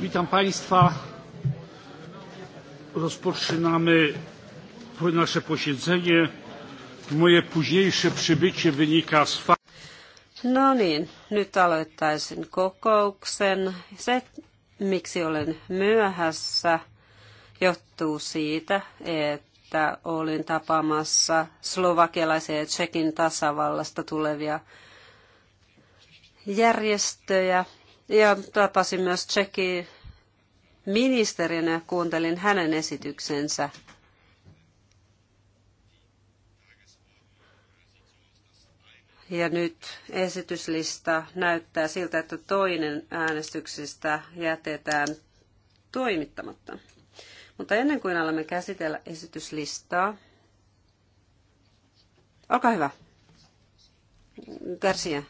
Witam Państwa. Rozpoczynamy nasze posiedzenie. Moje późniejsze przybycie wynika z faktu. No niin, nyt aloittaisin kokouksen. Se, miksi olen myöhässä, johtuu siitä, että olin tapaamassa slovakialaisia ja Tsekin tasavallasta tulevia järjestöjä – ja tapasin myös Tsekin ministerin ja kuuntelin hänen esityksensä. Ja nyt esityslista näyttää siltä, että toinen äänestyksistä jätetään toimittamatta. Mutta ennen kuin alamme käsitellä esityslistaa, olkaa hyvä. Garcia.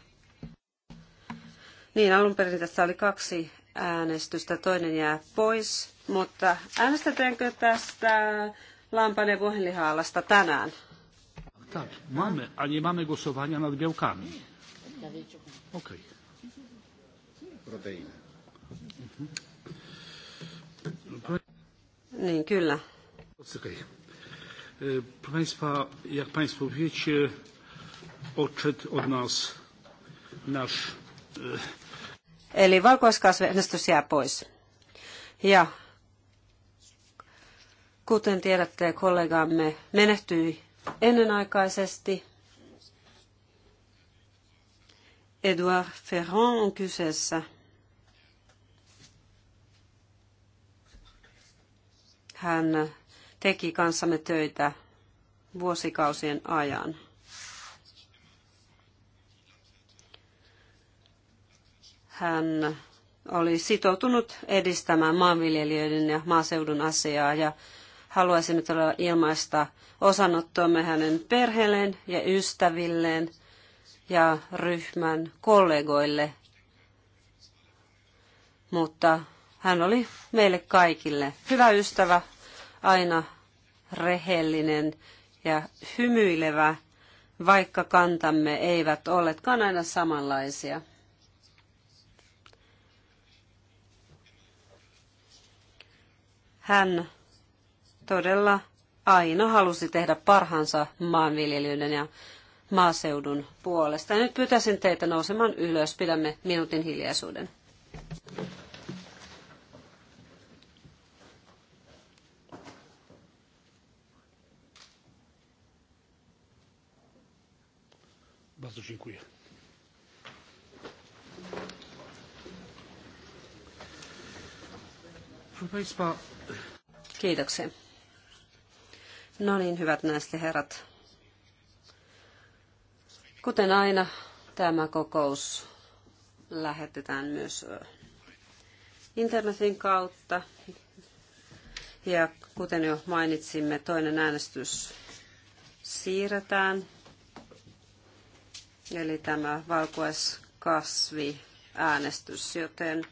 Niin, alun perin tässä oli kaksi äänestystä, toinen jää pois, mutta äänestetäänkö tästä lampan ja vuohenlihaalasta tänään? Tak, mamy, a nie mamy głosowania nad białkami. Okej. Proteiny. Niin, kyllä. Proszę Państwa, jak Państwo wiecie, odszedł od nas nasz Eli valkoiskasviäänestys jää pois. Ja kuten tiedätte, kollegamme menehtyi ennenaikaisesti. Edouard Ferrand on kyseessä. Hän teki kanssamme töitä vuosikausien ajan. Hän oli sitoutunut edistämään maanviljelijöiden ja maaseudun asiaa ja haluaisin todella ilmaista osanottoamme hänen perheelleen ja ystävilleen ja ryhmän kollegoille. Mutta hän oli meille kaikille hyvä ystävä, aina rehellinen ja hymyilevä, vaikka kantamme eivät olleetkaan aina samanlaisia. Hän todella aina halusi tehdä parhaansa maanviljelyyden ja maaseudun puolesta. Ja nyt pyytäisin teitä nousemaan ylös. Pidämme minuutin hiljaisuuden. Bardzo dziękuję. Proszę Państwa, Kiitoksia. No niin, hyvät naiset ja herrat. Kuten aina, tämä kokous lähetetään myös internetin kautta. Ja kuten jo mainitsimme, toinen äänestys siirretään. Eli tämä valkuaiskasvi äänestys, joten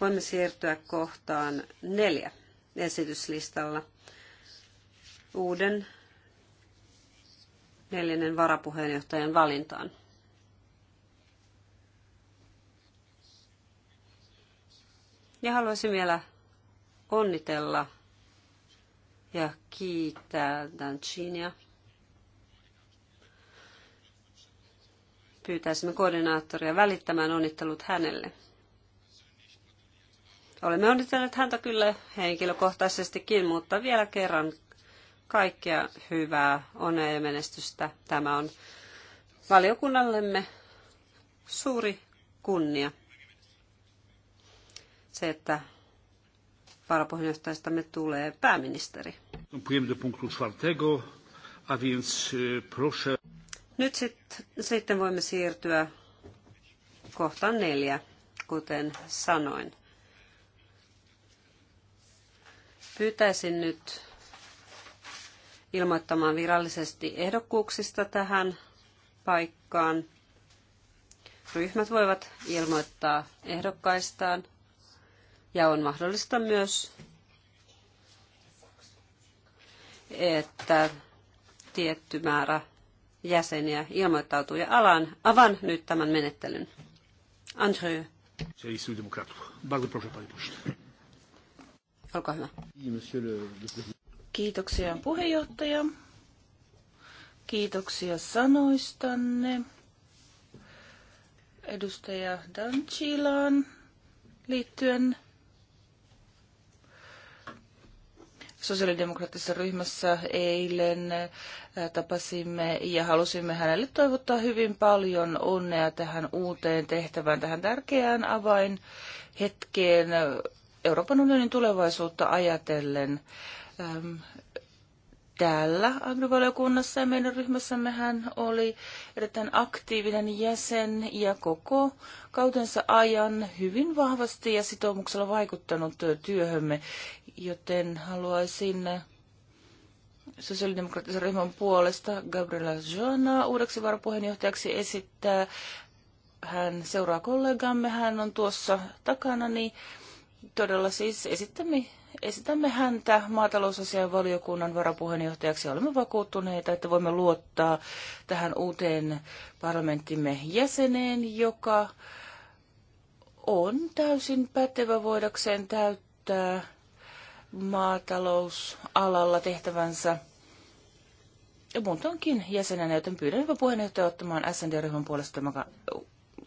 voimme siirtyä kohtaan neljä esityslistalla uuden neljännen varapuheenjohtajan valintaan. Ja haluaisin vielä onnitella ja kiittää Dancinia. Pyytäisimme koordinaattoria välittämään onnittelut hänelle. Olemme onnitelleet häntä kyllä henkilökohtaisestikin, mutta vielä kerran kaikkea hyvää, onnea ja menestystä. Tämä on valiokunnallemme suuri kunnia. Se, että varapuheenjohtajastamme tulee pääministeri. Nyt sit, sitten voimme siirtyä kohtaan neljä, kuten sanoin. Pyytäisin nyt ilmoittamaan virallisesti ehdokkuuksista tähän paikkaan. Ryhmät voivat ilmoittaa ehdokkaistaan ja on mahdollista myös, että tietty määrä jäseniä ilmoittautuu ja alan, avan nyt tämän menettelyn. Andrzej. Se istui Olkaa hyvä. Kiitoksia puheenjohtaja. Kiitoksia sanoistanne. Edustaja Danchilaan liittyen sosiaalidemokraattisessa ryhmässä eilen tapasimme ja halusimme hänelle toivottaa hyvin paljon onnea tähän uuteen tehtävään, tähän tärkeään avainhetkeen Euroopan unionin tulevaisuutta ajatellen. Ähm, täällä agrivaliokunnassa ja meidän ryhmässämme oli erittäin aktiivinen jäsen ja koko kautensa ajan hyvin vahvasti ja sitoumuksella vaikuttanut työhömme, joten haluaisin sosiaalidemokraattisen ryhmän puolesta Gabriela Joana uudeksi varapuheenjohtajaksi esittää. Hän seuraa kollegamme, hän on tuossa takana, niin todella siis esittämme, esitämme häntä maatalousasian valiokunnan varapuheenjohtajaksi. Olemme vakuuttuneita, että voimme luottaa tähän uuteen parlamenttimme jäseneen, joka on täysin pätevä voidakseen täyttää maatalousalalla tehtävänsä ja muutoinkin jäsenenä, joten pyydän hyvä puheenjohtaja ottamaan SND-ryhmän puolesta tämän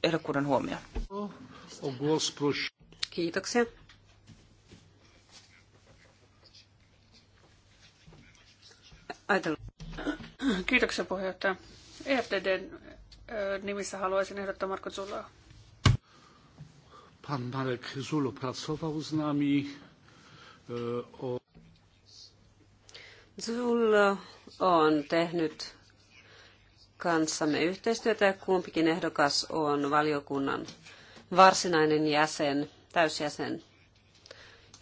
ehdokkuuden huomioon. Kiitoksia. ajatellut. Kiitoksia puheenjohtaja. EFTDn nimissä haluaisin ehdottaa Marko Zulaa. Pan Marek Zulo pracował z nami. E, o... Zullo on tehnyt kanssamme yhteistyötä ja kumpikin ehdokas on valiokunnan varsinainen jäsen, täysjäsen.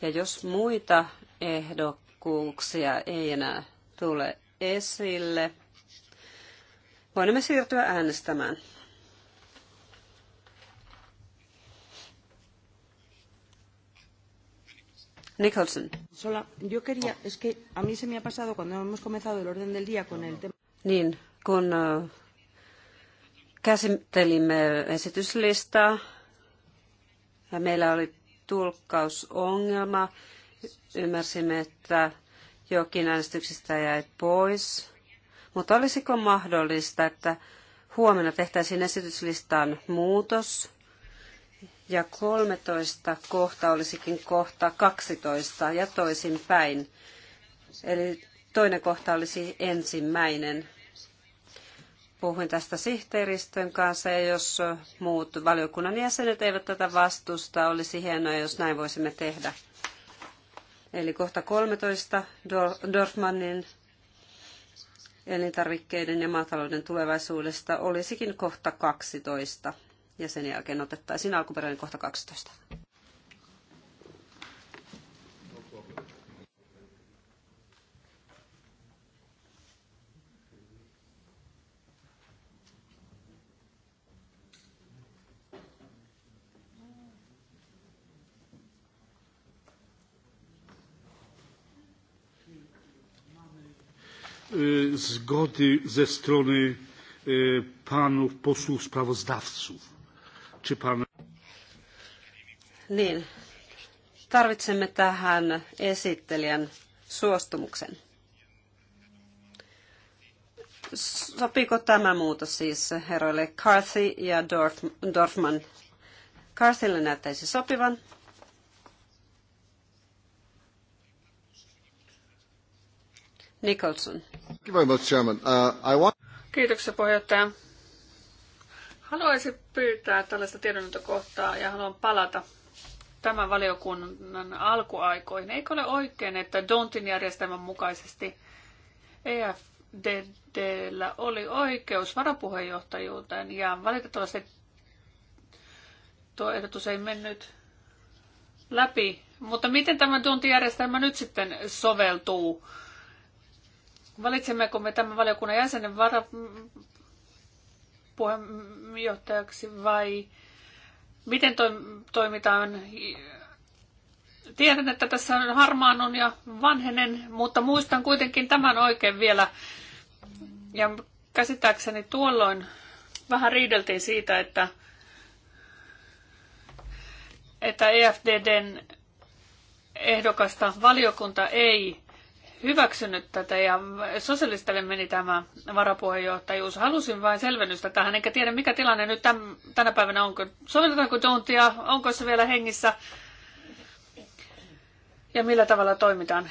Ja jos muita ehdokkuuksia ei enää tule, esille. Voimme siirtyä äänestämään. Nicholson. Sola, yo quería, es que a mí se me ha pasado cuando hemos comenzado el orden del día con el tema. Niin, kun käsittelimme esityslistaa, meillä oli tulkkausongelma. Ymmärsimme, että jokin äänestyksistä jäi pois. Mutta olisiko mahdollista, että huomenna tehtäisiin esityslistaan muutos ja 13 kohta olisikin kohta 12 ja toisin päin. Eli toinen kohta olisi ensimmäinen. Puhuin tästä sihteeristön kanssa ja jos muut valiokunnan jäsenet eivät tätä vastusta, olisi hienoa, jos näin voisimme tehdä. Eli kohta 13 Dorfmannin elintarvikkeiden ja maatalouden tulevaisuudesta olisikin kohta 12. Ja sen jälkeen otettaisiin alkuperäinen kohta 12. zgody ze strony panów posłów sprawozdawców. Czy pan... Niin. Tarvitsemme tähän esittelijän suostumuksen. Sopiiko tämä muutos siis herroille Carthy ja Dorf, Dorfman? Carthylle näyttäisi sopivan. Nicholson. Uh, Kiitoksia puheenjohtaja. Haluaisin pyytää tällaista tiedonantokohtaa ja haluan palata tämän valiokunnan alkuaikoihin. Eikö ole oikein, että Dontin järjestelmän mukaisesti EFDDllä oli oikeus varapuheenjohtajuuteen ja valitettavasti tuo ehdotus ei mennyt läpi. Mutta miten tämä järjestelmä nyt sitten soveltuu Valitsemmeko me tämän valiokunnan jäsenen varapuheenjohtajaksi vai miten toimitaan? Tiedän, että tässä on harmaanon ja vanhenen, mutta muistan kuitenkin tämän oikein vielä. Ja käsittääkseni tuolloin vähän riideltiin siitä, että, että EFDDn ehdokasta valiokunta ei hyväksynyt tätä ja sosialistille meni tämä varapuheenjohtajuus. Halusin vain selvennystä tähän, enkä tiedä mikä tilanne nyt tämän, tänä päivänä onko. Sovitetaanko Jontia, onko se vielä hengissä ja millä tavalla toimitaan.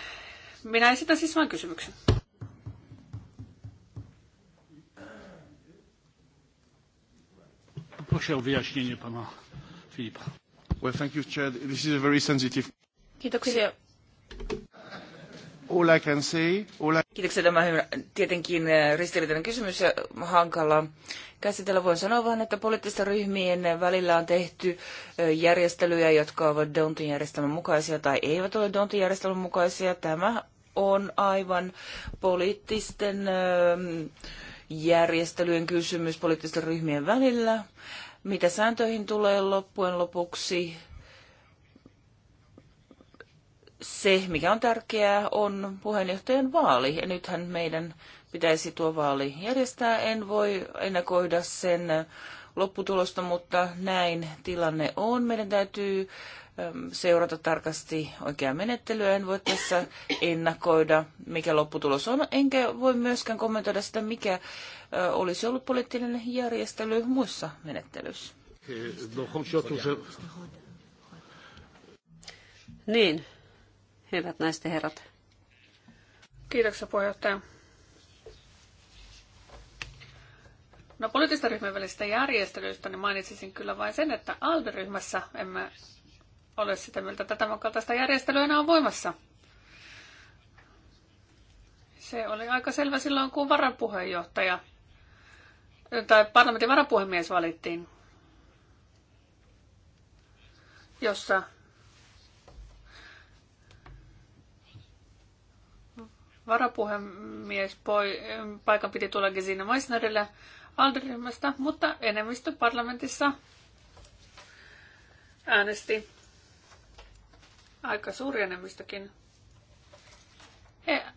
Minä esitän siis vain kysymyksen. Well, thank you, Chair. This is a very sensitive... Kiitoksia All I can all I... Kiitoksia. Tämä tietenkin äh, ristiriitainen kysymys ja hankala käsitellä. Voin sanoa vain, että poliittisten ryhmien välillä on tehty äh, järjestelyjä, jotka ovat Dontin järjestelmän mukaisia tai eivät ole Dontin järjestelmän mukaisia. Tämä on aivan poliittisten ähm, järjestelyjen kysymys poliittisten ryhmien välillä. Mitä sääntöihin tulee loppujen lopuksi? se, mikä on tärkeää, on puheenjohtajan vaali. Ja nythän meidän pitäisi tuo vaali järjestää. En voi ennakoida sen lopputulosta, mutta näin tilanne on. Meidän täytyy ähm, seurata tarkasti oikeaa menettelyä. En voi tässä ennakoida, mikä lopputulos on, enkä voi myöskään kommentoida sitä, mikä äh, olisi ollut poliittinen järjestely muissa menettelyissä. Eh, niin, Hyvät naiset herrat. Kiitoksia puheenjohtaja. No poliittisten ryhmien välisistä järjestelyistä niin mainitsisin kyllä vain sen, että ALDE-ryhmässä emme ole sitä mieltä, että tämän kaltaista järjestelyä enää on voimassa. Se oli aika selvä silloin, kun varapuheenjohtaja tai parlamentin varapuhemies valittiin, jossa varapuhemies poi, paikan piti tulla Gesine Meissnerille Alderyhmästä, mutta enemmistö parlamentissa äänesti aika suuri enemmistökin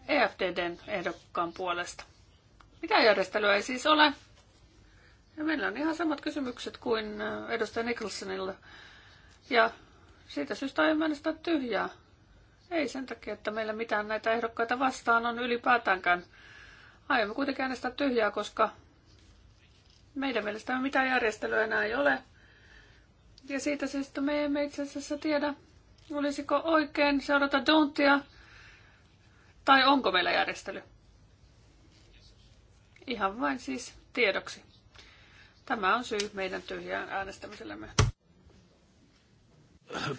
EFDDn e ehdokkaan puolesta. Mitä järjestelyä ei siis ole? Ja meillä on ihan samat kysymykset kuin edustaja Nicholsonilla. Ja siitä syystä aion äänestää tyhjää. Ei sen takia, että meillä mitään näitä ehdokkaita vastaan on ylipäätäänkään. Aiomme kuitenkin äänestää tyhjää, koska meidän mielestämme mitään järjestelyä enää ei ole. Ja siitä syystä me emme itse asiassa tiedä, olisiko oikein seurata Dontia tai onko meillä järjestely. Ihan vain siis tiedoksi. Tämä on syy meidän tyhjään äänestämisellemme.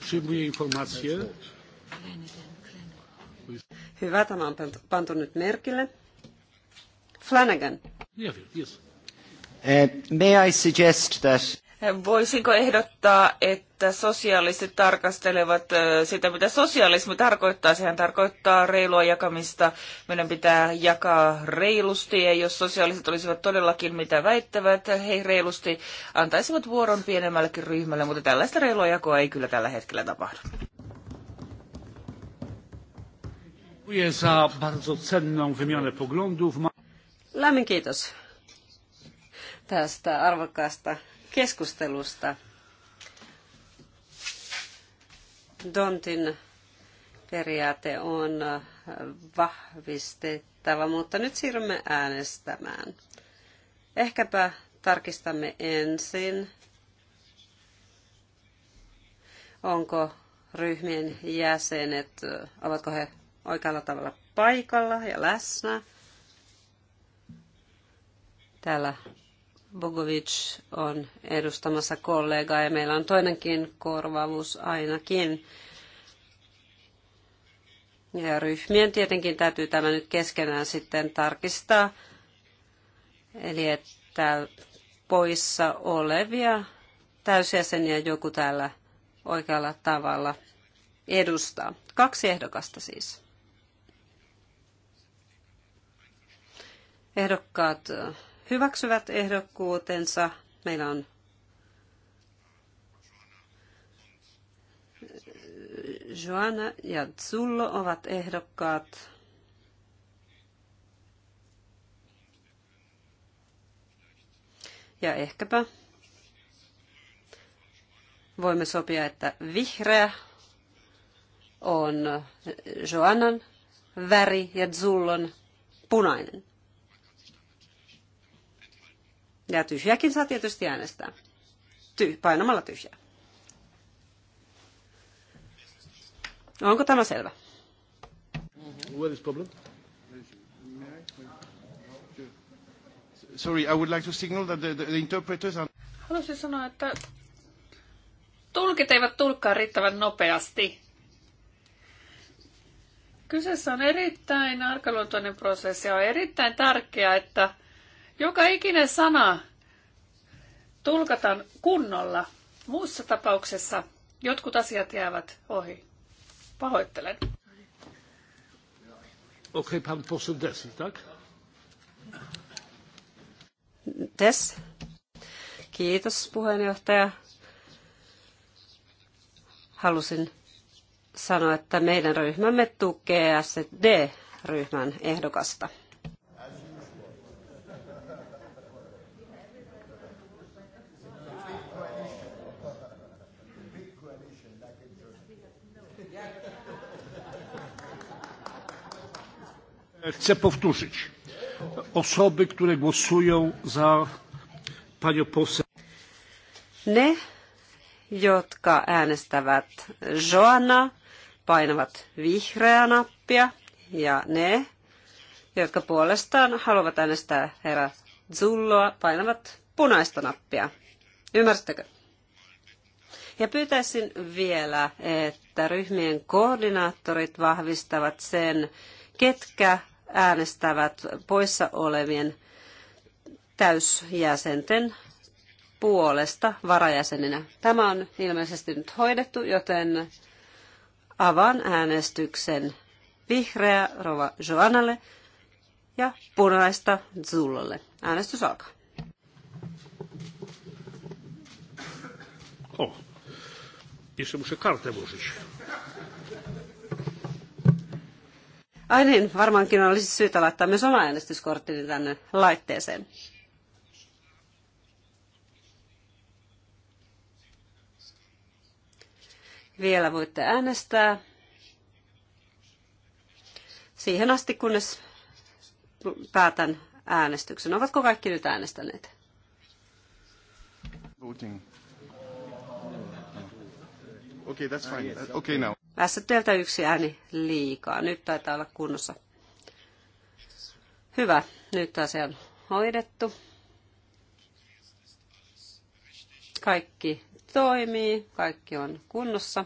Przyjmuję informację. Hyvä, tämä on pantu nyt merkille. Flanagan. Eh, Voisinko ehdottaa, että sosialistit tarkastelevat eh, sitä, mitä sosialismi tarkoittaa? Sehän tarkoittaa reilua jakamista. Meidän pitää jakaa reilusti, ja jos sosialistit olisivat todellakin mitä väittävät, he reilusti antaisivat vuoron pienemmällekin ryhmälle, mutta tällaista reilua jakoa ei kyllä tällä hetkellä tapahdu. Dziękuję za bardzo cenną wymianę poglądów. Lämmin kiitos tästä arvokkaasta keskustelusta. Dontin periaate on vahvistettava, mutta nyt siirrymme äänestämään. Ehkäpä tarkistamme ensin, onko ryhmien jäsenet, ovatko he oikealla tavalla paikalla ja läsnä. Täällä Bogovic on edustamassa kollegaa ja meillä on toinenkin korvaavuus ainakin. Ja ryhmien tietenkin täytyy tämä nyt keskenään sitten tarkistaa. Eli että poissa olevia täysjäseniä joku täällä oikealla tavalla edustaa. Kaksi ehdokasta siis. ehdokkaat hyväksyvät ehdokkuutensa. Meillä on Joana ja Zullo ovat ehdokkaat. Ja ehkäpä voimme sopia, että vihreä on Joannan väri ja Zullon punainen. Ja tyhjäkin saa tietysti äänestää. Ty- painamalla tyhjää. Onko tämä selvä? Mm-hmm. Where is problem? Sorry, I would like to signal that the, the, the interpreters are... Haluaisin sanoa, että tulkit eivät tulkkaa riittävän nopeasti. Kyseessä on erittäin arkaluontoinen prosessi ja on erittäin tärkeää, että joka ikinen sana tulkataan kunnolla. Muussa tapauksessa jotkut asiat jäävät ohi. Pahoittelen. Okei, okay, pan tak? Des. Kiitos puheenjohtaja. Halusin sanoa, että meidän ryhmämme tukee SD-ryhmän ehdokasta. Chcę powtórzyć. Osoby, które głosują za panią poseł. Ne, jotka äänestävät Joana, painavat vihreää nappia. Ja ne, jotka puolestaan haluavat äänestää herra Zulloa, painavat punaista nappia. Ymmärrättekö? Ja pyytäisin vielä, että ryhmien koordinaattorit vahvistavat sen, ketkä äänestävät poissa olevien täysjäsenten puolesta varajäseninä. Tämä on ilmeisesti nyt hoidettu, joten avaan äänestyksen vihreä rova Joannalle ja punaista Zullalle. Äänestys alkaa. Oh. jeszcze muszę kartę włożyć. Ai niin, varmaankin olisi syytä laittaa myös oma äänestyskorttini tänne laitteeseen. Vielä voitte äänestää siihen asti, kunnes päätän äänestyksen. Ovatko kaikki nyt äänestäneet? Voting. Okay, that's fine. Okay now. STltä yksi ääni liikaa. Nyt taitaa olla kunnossa. Hyvä. Nyt asia on hoidettu. Kaikki toimii. Kaikki on kunnossa.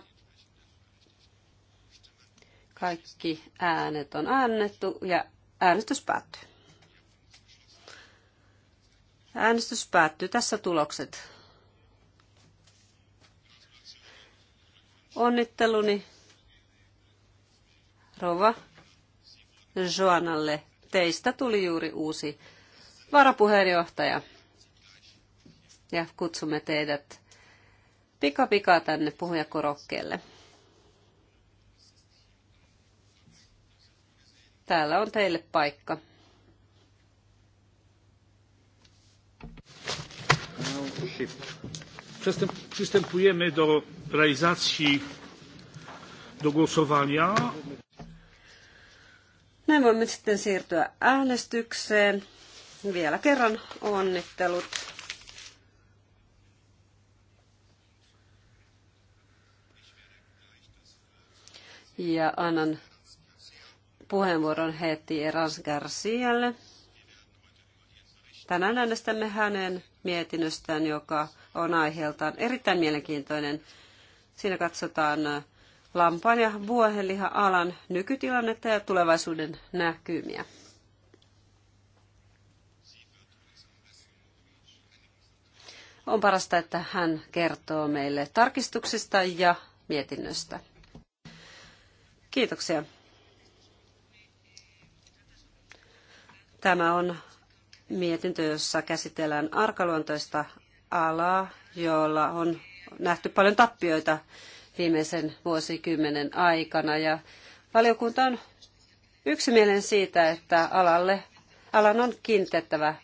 Kaikki äänet on annettu ja äänestys päättyy. Äänestys päättyy. Tässä tulokset. Onnitteluni Rova Joanalle. Teistä tuli juuri uusi varapuheenjohtaja. Ja kutsumme teidät pika pika tänne puhujakorokkeelle. Täällä on teille paikka. Przystępujemy do realizacji do głosowania. Näin voimme sitten siirtyä äänestykseen. Vielä kerran onnittelut. Ja annan puheenvuoron heti Erans Garcialle. Tänään äänestämme hänen mietinnöstään, joka on aiheeltaan erittäin mielenkiintoinen. Siinä katsotaan lampaan ja vuohenliha alan nykytilannetta ja tulevaisuuden näkymiä. On parasta, että hän kertoo meille tarkistuksista ja mietinnöstä. Kiitoksia. Tämä on mietintö, jossa käsitellään arkaluontoista alaa, jolla on nähty paljon tappioita viimeisen vuosikymmenen aikana. Ja valiokunta on yksimielinen siitä, että alalle, alan on kiinnitettävä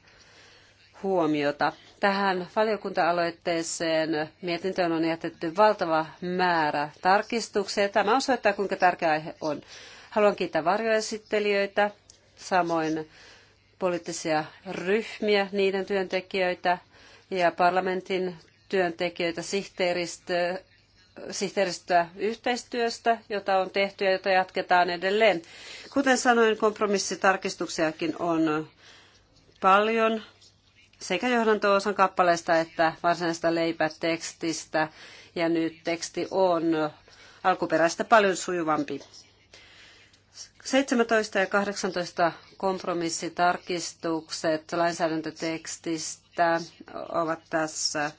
huomiota. Tähän valiokunta-aloitteeseen mietintöön on jätetty valtava määrä tarkistuksia. Tämä osoittaa, kuinka tärkeä aihe on. Haluan kiittää varjoesittelijöitä, samoin poliittisia ryhmiä, niiden työntekijöitä ja parlamentin työntekijöitä, sihteeristöä, sihteeristöä yhteistyöstä, jota on tehty ja jota jatketaan edelleen. Kuten sanoin, kompromissitarkistuksiakin on paljon sekä johdanto-osan kappaleesta että varsinaista leipätekstistä. Ja nyt teksti on alkuperäistä paljon sujuvampi. 17 ja 18 kompromissitarkistukset lainsäädäntötekstistä ovat tässä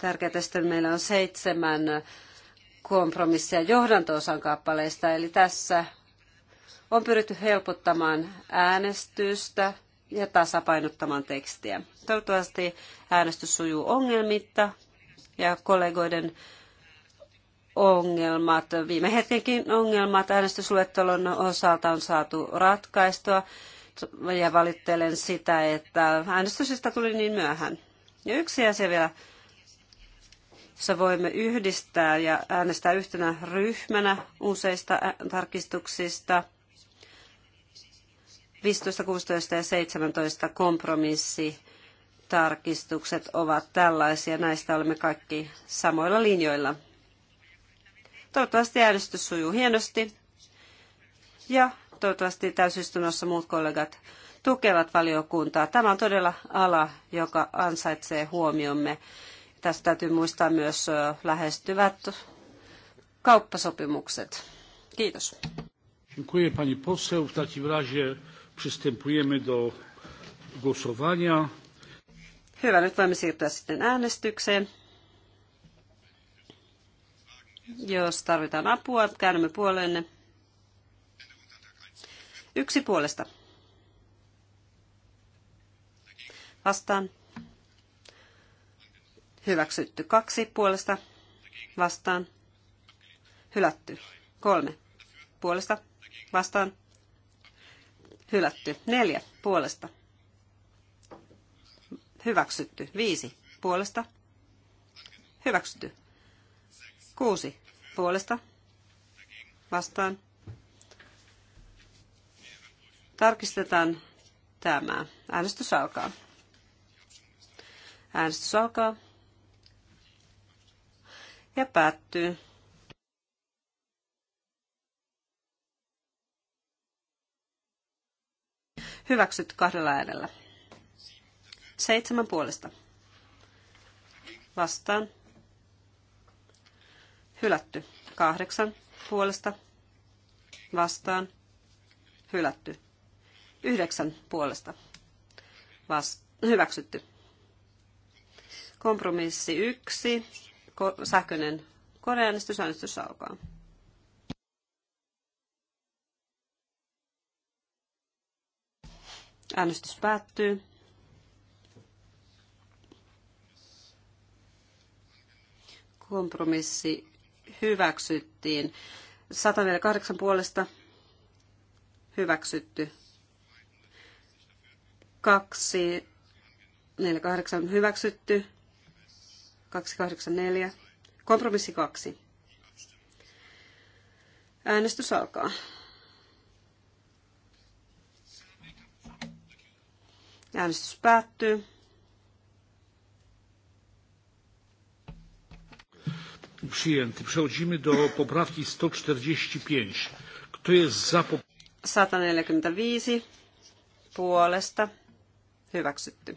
tärkeitä. Sitten meillä on seitsemän kompromisseja johdantoosan kappaleista, eli tässä on pyritty helpottamaan äänestystä ja tasapainottamaan tekstiä. Toivottavasti äänestys sujuu ongelmitta ja kollegoiden ongelmat, viime hetkenkin ongelmat äänestysluettelon osalta on saatu ratkaistua ja valittelen sitä, että äänestysistä tuli niin myöhään. Ja yksi asia vielä jossa voimme yhdistää ja äänestää yhtenä ryhmänä useista tarkistuksista. 15, 16 ja 17 kompromissitarkistukset ovat tällaisia. Näistä olemme kaikki samoilla linjoilla. Toivottavasti äänestys sujuu hienosti ja toivottavasti täysistunnossa muut kollegat tukevat valiokuntaa. Tämä on todella ala, joka ansaitsee huomiomme. Tästä täytyy muistaa myös lähestyvät kauppasopimukset. Kiitos. Dziękuję pani poseł. W takim razie przystępujemy do głosowania. Hyvä, nyt voimme siirtyä sitten äänestykseen. Jos tarvitaan apua, käännämme puoleenne. Yksi puolesta. Vastaan. Hyväksytty kaksi puolesta vastaan. Hylätty kolme puolesta vastaan. Hylätty neljä puolesta. Hyväksytty viisi puolesta. Hyväksytty kuusi puolesta vastaan. Tarkistetaan tämä. Äänestys alkaa. Äänestys alkaa ja päättyy. Hyväksyt kahdella äänellä. Seitsemän puolesta. Vastaan. Hylätty. Kahdeksan puolesta. Vastaan. Hylätty. Yhdeksän puolesta. Vast- hyväksytty. Kompromissi yksi ko- sähköinen koneäänestys. Äänestys alkaa. Äänestys päättyy. Kompromissi hyväksyttiin. 148 puolesta hyväksytty. 248 hyväksytty. 284. Kompromissi 2. Äänestys alkaa. Äänestys päättyy. Przyjęty. Przechodzimy do poprawki 145. Kto jest za... 145 puolesta hyväksytty.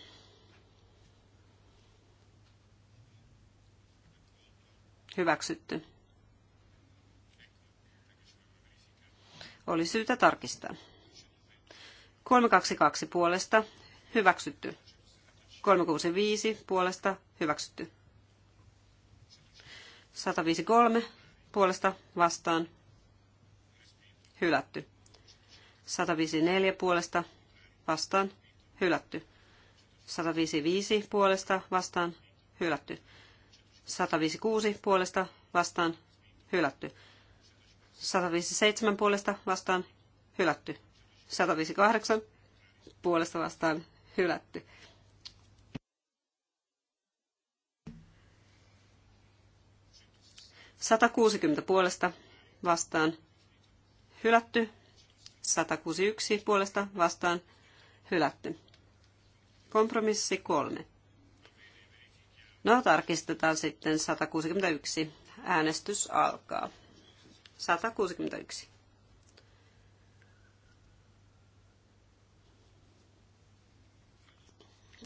Hyväksytty. Oli syytä tarkistaa. 322 puolesta. Hyväksytty. 365 puolesta. Hyväksytty. 153 puolesta vastaan. Hylätty. 154 puolesta vastaan. Hylätty. 155 puolesta vastaan. Hylätty. 156 puolesta vastaan hylätty. 157 puolesta vastaan hylätty. 158 puolesta vastaan hylätty. Sata kuusikymmentä puolesta vastaan hylätty. yksi puolesta vastaan hylätty. Kompromissi kolme No, tarkistetaan sitten 161. Äänestys alkaa. 161.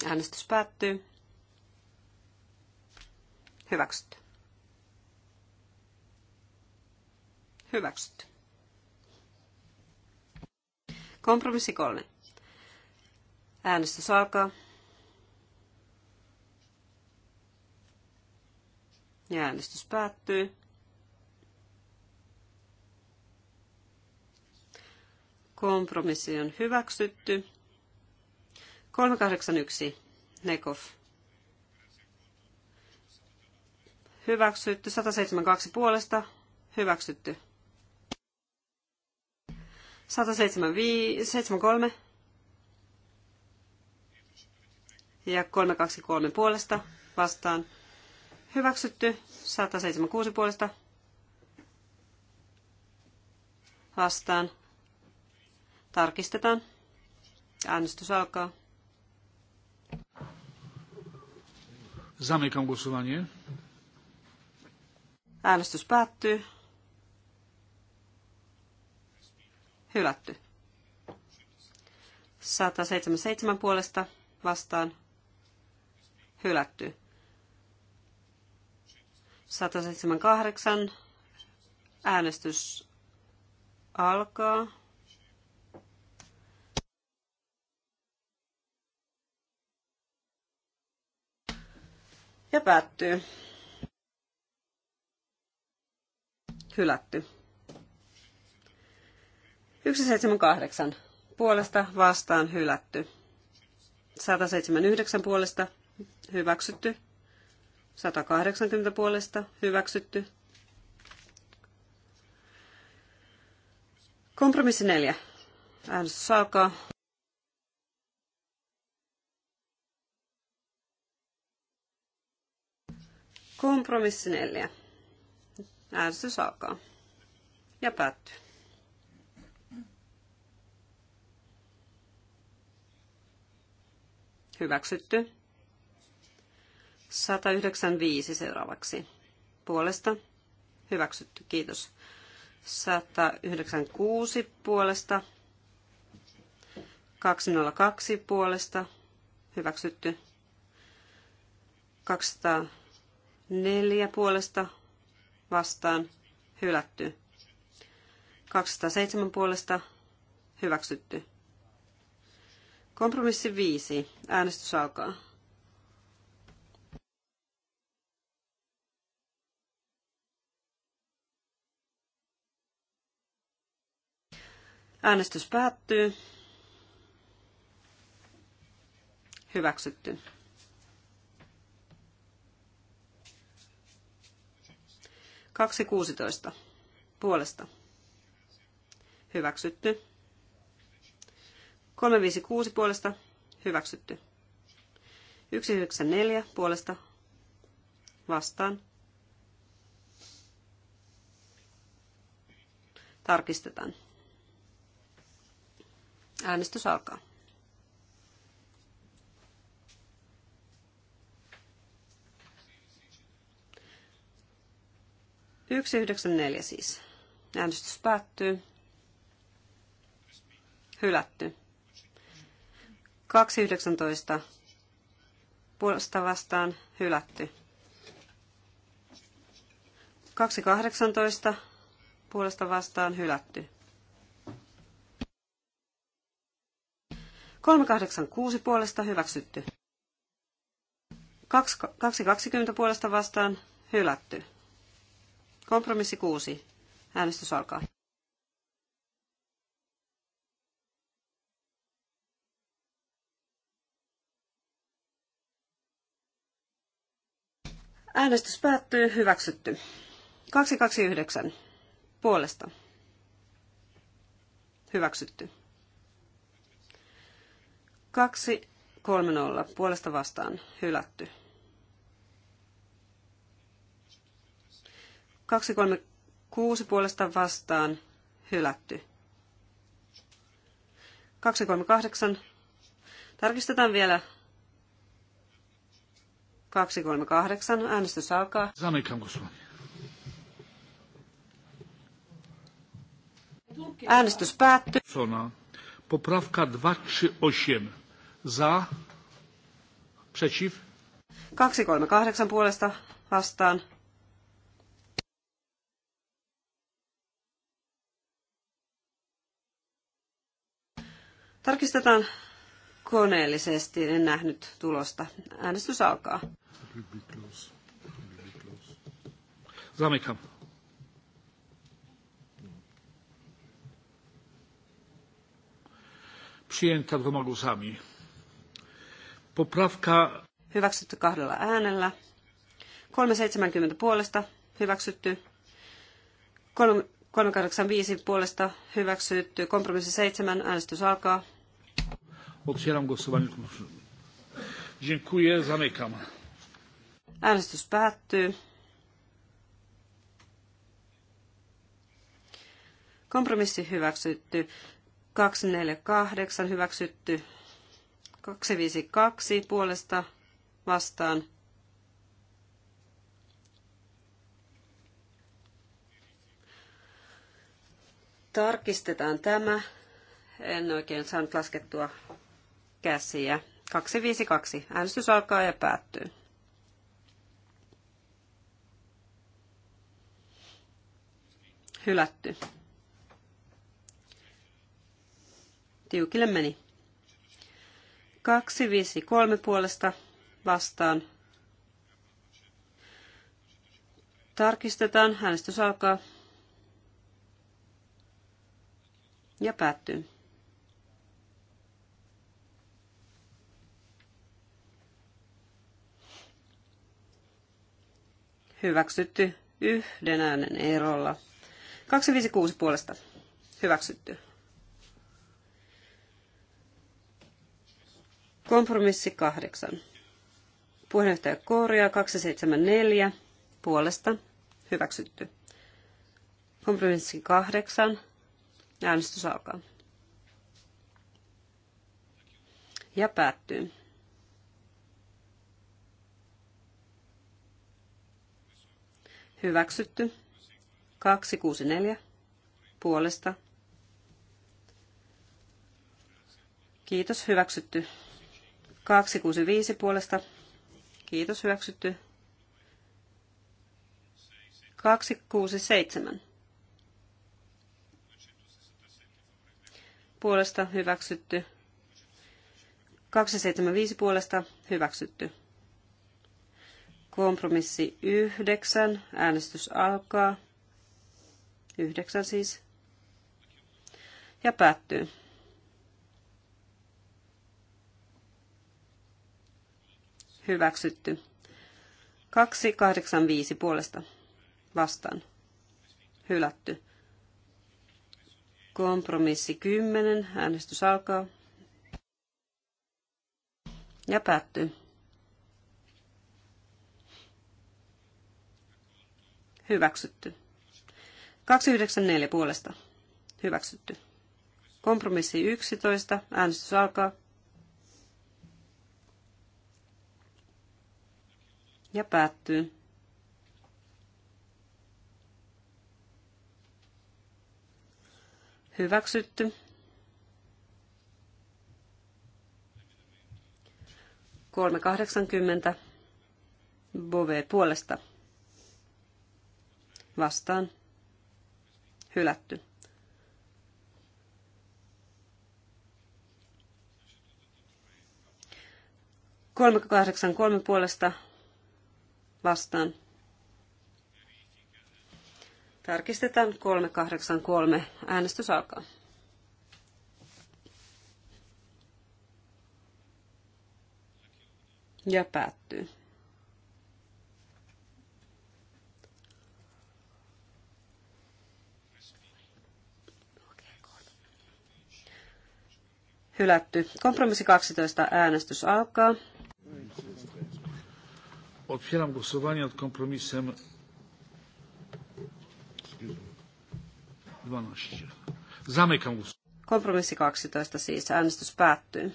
Äänestys päättyy. Hyväksytty. Hyväksytty. Kompromissi kolme. Äänestys alkaa. Ja äänestys päättyy. Kompromissi on hyväksytty. 381 Nekov. Hyväksytty. 172 puolesta. Hyväksytty. 173 ja 323 puolesta vastaan Hyväksytty. 176 puolesta. Vastaan. Tarkistetaan. Äänestys alkaa. Zamykam głosowanie. Äänestys päättyy. Hylätty. 177 puolesta vastaan. Hylätty. 178. Äänestys alkaa. Ja päättyy. Hylätty. 178. Puolesta vastaan hylätty. 179 puolesta hyväksytty. 180 puolesta hyväksytty. Kompromissi 4. Äänestys alkaa. Kompromissi 4. Äänestys alkaa. Ja päättyy. Hyväksytty. 195 seuraavaksi. Puolesta. Hyväksytty. Kiitos. 196 puolesta. 202 puolesta. Hyväksytty. 204 puolesta vastaan hylätty. 207 puolesta hyväksytty. Kompromissi 5. Äänestys alkaa. Äänestys päättyy. Hyväksytty. Kaksi kuusitoista. Puolesta. Hyväksytty. Kolme viisi kuusi puolesta. Hyväksytty. Yksi neljä puolesta. Vastaan. Tarkistetaan. Äänestys alkaa. Yksi yhdeksän neljä siis. Äänestys päättyy. Hylätty. 2.19. Puolesta vastaan hylätty. kahdeksantoista, Puolesta vastaan hylätty. 386 puolesta hyväksytty. 220 puolesta vastaan hylätty. Kompromissi 6. Äänestys alkaa. Äänestys päättyy. Hyväksytty. 229. Puolesta. Hyväksytty. Kaksi 3, 0. Puolesta vastaan. Hylätty. Kaksi kolme kuusi Puolesta vastaan. Hylätty. Kaksi kolme kahdeksan. Tarkistetaan vielä Kaksi 238. Äänestys alkaa. Zamykam głosowanie. Äänestys päättyy. Poprawka 238. Za. Przeciw. 238 puolesta vastaan. Tarkistetaan koneellisesti, en nähnyt tulosta. Äänestys alkaa. Zamykam. Przyjęta dwoma głosami. Poprawka... Hyväksytty kahdella äänellä. 370 puolesta hyväksytty. 3, 385 puolesta hyväksytty. Kompromissi 7. Äänestys alkaa. Dziękuję. Zamykam. Äänestys päättyy. Kompromissi hyväksytty. 248 hyväksytty. 252 puolesta vastaan. Tarkistetaan tämä. En oikein saanut laskettua käsiä. 252. Äänestys alkaa ja päättyy. Hylätty. Tiukille meni. 253 puolesta vastaan. Tarkistetaan. Äänestys alkaa. Ja päättyy. Hyväksytty yhden äänen erolla. 256 puolesta. Hyväksytty. Kompromissi kahdeksan. Puheenjohtaja Kooria 274 puolesta hyväksytty. Kompromissi kahdeksan. Äänestys alkaa. Ja päättyy. Hyväksytty. 264 puolesta. Kiitos, hyväksytty. 265 puolesta. Kiitos, hyväksytty. 267. Puolesta hyväksytty. 275 puolesta hyväksytty. Kompromissi 9. Äänestys alkaa. 9 siis. Ja päättyy. hyväksytty. 285 puolesta vastaan hylätty. Kompromissi 10. Äänestys alkaa. Ja päättyy. Hyväksytty. 294 puolesta. Hyväksytty. Kompromissi 11. Äänestys alkaa. ja päättyy. Hyväksytty. Kolme kahdeksankymmentä. Bove puolesta. Vastaan. Hylätty. Kolme kahdeksan kolme puolesta vastaan. Tarkistetaan 383. Äänestys alkaa. Ja päättyy. Hylätty. Kompromissi 12. Äänestys alkaa. Otwieram głosowanie nad kompromisem 12. Zamykam głosowanie. Kompromissi 12 siis. Äänestys päättyy.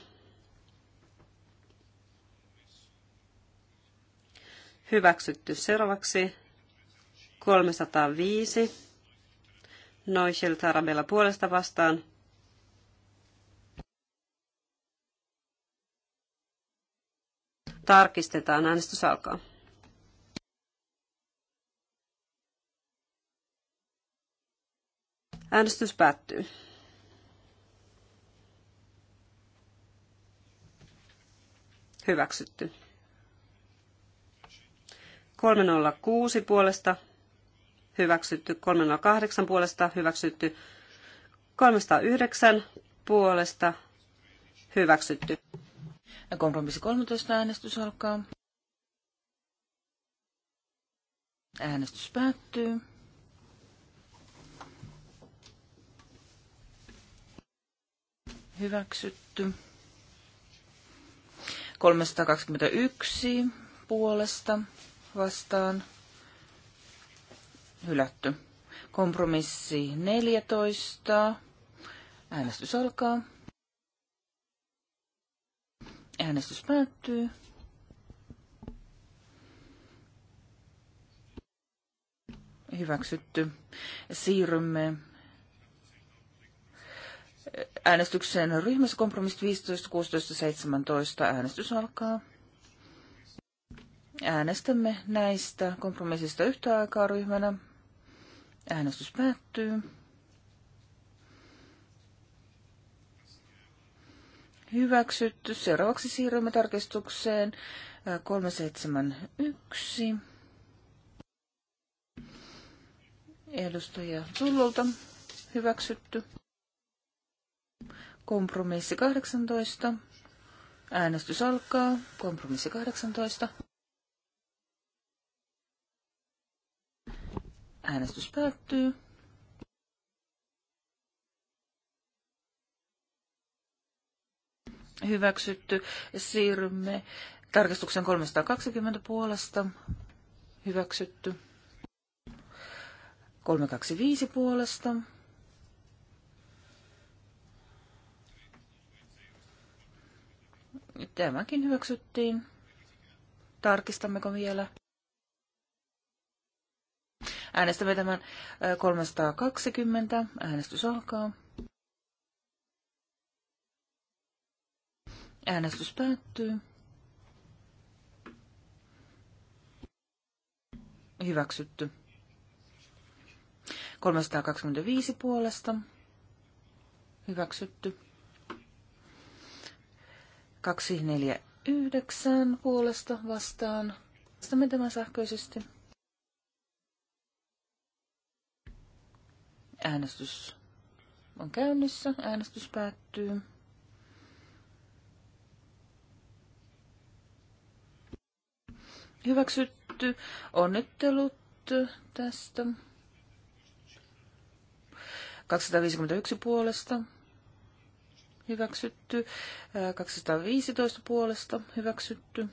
Hyväksytty seuraavaksi 305. Noisilta Arabella puolesta vastaan Tarkistetaan. Äänestys alkaa. Äänestys päättyy. Hyväksytty. 306 puolesta hyväksytty, 308 puolesta hyväksytty, 309 puolesta hyväksytty. Kompromissi 13 äänestys alkaa. Äänestys päättyy. Hyväksytty. 321 puolesta vastaan hylätty. Kompromissi 14. Äänestys alkaa. Äänestys päättyy. Hyväksytty. Siirrymme äänestykseen ryhmässä kompromissit 15, 16, 17. Äänestys alkaa. Äänestämme näistä kompromissista yhtä aikaa ryhmänä. Äänestys päättyy. hyväksytty. Seuraavaksi siirrymme tarkistukseen 371. Edustaja Tullulta hyväksytty. Kompromissi 18. Äänestys alkaa. Kompromissi 18. Äänestys päättyy. hyväksytty. Siirrymme tarkistuksen 320 puolesta hyväksytty. 325 puolesta. Tämäkin hyväksyttiin. Tarkistammeko vielä? Äänestämme tämän 320. Äänestys alkaa. Äänestys päättyy. Hyväksytty. 325 puolesta. Hyväksytty. 249 puolesta vastaan. Vastamme tämän sähköisesti. Äänestys on käynnissä. Äänestys päättyy. hyväksytty. Onnittelut tästä. 251 puolesta hyväksytty. 215 puolesta hyväksytty.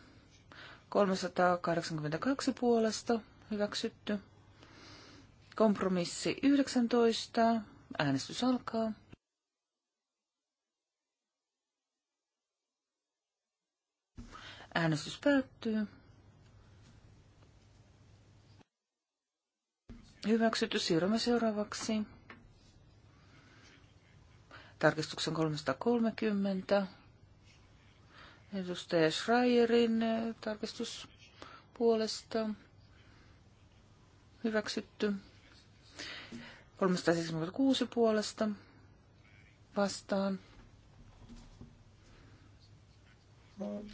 382 puolesta hyväksytty. Kompromissi 19. Äänestys alkaa. Äänestys päättyy. Hyväksytty. Siirrymme seuraavaksi. Tarkistuksen 330. Edustaja Schreierin eh, tarkistus puolesta. Hyväksytty. 376 puolesta vastaan.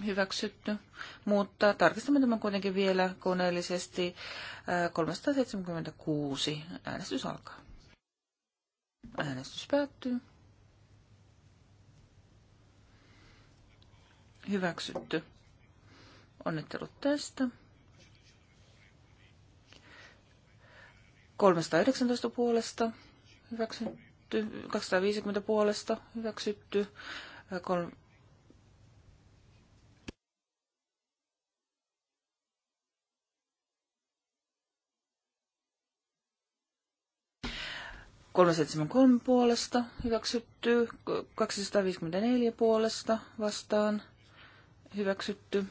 hyväksytty, mutta tarkistamme tämän kuitenkin vielä koneellisesti. 376 äh, äänestys alkaa. Äänestys päättyy. Hyväksytty. Onnittelut tästä. 319 puolesta hyväksytty, 250 puolesta hyväksytty, 373 puolesta hyväksytty, 254 puolesta vastaan hyväksytty,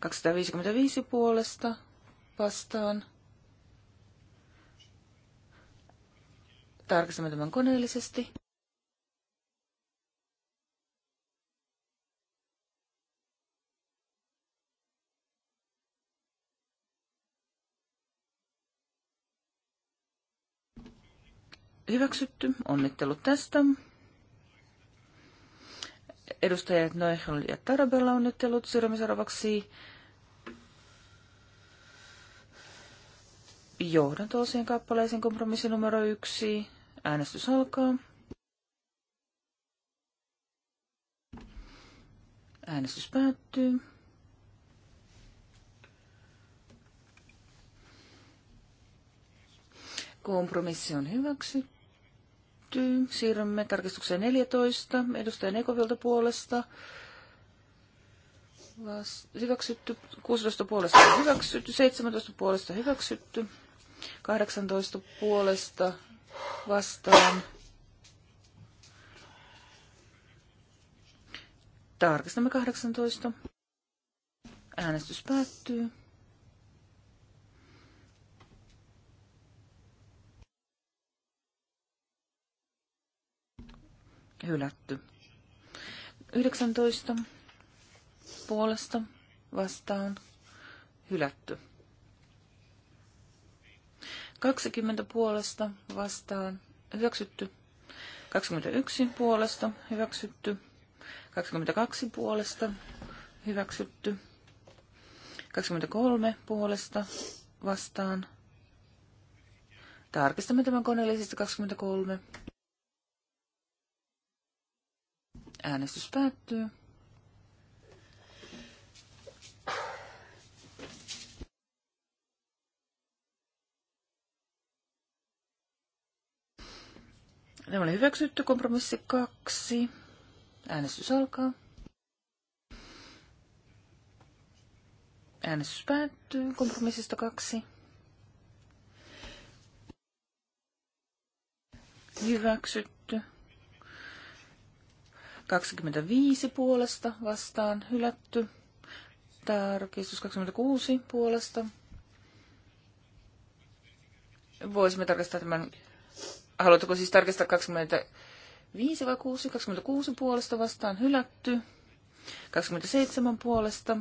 255 puolesta vastaan. Tarkistamme tämän koneellisesti. hyväksytty. Onnittelut tästä. Edustajat Noehol ja Tarabella onnittelut. Siirrymme seuraavaksi johdantoosien kappaleeseen kompromissi numero yksi. Äänestys alkaa. Äänestys päättyy. Kompromissi on hyväksytty hyväksytty. Siirrymme tarkistukseen 14. Edustaja Nekovilta puolesta. Hyväksytty. 16 puolesta hyväksytty. 17 puolesta hyväksytty. 18 puolesta vastaan. Tarkistamme 18. Äänestys päättyy. hylätty. 19 puolesta vastaan hylätty. 20 puolesta vastaan hyväksytty. 21 puolesta hyväksytty. 22 puolesta hyväksytty. 23 puolesta vastaan. Tarkistamme tämän koneellisesti 23. Äänestys päättyy. Tämä oli hyväksytty kompromissi kaksi. Äänestys alkaa. Äänestys päättyy kompromissista kaksi. Hyväksytty. 25 puolesta vastaan hylätty. Tarkistus 26 puolesta. Voisimme tarkistaa tämän. Haluatko siis tarkistaa 25 vai 6? 26 puolesta vastaan hylätty. 27 puolesta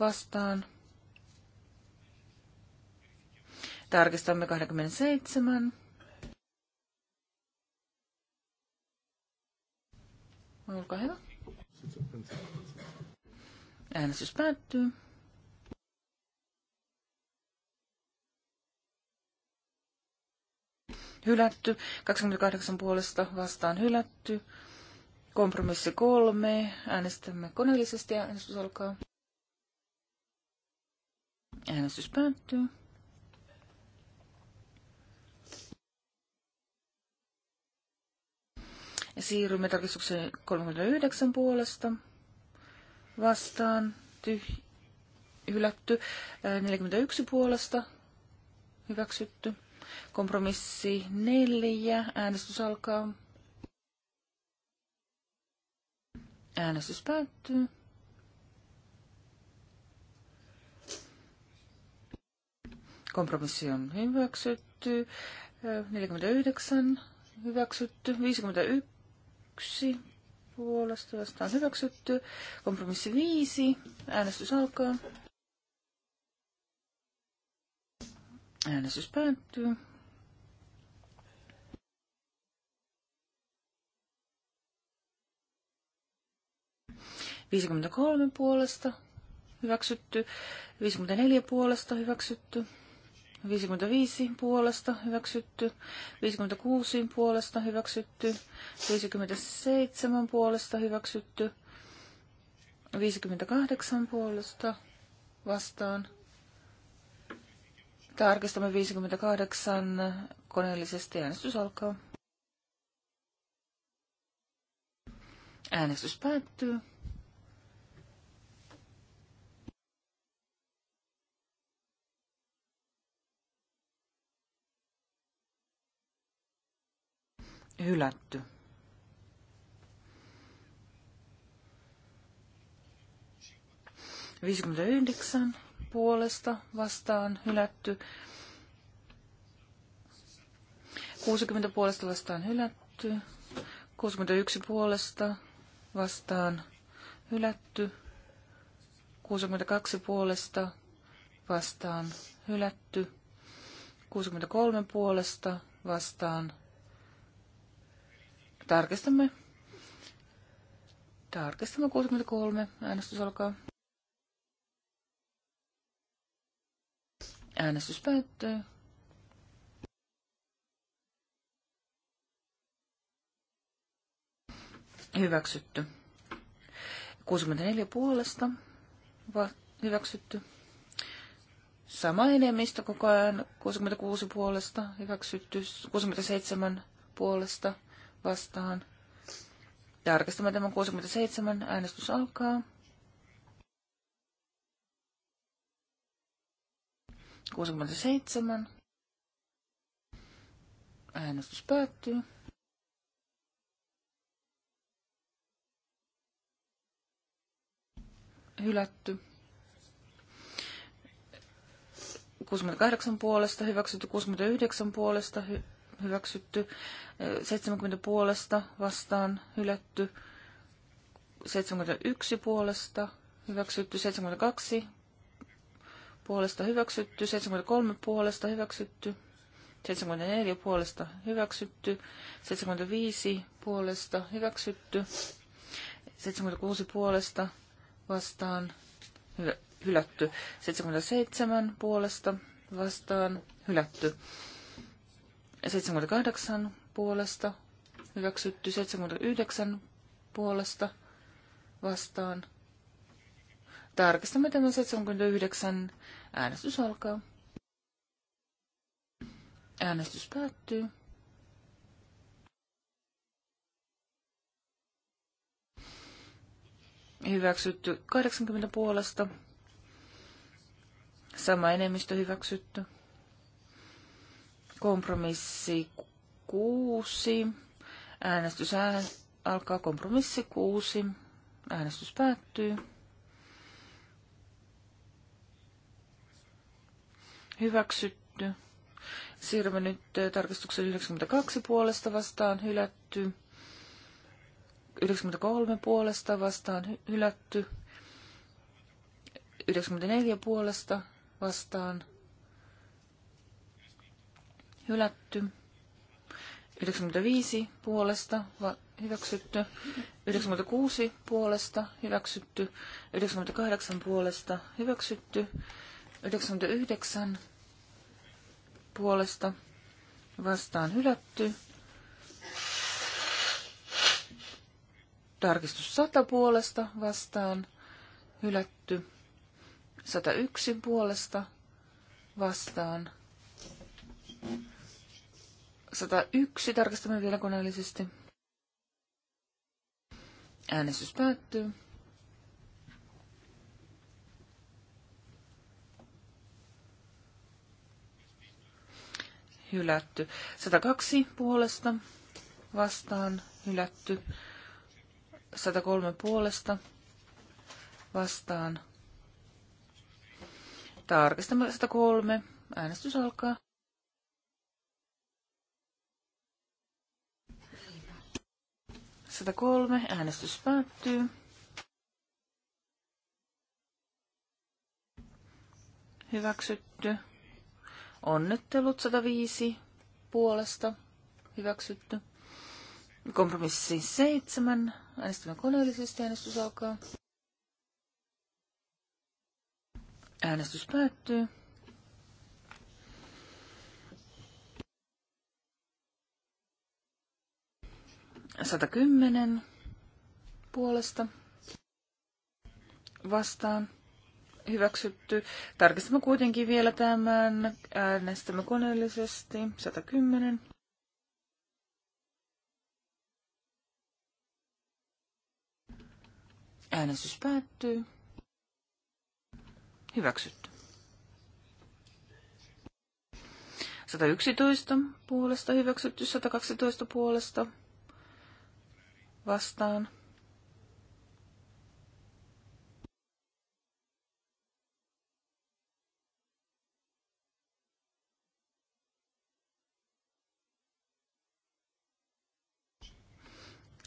vastaan. Tarkistamme 27. Olkaa hyvä. Äänestys päättyy. Hylätty. 28 puolesta vastaan hylätty. Kompromissi kolme. Äänestämme koneellisesti ja äänestys alkaa. Äänestys päättyy. Ja siirrymme tarkistukseen 39 puolesta. Vastaan. Tyh- hylätty. 41 puolesta. Hyväksytty. Kompromissi 4. Äänestys alkaa. Äänestys päättyy. Kompromissi on hyväksytty. 49 hyväksytty. 51 yksi puolesta vastaan hyväksytty. Kompromissi viisi. Äänestys alkaa. Äänestys päättyy. kolme puolesta hyväksytty. neljä puolesta hyväksytty. 55 puolesta hyväksytty, 56 puolesta hyväksytty, 57 puolesta hyväksytty, 58 puolesta vastaan. Tarkistamme 58 koneellisesti. Äänestys alkaa. Äänestys päättyy. hylätty. Viisikymmentäyhdeksän puolesta vastaan hylätty. 60 puolesta vastaan hylätty. 61 puolesta vastaan hylätty. 62 puolesta vastaan hylätty. 63 puolesta vastaan Tarkistamme. Tarkistamme 63. Äänestys alkaa. Äänestys päättyy. Hyväksytty. 64 puolesta hyväksytty. Sama enemmistö koko ajan. 66 puolesta hyväksytty. 67 puolesta vastaan. Tarkistamme tämän 67. Äänestys alkaa. 67. Äänestys päättyy. Hylätty. 68 puolesta hyväksytty, 69 puolesta hy- hyväksytty. 70 puolesta vastaan hylätty. 71 puolesta hyväksytty. 72 puolesta hyväksytty. 73 puolesta hyväksytty. 74 puolesta hyväksytty, 75 puolesta hyväksytty, 76 puolesta vastaan hylätty, 77 puolesta vastaan hylätty, 78 puolesta hyväksytty, 79 puolesta vastaan. Tarkistamme tämän 79. Äänestys alkaa. Äänestys päättyy. Hyväksytty 80 puolesta. Sama enemmistö hyväksytty. Kompromissi kuusi. Äänestys alkaa. Kompromissi kuusi. Äänestys päättyy. Hyväksytty. Siirrymme nyt tarkistuksen 92 puolesta vastaan hylätty. 93 puolesta vastaan hylätty. 94 puolesta vastaan hylätty. 95 puolesta hyväksytty. 96 puolesta hyväksytty. 98 puolesta hyväksytty. 99 puolesta vastaan hylätty. Tarkistus 100 puolesta vastaan hylätty. 101 puolesta vastaan 101 tarkistamme vielä koneellisesti. Äänestys päättyy. Hylätty. 102 puolesta vastaan hylätty. 103 puolesta vastaan. Tarkistamme 103. Äänestys alkaa. 103. Äänestys päättyy. Hyväksytty. Onnittelut 105 puolesta. Hyväksytty. Kompromissi 7. Äänestämme koneellisesti. Äänestys alkaa. Äänestys päättyy. 110 puolesta vastaan hyväksytty. Tarkistamme kuitenkin vielä tämän. Äänestämme koneellisesti. 110. Äänestys päättyy. Hyväksytty. 111 puolesta hyväksytty, 112 puolesta vastaan.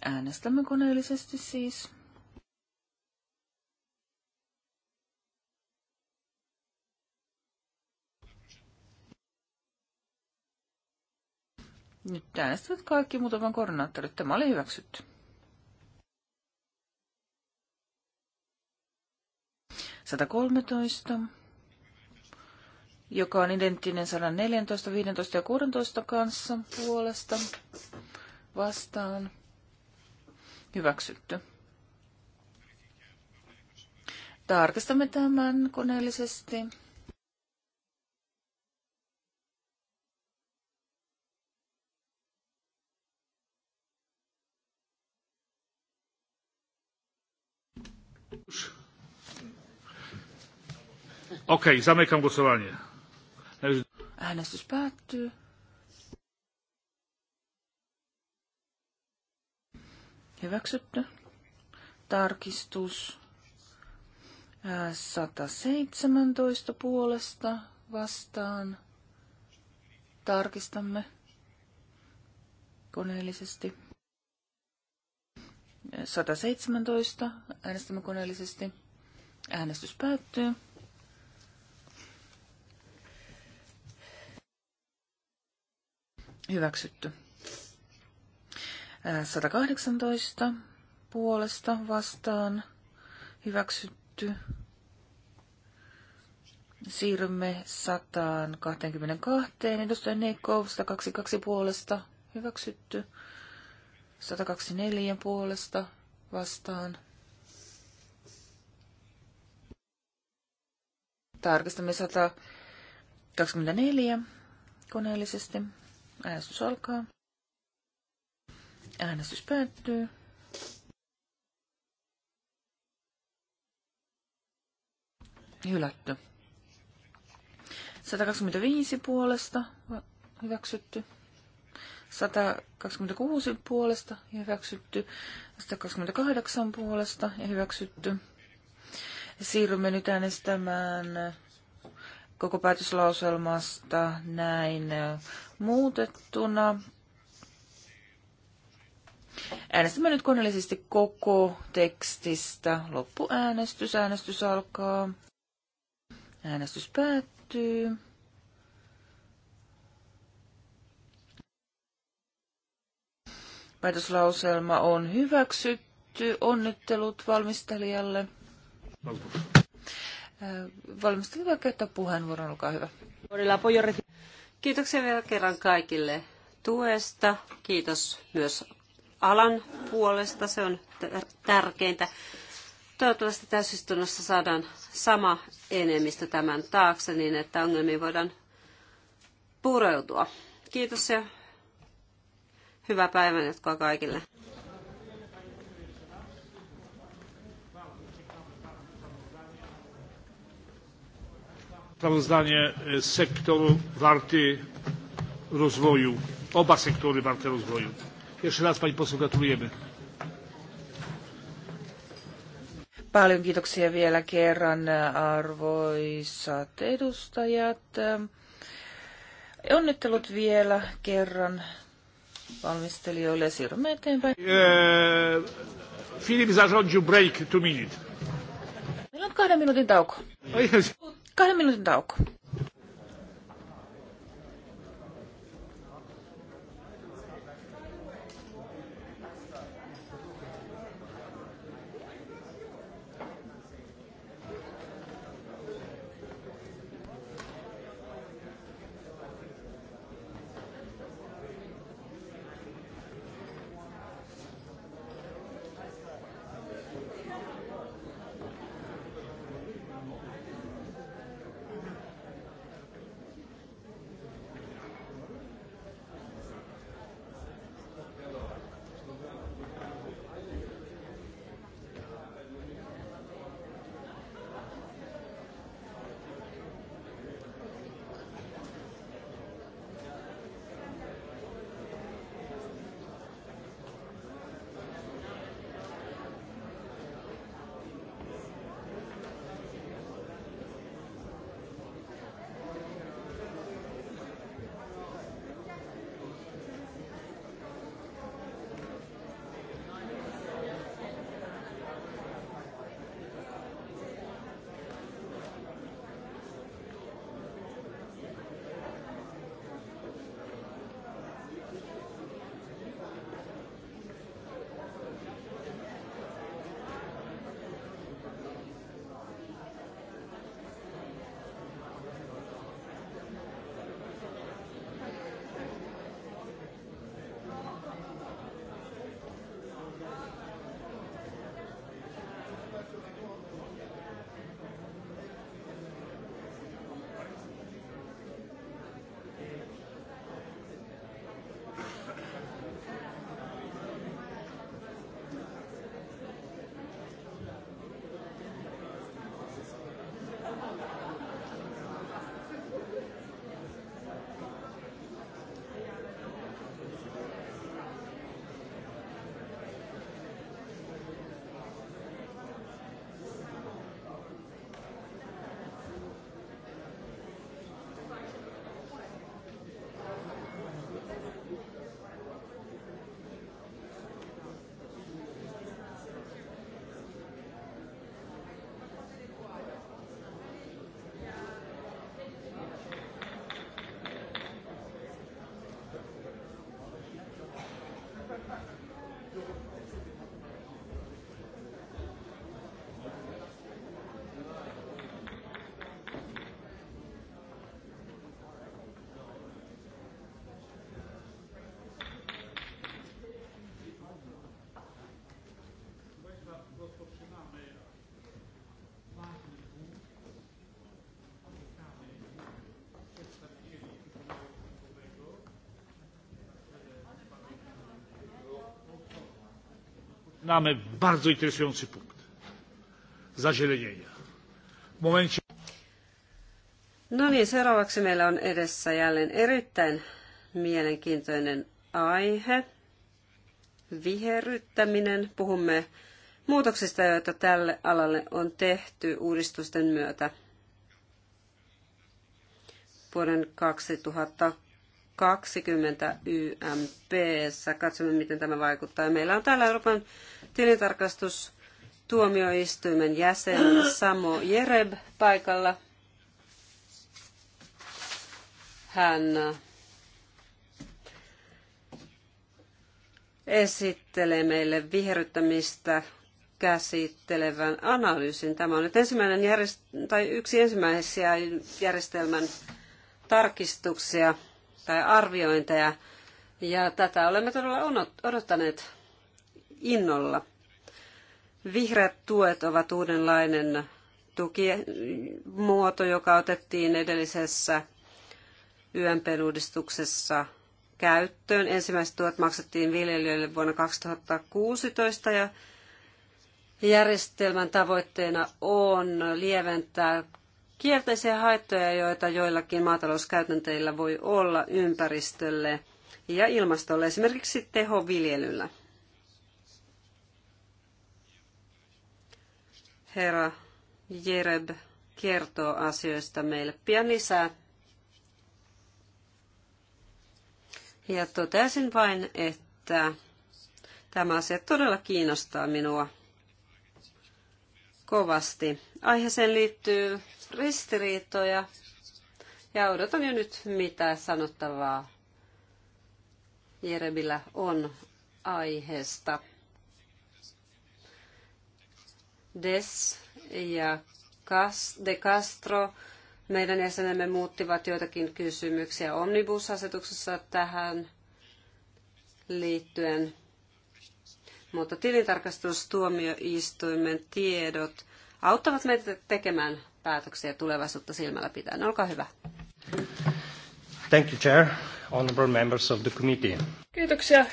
Äänestämme koneellisesti siis. Nyt äänestävät kaikki muutaman koordinaattorit. Tämä oli hyväksytty. 113, joka on identtinen 114, 15 ja 16 kanssa puolesta vastaan. Hyväksytty. Tarkistamme tämän koneellisesti. Okei, okay, zamykam głosowanie. Äänestys päättyy. Hyväksytty. Tarkistus 117 puolesta vastaan. Tarkistamme koneellisesti. 117 äänestämme koneellisesti. Äänestys päättyy. Hyväksytty. 118 puolesta vastaan. Hyväksytty. Siirrymme 122. Edustaja Nekov 122 puolesta. Hyväksytty. 124 puolesta vastaan. Tarkistamme 124 koneellisesti. Äänestys alkaa. Äänestys päättyy. Hylätty. 125 puolesta hyväksytty. 126 puolesta ja hyväksytty. 128 puolesta ja hyväksytty. Siirrymme nyt äänestämään koko päätöslauselmasta näin muutettuna. Äänestämme nyt koneellisesti koko tekstistä. Loppuäänestys. Äänestys alkaa. Äänestys päättyy. Päätöslauselma on hyväksytty. Onnittelut valmistelijalle. Valtuus. Valmistelu voi käyttää puheenvuoron, olkaa hyvä. Kiitoksia vielä kerran kaikille tuesta. Kiitos myös alan puolesta, se on tärkeintä. Toivottavasti täysistunnossa saadaan sama enemmistö tämän taakse niin, että ongelmiin voidaan pureutua. Kiitos ja hyvää päivänjatkoa kaikille. sprawozdanie e, sektoru warty rozwoju. Oba sektory warte rozwoju. Jeszcze raz Pani poseł gratulujemy. Paljon kiitoksia vielä kerran arvoisat edustajat. Onnittelut vielä kerran valmistelijoille. Siirrymme eteenpäin. E, Filip zarządził break two minute. Meillä on kahden minuutin tauko. No Kahden minuutin tauko. mamy bardzo interesujący punkt zazielenienia. W momencie... No niin, seuraavaksi meillä on edessä jälleen erittäin mielenkiintoinen aihe, viherryttäminen. Puhumme muutoksista, joita tälle alalle on tehty uudistusten myötä vuoden 2020 YMPssä. Katsomme, miten tämä vaikuttaa. Meillä on täällä Euroopan tilintarkastus tuomioistuimen jäsen Samo Jereb paikalla. Hän äh, esittelee meille viherryttämistä käsittelevän analyysin. Tämä on nyt ensimmäinen järjest- tai yksi ensimmäisiä järjestelmän tarkistuksia tai arviointeja, ja tätä olemme todella odottaneet innolla. Vihreät tuet ovat uudenlainen tukimuoto, joka otettiin edellisessä YMP-uudistuksessa käyttöön. Ensimmäiset tuet maksettiin viljelijöille vuonna 2016 ja Järjestelmän tavoitteena on lieventää kielteisiä haittoja, joita joillakin maatalouskäytänteillä voi olla ympäristölle ja ilmastolle, esimerkiksi tehoviljelyllä. Herra Jereb kertoo asioista meille pian lisää. Ja totesin vain, että tämä asia todella kiinnostaa minua kovasti. Aiheeseen liittyy ristiriitoja ja odotan jo nyt mitä sanottavaa Jerebillä on aiheesta. Des ja De Castro, meidän jäsenemme muuttivat joitakin kysymyksiä omnibusasetuksessa tähän liittyen. Mutta tilintarkastustuomioistuimen tiedot auttavat meitä tekemään päätöksiä tulevaisuutta silmällä pitäen. Olkaa hyvä. Thank you, Chair. Honorable members of the committee. Kiitoksia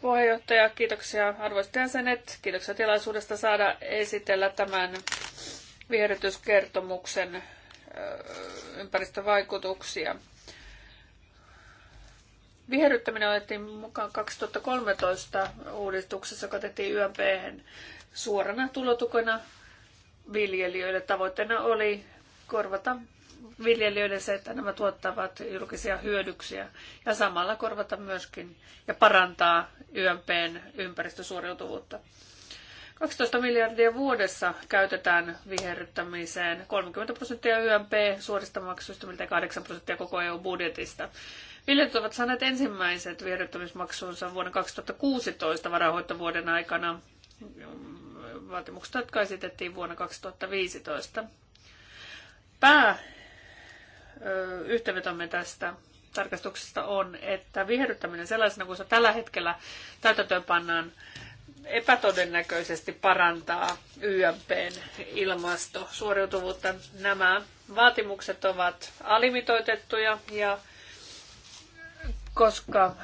puheenjohtaja, kiitoksia arvoisat jäsenet, kiitoksia tilaisuudesta saada esitellä tämän viherrytyskertomuksen ympäristövaikutuksia. Viherryttäminen otettiin mukaan 2013 uudistuksessa, joka tehtiin YMP suorana tulotukona viljelijöille. Tavoitteena oli korvata viljelijöille se, että nämä tuottavat julkisia hyödyksiä ja samalla korvata myöskin ja parantaa YMPn ympäristösuoriutuvuutta. 12 miljardia vuodessa käytetään viherryttämiseen, 30 prosenttia YMP suorista maksuista, miltä 8 prosenttia koko EU-budjetista. Viljelijät ovat saaneet ensimmäiset viherryttämismaksunsa vuonna 2016 varahoitovuoden aikana vaatimukset, jotka esitettiin vuonna 2015. Pää yhteenvetomme tästä tarkastuksesta on, että viherryttäminen sellaisena kuin se tällä hetkellä täytäntöön pannaan epätodennäköisesti parantaa YMPn ilmastosuoriutuvuutta. Nämä vaatimukset ovat alimitoitettuja ja koska äh,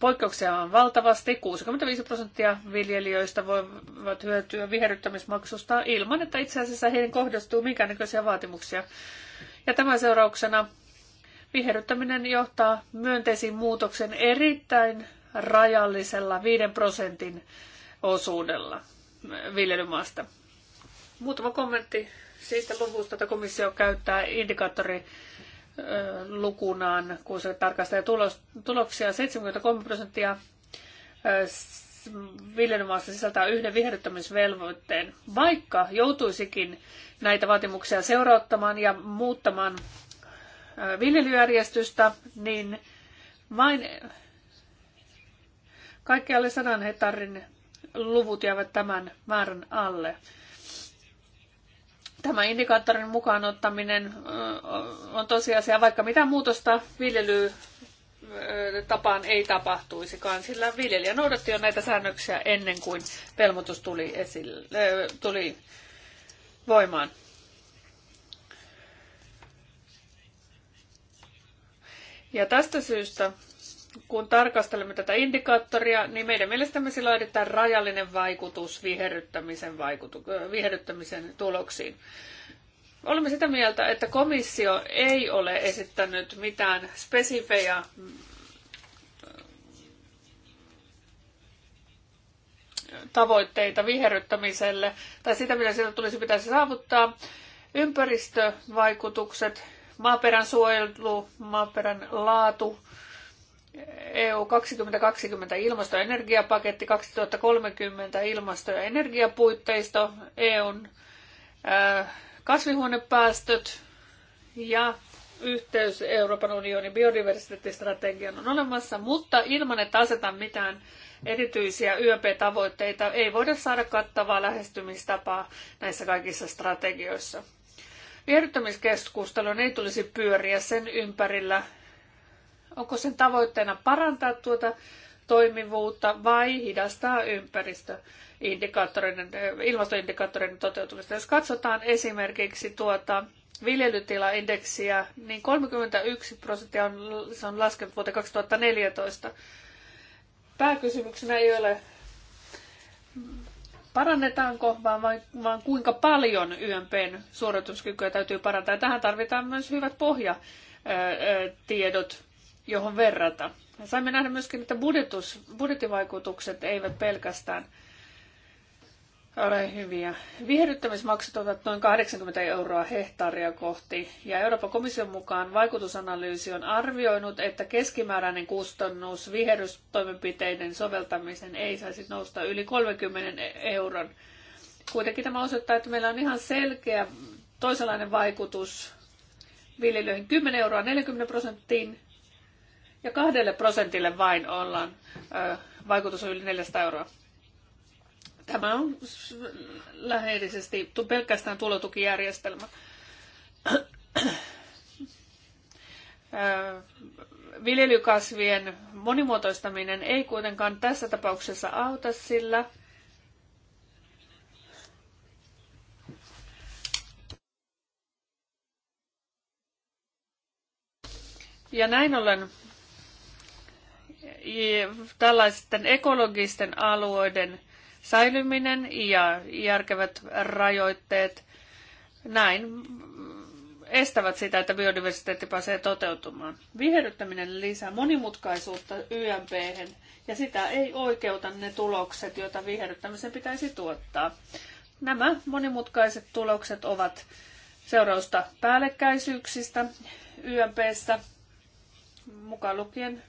poikkeuksia on valtavasti. 65 prosenttia viljelijöistä voivat hyötyä viherryttämismaksusta ilman, että itse asiassa heihin kohdistuu minkäännäköisiä vaatimuksia. Ja tämän seurauksena viherryttäminen johtaa myönteisiin muutoksen erittäin rajallisella 5 prosentin osuudella viljelymaasta. Muutama kommentti siitä luvusta, että komissio käyttää indikaattori lukunaan, kun se tarkastelee tuloksia. 73 prosenttia viljelymaasta sisältää yhden viherryttämisvelvoitteen, vaikka joutuisikin näitä vaatimuksia seurauttamaan ja muuttamaan viljelyjärjestystä, niin vain kaikki alle 100 hehtaarin luvut jäävät tämän määrän alle. Tämä indikaattorin mukaan ottaminen on tosiasia, vaikka mitä muutosta viljelytapaan ei tapahtuisikaan, sillä viljelijä noudatti jo näitä säännöksiä ennen kuin pelmutus tuli, esille, tuli voimaan. Ja tästä syystä kun tarkastelemme tätä indikaattoria, niin meidän mielestämme sillä laaditaan rajallinen vaikutus viherryttämisen, vaikutu, viherryttämisen tuloksiin. Olemme sitä mieltä, että komissio ei ole esittänyt mitään spesifejä mm, tavoitteita viherryttämiselle tai sitä, mitä sieltä tulisi pitäisi saavuttaa. Ympäristövaikutukset, maaperän suojelu, maaperän laatu, EU 2020 ilmasto- ja energiapaketti, 2030 ilmasto- ja energiapuitteisto, EUn kasvihuonepäästöt ja yhteys Euroopan unionin biodiversiteettistrategian on olemassa, mutta ilman, että asetan mitään erityisiä yp tavoitteita ei voida saada kattavaa lähestymistapaa näissä kaikissa strategioissa. Viherryttämiskeskustelun ei tulisi pyöriä sen ympärillä, Onko sen tavoitteena parantaa tuota toimivuutta vai hidastaa ympäristöindikaattoreiden, eh, ilmastoindikaattoreiden toteutumista. Jos katsotaan esimerkiksi tuota viljelytilaindeksiä, niin 31 prosenttia on, se on laskenut vuoteen 2014. Pääkysymyksenä ei ole parannetaanko, vaan, vaan kuinka paljon YMPn suorituskykyä täytyy parantaa. Ja tähän tarvitaan myös hyvät pohjatiedot johon verrata. Ja saimme nähdä myöskin, että budjetus, budjettivaikutukset eivät pelkästään ole hyviä. Viherryttämismaksut ovat noin 80 euroa hehtaaria kohti, ja Euroopan komission mukaan vaikutusanalyysi on arvioinut, että keskimääräinen kustannus viherrystoimenpiteiden soveltamisen ei saisi nousta yli 30 euron. Kuitenkin tämä osoittaa, että meillä on ihan selkeä toisenlainen vaikutus viljelyihin 10 euroa 40 prosenttiin ja kahdelle prosentille vain ollaan. Vaikutus on yli 400 euroa. Tämä on läheisesti pelkästään tulotukijärjestelmä. viljelykasvien monimuotoistaminen ei kuitenkaan tässä tapauksessa auta, sillä Ja näin ollen tällaisten ekologisten alueiden säilyminen ja järkevät rajoitteet näin estävät sitä, että biodiversiteetti pääsee toteutumaan. Viherryttäminen lisää monimutkaisuutta ymp ja sitä ei oikeuta ne tulokset, joita viherryttämisen pitäisi tuottaa. Nämä monimutkaiset tulokset ovat seurausta päällekkäisyyksistä YMPssä, mukaan lukien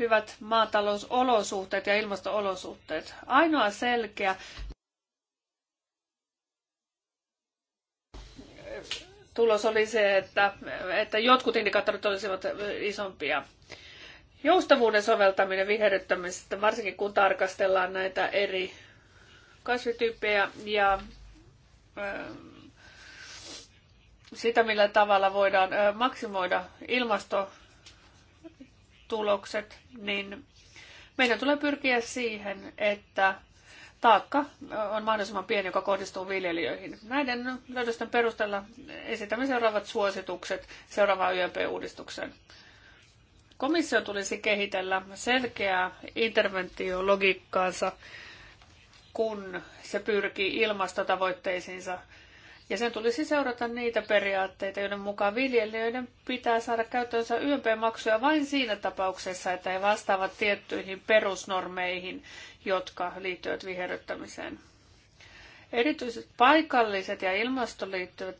hyvät maatalousolosuhteet ja ilmastoolosuhteet. Ainoa selkeä tulos oli se, että, että jotkut indikaattorit olisivat isompia. Joustavuuden soveltaminen viherryttämisestä, varsinkin kun tarkastellaan näitä eri kasvityyppejä ja ähm, sitä, millä tavalla voidaan äh, maksimoida ilmasto tulokset, niin meidän tulee pyrkiä siihen, että taakka on mahdollisimman pieni, joka kohdistuu viljelijöihin. Näiden löydösten perusteella esitämme seuraavat suositukset seuraavaan YMP-uudistukseen. Komissio tulisi kehitellä selkeää interventiologiikkaansa, kun se pyrkii ilmastotavoitteisiinsa ja sen tulisi seurata niitä periaatteita, joiden mukaan viljelijöiden pitää saada käyttöönsä YMP-maksuja vain siinä tapauksessa, että he vastaavat tiettyihin perusnormeihin, jotka liittyvät viherryttämiseen. Erityiset paikalliset ja ilmastoon liittyvät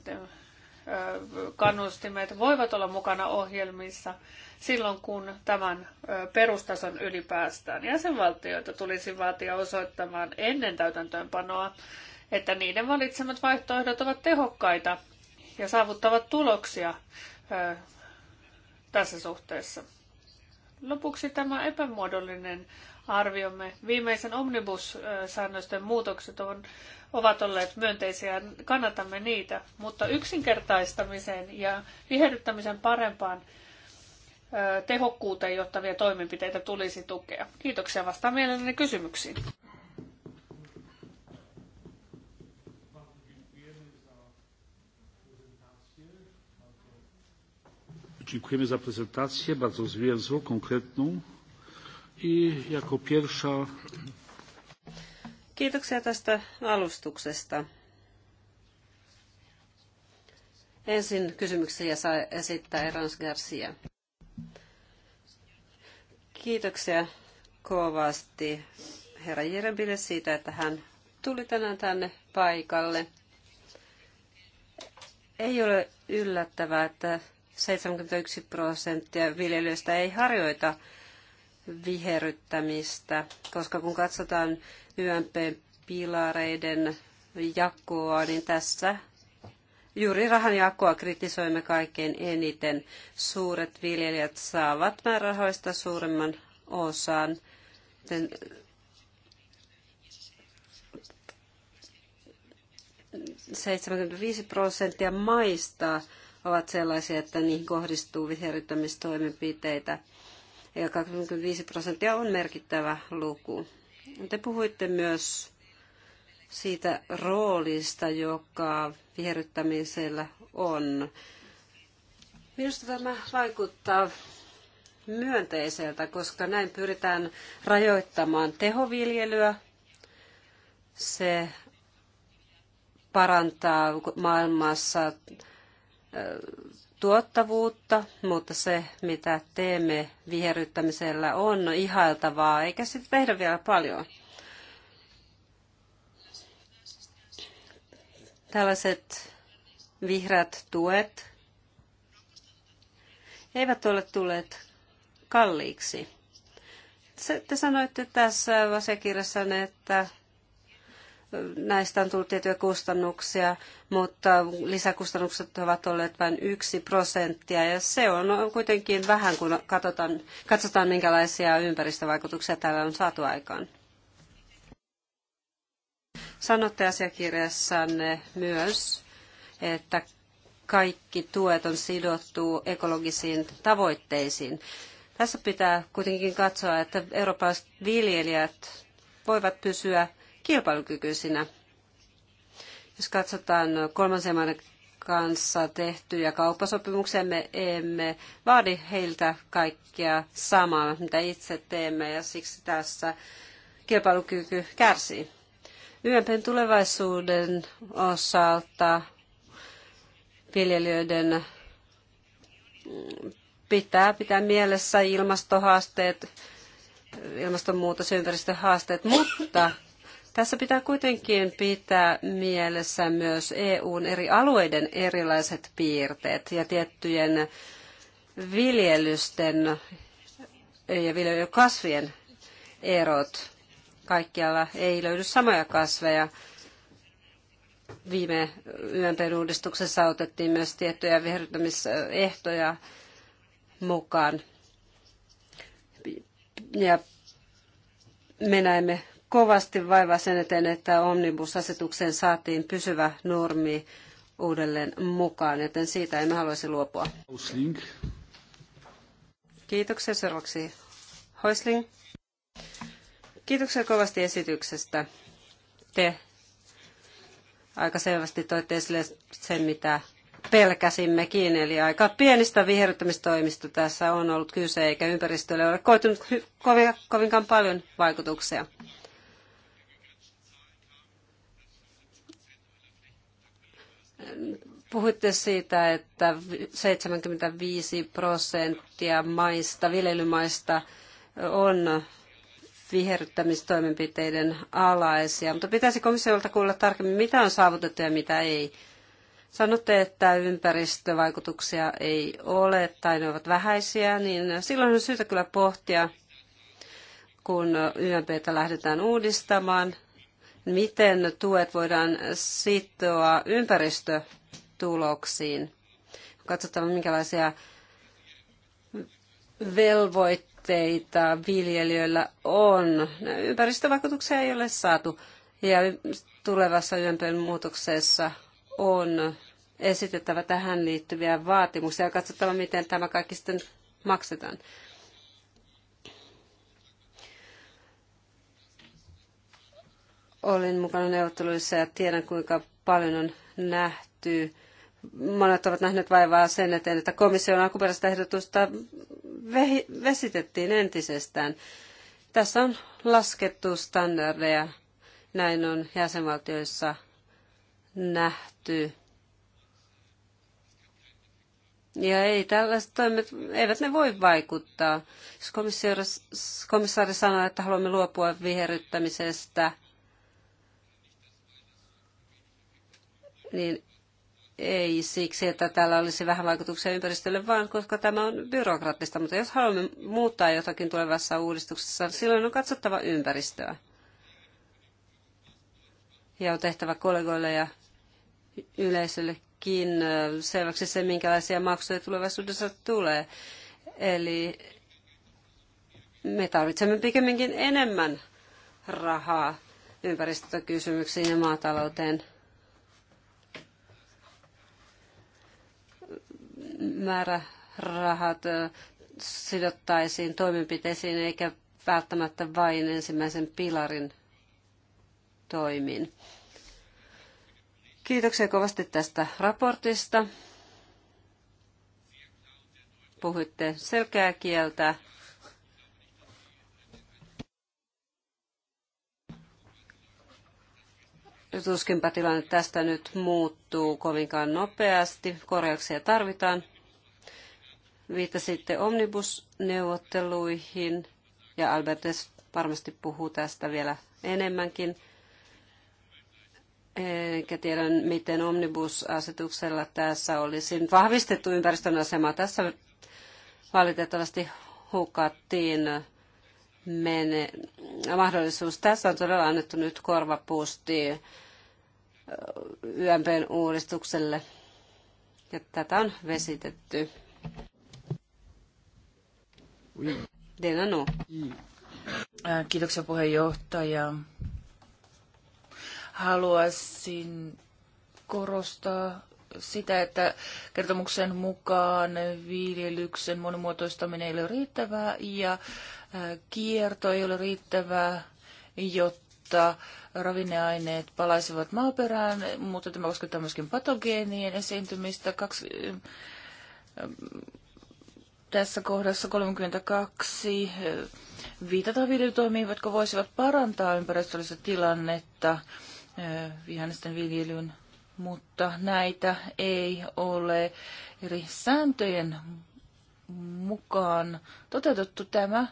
kannustimet voivat olla mukana ohjelmissa silloin, kun tämän perustason ylipäästään. Jäsenvaltioita tulisi vaatia osoittamaan ennen täytäntöönpanoa että niiden valitsemat vaihtoehdot ovat tehokkaita ja saavuttavat tuloksia tässä suhteessa. Lopuksi tämä epämuodollinen arviomme. Viimeisen omnibus-säännösten muutokset on, ovat olleet myönteisiä, kannatamme niitä, mutta yksinkertaistamiseen ja viherryttämisen parempaan tehokkuuteen johtavia toimenpiteitä tulisi tukea. Kiitoksia vastaan mielelläni kysymyksiin. Dziękujemy za prezentację, bardzo zwięzłą, konkretną. I jako pierwsza... Kiitoksia tästä alustuksesta. Ensin kysymyksiä saa esittää Erans Garcia. Kiitoksia kovasti herra siitä, että hän tuli tänään tänne paikalle. Ei ole yllättävää, että 71 prosenttia viljelijöistä ei harjoita viherryttämistä, koska kun katsotaan YMP-pilareiden jakoa, niin tässä juuri rahan jakoa kritisoimme kaikkein eniten. Suuret viljelijät saavat määrärahoista suuremman osan. Seitsemänkymmentäviisi prosenttia maista ovat sellaisia, että niihin kohdistuu viherryttämistoimenpiteitä. Ja 25 prosenttia on merkittävä luku. Te puhuitte myös siitä roolista, joka viherryttämisellä on. Minusta tämä vaikuttaa myönteiseltä, koska näin pyritään rajoittamaan tehoviljelyä. Se parantaa maailmassa tuottavuutta, mutta se, mitä teemme viheryttämisellä, on ihailtavaa, eikä sitä tehdä vielä paljon. Tällaiset vihreät tuet eivät ole tulleet kalliiksi. Te sanoitte tässä asiakirjassanne, että Näistä on tullut tiettyjä kustannuksia, mutta lisäkustannukset ovat olleet vain yksi prosenttia ja se on kuitenkin vähän, kun katsotaan, katsotaan minkälaisia ympäristövaikutuksia täällä on saatu aikaan. Sanotte asiakirjassanne myös, että kaikki tuet on sidottu ekologisiin tavoitteisiin. Tässä pitää kuitenkin katsoa, että eurooppalaiset viljelijät voivat pysyä kilpailukykyisinä. Jos katsotaan kolmansien maiden kanssa tehtyjä kauppasopimuksia, me emme vaadi heiltä kaikkea samaa, mitä itse teemme, ja siksi tässä kilpailukyky kärsii. YMPn tulevaisuuden osalta viljelijöiden mm, pitää pitää mielessä ilmastohaasteet, ilmastonmuutos ja ympäristöhaasteet, mutta tässä pitää kuitenkin pitää mielessä myös EUn eri alueiden erilaiset piirteet ja tiettyjen viljelysten ja viljelykasvien erot. Kaikkialla ei löydy samoja kasveja. Viime YMPn uudistuksessa otettiin myös tiettyjä viherryttämisehtoja mukaan. Ja me näemme kovasti vaivaa sen eteen, että omnibusasetukseen saatiin pysyvä normi uudelleen mukaan, joten siitä emme haluaisi luopua. Hoisling. Kiitoksia seuraavaksi. Hoisling. Kiitoksia kovasti esityksestä. Te aika selvästi toitte esille sen, mitä pelkäsimmekin, eli aika pienistä viherryttämistoimista tässä on ollut kyse, eikä ympäristölle ole koitunut kovinkaan paljon vaikutuksia. Puhuitte siitä, että 75 prosenttia maista, viljelymaista on viherryttämistoimenpiteiden alaisia, mutta pitäisi komissiolta kuulla tarkemmin, mitä on saavutettu ja mitä ei. Sanotte, että ympäristövaikutuksia ei ole tai ne ovat vähäisiä, niin silloin on syytä kyllä pohtia, kun YMPtä lähdetään uudistamaan, miten tuet voidaan sitoa ympäristö tuloksiin. Katsotaan, minkälaisia velvoitteita viljelijöillä on. Ympäristövaikutuksia ei ole saatu. Ja tulevassa ympäristön muutoksessa on esitettävä tähän liittyviä vaatimuksia Katsotaan, miten tämä kaikki sitten maksetaan. Olin mukana neuvotteluissa ja tiedän, kuinka paljon on nähty monet ovat nähneet vaivaa sen eteen, että komission alkuperäistä ehdotusta vesitettiin entisestään. Tässä on laskettu standardeja, näin on jäsenvaltioissa nähty. Ja ei tällaiset toimet, eivät ne voi vaikuttaa. Jos komissaari sanoo, että haluamme luopua viherryttämisestä, niin ei siksi, että tällä olisi vähän vaikutuksia ympäristölle, vaan koska tämä on byrokraattista. Mutta jos haluamme muuttaa jotakin tulevassa uudistuksessa, silloin on katsottava ympäristöä. Ja on tehtävä kollegoille ja yleisöllekin selväksi se, minkälaisia maksuja tulevaisuudessa tulee. Eli me tarvitsemme pikemminkin enemmän rahaa ympäristökysymyksiin ja maatalouteen määrärahat sidottaisiin toimenpiteisiin eikä välttämättä vain ensimmäisen pilarin toimiin. Kiitoksia kovasti tästä raportista. Puhuitte selkeää kieltä Tuskinpä tilanne tästä nyt muuttuu kovinkaan nopeasti. Korjauksia tarvitaan. Viittasitte omnibusneuvotteluihin ja Albertes varmasti puhuu tästä vielä enemmänkin. Enkä tiedä, miten omnibusasetuksella tässä olisi vahvistettu ympäristön asema. Tässä valitettavasti hukattiin men mahdollisuus. Tässä on todella annettu nyt korvapuusti YMPn uudistukselle. Ja tätä on vesitetty. nu, äh, Kiitoksia puheenjohtaja. Haluaisin korostaa sitä, että kertomuksen mukaan viljelyksen monimuotoistaminen ei ole riittävää ja äh, kierto ei ole riittävää, jotta ravinneaineet palaisivat maaperään, mutta tämä koskettaa myöskin patogeenien esiintymistä. Kaksi, äh, tässä kohdassa 32 äh, viitataan viljelytoimiin, jotka voisivat parantaa ympäristöllistä tilannetta vihannesten viljelyyn mutta näitä ei ole eri sääntöjen mukaan toteutettu tämä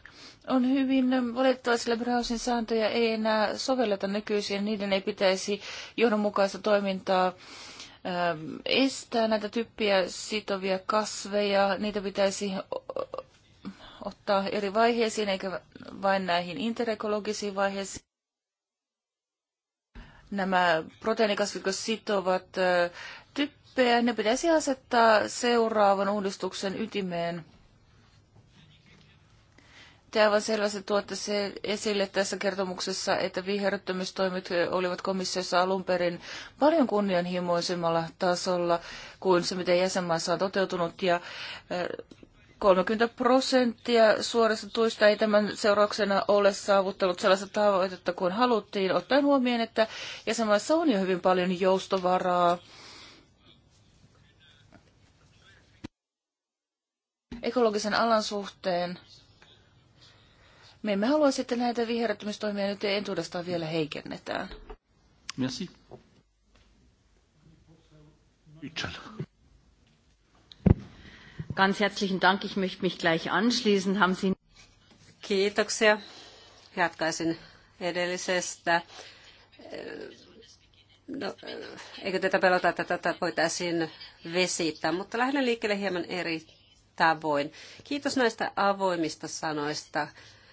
on hyvin valitettavasti, sillä browsin sääntöjä ei enää sovelleta nykyisin. Niiden ei pitäisi johdonmukaista toimintaa ähm, estää näitä typpiä sitovia kasveja. Niitä pitäisi ottaa eri vaiheisiin, eikä vain näihin interekologisiin vaiheisiin nämä proteiinikasvit, jotka sitovat typpejä, ne pitäisi asettaa seuraavan uudistuksen ytimeen. Te aivan selvästi tuotte se esille tässä kertomuksessa, että viherryttämistoimet olivat komissiossa alun perin paljon kunnianhimoisemmalla tasolla kuin se, mitä jäsenmaissa on toteutunut. Ja 30 prosenttia suorista tuista ei tämän seurauksena ole saavuttanut sellaista tavoitetta kuin haluttiin, ottaen huomioon, että jäsenmaissa on jo hyvin paljon joustovaraa. ekologisen alan suhteen. Me emme halua, että näitä viherryttämistoimia nyt entuudestaan vielä heikennetään. Merci. Mitchell. Ganz herzlichen Dank. Ich möchte mich gleich anschließen. Haben Sie... Kiitoksia. Jatkaisin edellisestä. No, eikö tätä pelota, että tätä voitaisiin vesittää, mutta lähden liikkeelle hieman eri tavoin. Kiitos näistä avoimista sanoista.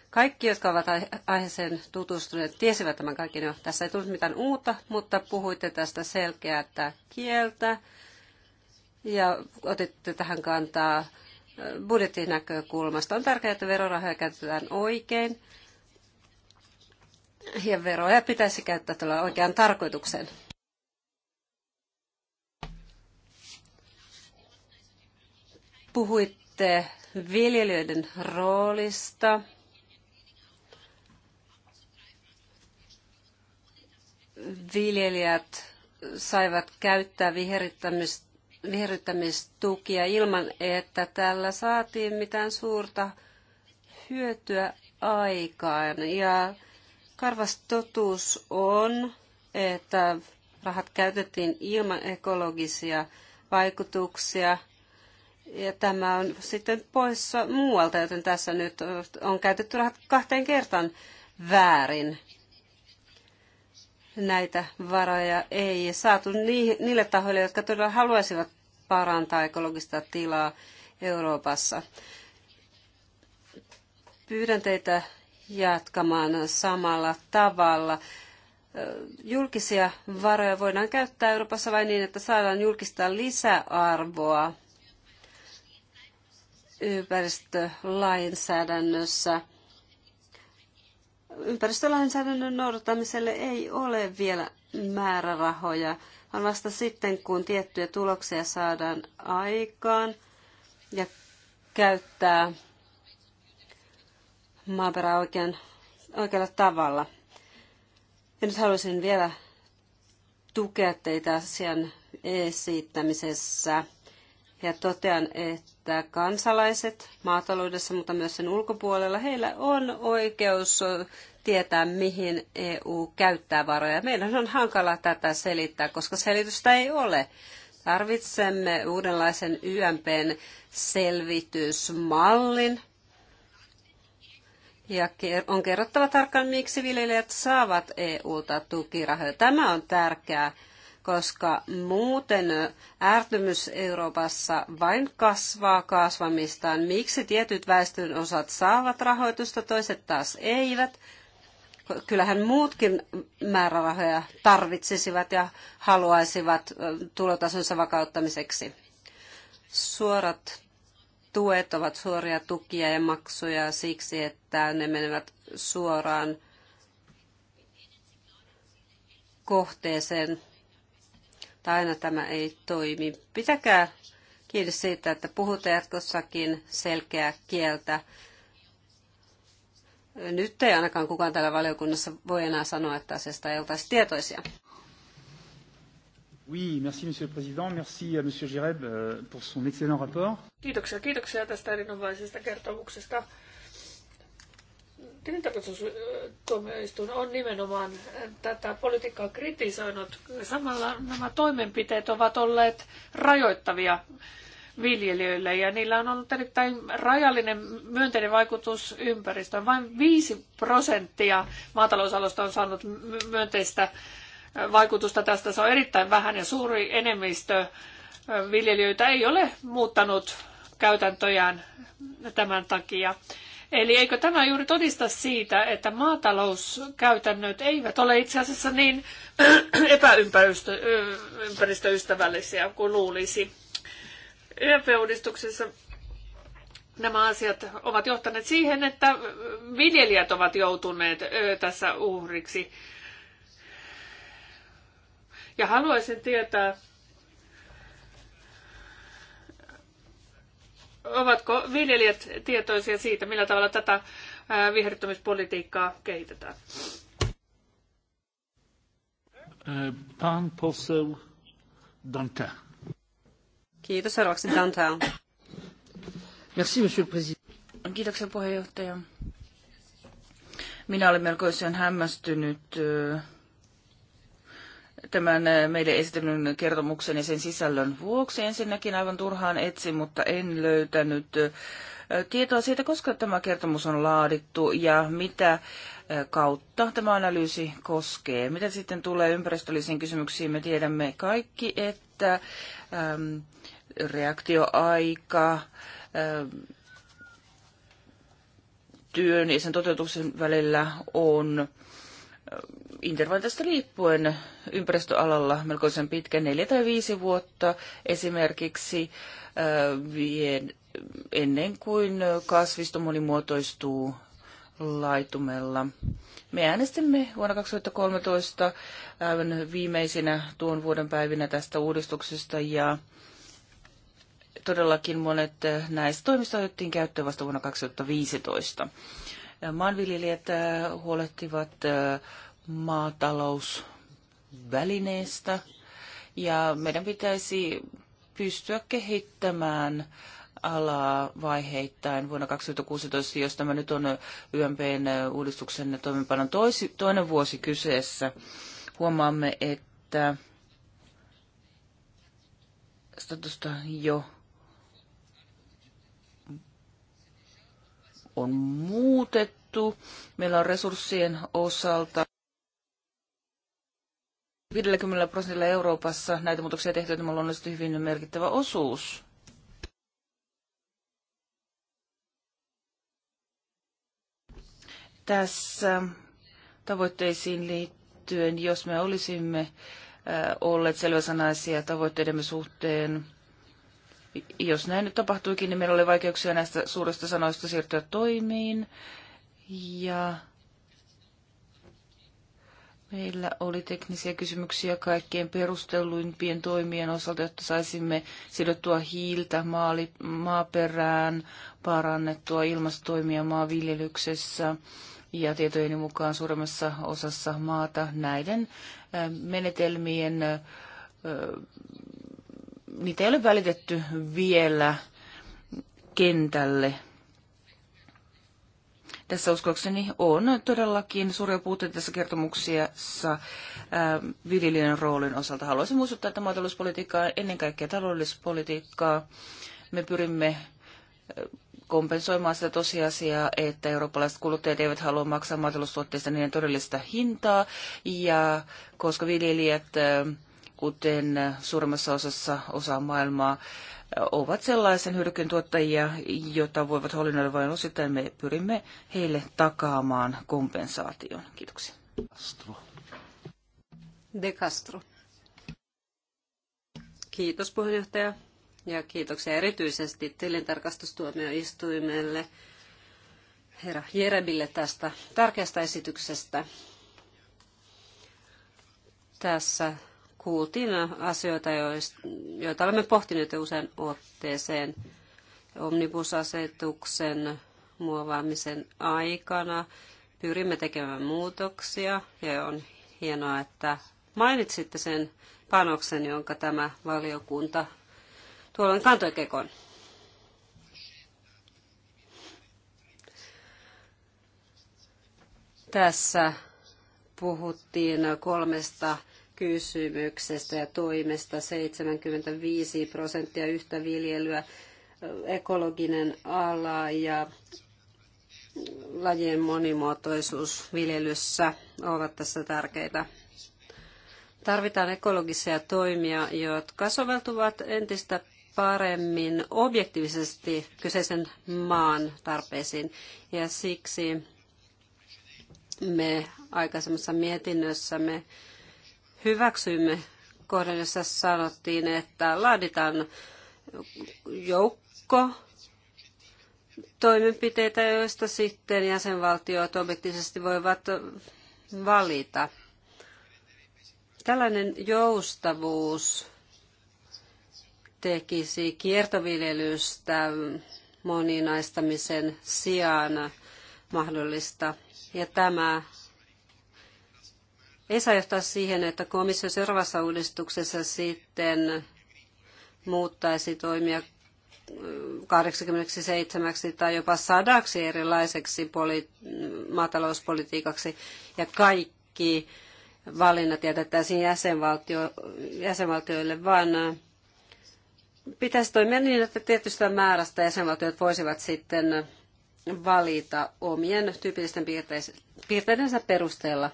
Kaikki, jotka ovat aiheeseen tutustuneet, tiesivät tämän kaiken jo. Tässä ei tullut mitään uutta, mutta puhuitte tästä selkeää kieltä, ja otitte tähän kantaa äh, budjetin näkökulmasta. On tärkeää, että verorahoja käytetään oikein ja veroja pitäisi käyttää tällä oikean tarkoituksen. Puhuitte viljelijöiden roolista. Viljelijät saivat käyttää viherittämistä viherryttämistukia ilman, että tällä saatiin mitään suurta hyötyä aikaan. Ja karvas totuus on, että rahat käytettiin ilman ekologisia vaikutuksia. Ja tämä on sitten poissa muualta, joten tässä nyt on käytetty rahat kahteen kertaan väärin näitä varoja ei saatu niille tahoille, jotka todella haluaisivat parantaa ekologista tilaa Euroopassa. Pyydän teitä jatkamaan samalla tavalla. Julkisia varoja voidaan käyttää Euroopassa vain niin, että saadaan julkista lisäarvoa ympäristölainsäädännössä – Ympäristölainsäädännön noudattamiselle ei ole vielä määrärahoja, vaan vasta sitten, kun tiettyjä tuloksia saadaan aikaan ja käyttää maaperää oikein, oikealla tavalla. Ja nyt haluaisin vielä tukea teitä asian esittämisessä ja totean, että että kansalaiset maataloudessa, mutta myös sen ulkopuolella, heillä on oikeus tietää, mihin EU käyttää varoja. Meidän on hankala tätä selittää, koska selitystä ei ole. Tarvitsemme uudenlaisen YMPn selvitysmallin. Ja on kerrottava tarkkaan, miksi viljelijät saavat EU-ta tukirahoja. Tämä on tärkeää koska muuten ärtymys Euroopassa vain kasvaa kasvamistaan. Miksi tietyt väestön osat saavat rahoitusta, toiset taas eivät? Kyllähän muutkin määrärahoja tarvitsisivat ja haluaisivat tulotasonsa vakauttamiseksi. Suorat tuet ovat suoria tukia ja maksuja siksi, että ne menevät suoraan kohteeseen että aina tämä ei toimi. Pitäkää kiinni siitä, että puhutaan jatkossakin selkeää kieltä. Nyt ei ainakaan kukaan täällä valiokunnassa voi enää sanoa, että asiasta ei oltaisi tietoisia. Oui, merci Monsieur le Président, merci à Monsieur Gireb euh, pour son excellent rapport. Kiitoksia, kiitoksia tästä erinomaisesta kertomuksesta. Tilintarkastustuomioistuin on nimenomaan tätä politiikkaa kritisoinut. Samalla nämä toimenpiteet ovat olleet rajoittavia viljelijöille ja niillä on ollut erittäin rajallinen myönteinen vaikutus ympäristöön. Vain 5 prosenttia maatalousalosta on saanut myönteistä vaikutusta tästä. Se on erittäin vähän ja suuri enemmistö viljelijöitä ei ole muuttanut käytäntöjään tämän takia. Eli eikö tämä juuri todista siitä, että maatalouskäytännöt eivät ole itse asiassa niin epäympäristöystävällisiä kuin luulisi? YMP-uudistuksessa nämä asiat ovat johtaneet siihen, että viljelijät ovat joutuneet tässä uhriksi. Ja haluaisin tietää, Ovatko viljelijät tietoisia siitä, millä tavalla tätä viherryttämispolitiikkaa kehitetään? Pan poseł Dantin. Kiitos. Seuraavaksi Dantin. Merci, monsieur le président. Kiitoksia puheenjohtaja. Minä olen melkoisen hämmästynyt äh, tämän eh, meille esitellyn kertomuksen ja sen sisällön vuoksi. Ensinnäkin aivan turhaan etsin, mutta en löytänyt eh, tietoa siitä, koska tämä kertomus on laadittu ja mitä eh, kautta tämä analyysi koskee. Mitä sitten tulee ympäristöllisiin kysymyksiin, me tiedämme kaikki, että ähm, reaktioaika, ähm, työn ja sen toteutuksen välillä on intervallista riippuen ympäristöalalla melkoisen pitkä, neljä tai viisi vuotta esimerkiksi äh, ennen kuin kasvisto monimuotoistuu laitumella. Me äänestimme vuonna 2013 aivan viimeisinä tuon vuoden päivinä tästä uudistuksesta ja todellakin monet äh, näistä toimista otettiin käyttöön vasta vuonna 2015. Maanviljelijät äh, huolehtivat äh, maatalousvälineestä ja meidän pitäisi pystyä kehittämään alaa vaiheittain vuonna 2016, jos tämä nyt on YMPn äh, uudistuksen toimenpanon toisi, toinen vuosi kyseessä. Huomaamme, että statusta jo on muutettu. Meillä on resurssien osalta 50 prosentilla Euroopassa näitä muutoksia tehty, että meillä on luonnollisesti hyvin merkittävä osuus tässä tavoitteisiin liittyen, jos me olisimme olleet selväsanaisia tavoitteidemme suhteen, jos näin nyt tapahtuikin, niin meillä oli vaikeuksia näistä suurista sanoista siirtyä toimiin. Ja meillä oli teknisiä kysymyksiä kaikkein perustelluimpien toimien osalta, jotta saisimme sidottua hiiltä maali, maaperään, parannettua ilmastotoimia maanviljelyksessä ja tietojeni mukaan suuremmassa osassa maata näiden menetelmien niitä ei ole välitetty vielä kentälle. Tässä uskokseni on todellakin suuria puutteita tässä kertomuksessa viljelijän roolin osalta. Haluaisin muistuttaa, että maatalouspolitiikkaa, ennen kaikkea taloudellispolitiikkaa, me pyrimme kompensoimaan sitä tosiasiaa, että eurooppalaiset kuluttajat eivät halua maksaa maataloustuotteista niiden todellista hintaa. Ja koska viljelijät kuten suurimmassa osassa osa maailmaa, ovat sellaisen hyödykkeen tuottajia, jota voivat hallinnoida vain osittain. Me pyrimme heille takaamaan kompensaation. Kiitoksia. Castro. De Castro. Kiitos puheenjohtaja ja kiitoksia erityisesti tilintarkastustuomioistuimelle herra Jerebille tästä tärkeästä esityksestä. Tässä kuultiin asioita, joita olemme pohtineet usein otteeseen omnibusasetuksen muovaamisen aikana. Pyrimme tekemään muutoksia ja on hienoa, että mainitsitte sen panoksen, jonka tämä valiokunta tuolloin kantoi kekon. Tässä puhuttiin kolmesta kysymyksestä ja toimesta 75 prosenttia yhtä viljelyä, ekologinen ala ja lajien monimuotoisuus viljelyssä ovat tässä tärkeitä. Tarvitaan ekologisia toimia, jotka soveltuvat entistä paremmin objektiivisesti kyseisen maan tarpeisiin. Ja siksi me aikaisemmassa mietinnössämme me hyväksyimme kohdan, jossa sanottiin, että laaditaan joukko toimenpiteitä, joista sitten jäsenvaltiot objektiivisesti voivat valita. Tällainen joustavuus tekisi kiertoviljelystä moninaistamisen sijaan mahdollista. Ja tämä ei saa johtaa siihen, että komissio seuraavassa uudistuksessa sitten muuttaisi toimia 87 tai jopa sadaksi erilaiseksi poli- maatalouspolitiikaksi ja kaikki valinnat jätettäisiin jäsenvaltio- jäsenvaltioille, vaan pitäisi toimia niin, että tietystä määrästä jäsenvaltiot voisivat sitten valita omien tyypillisten piirteidensä perusteella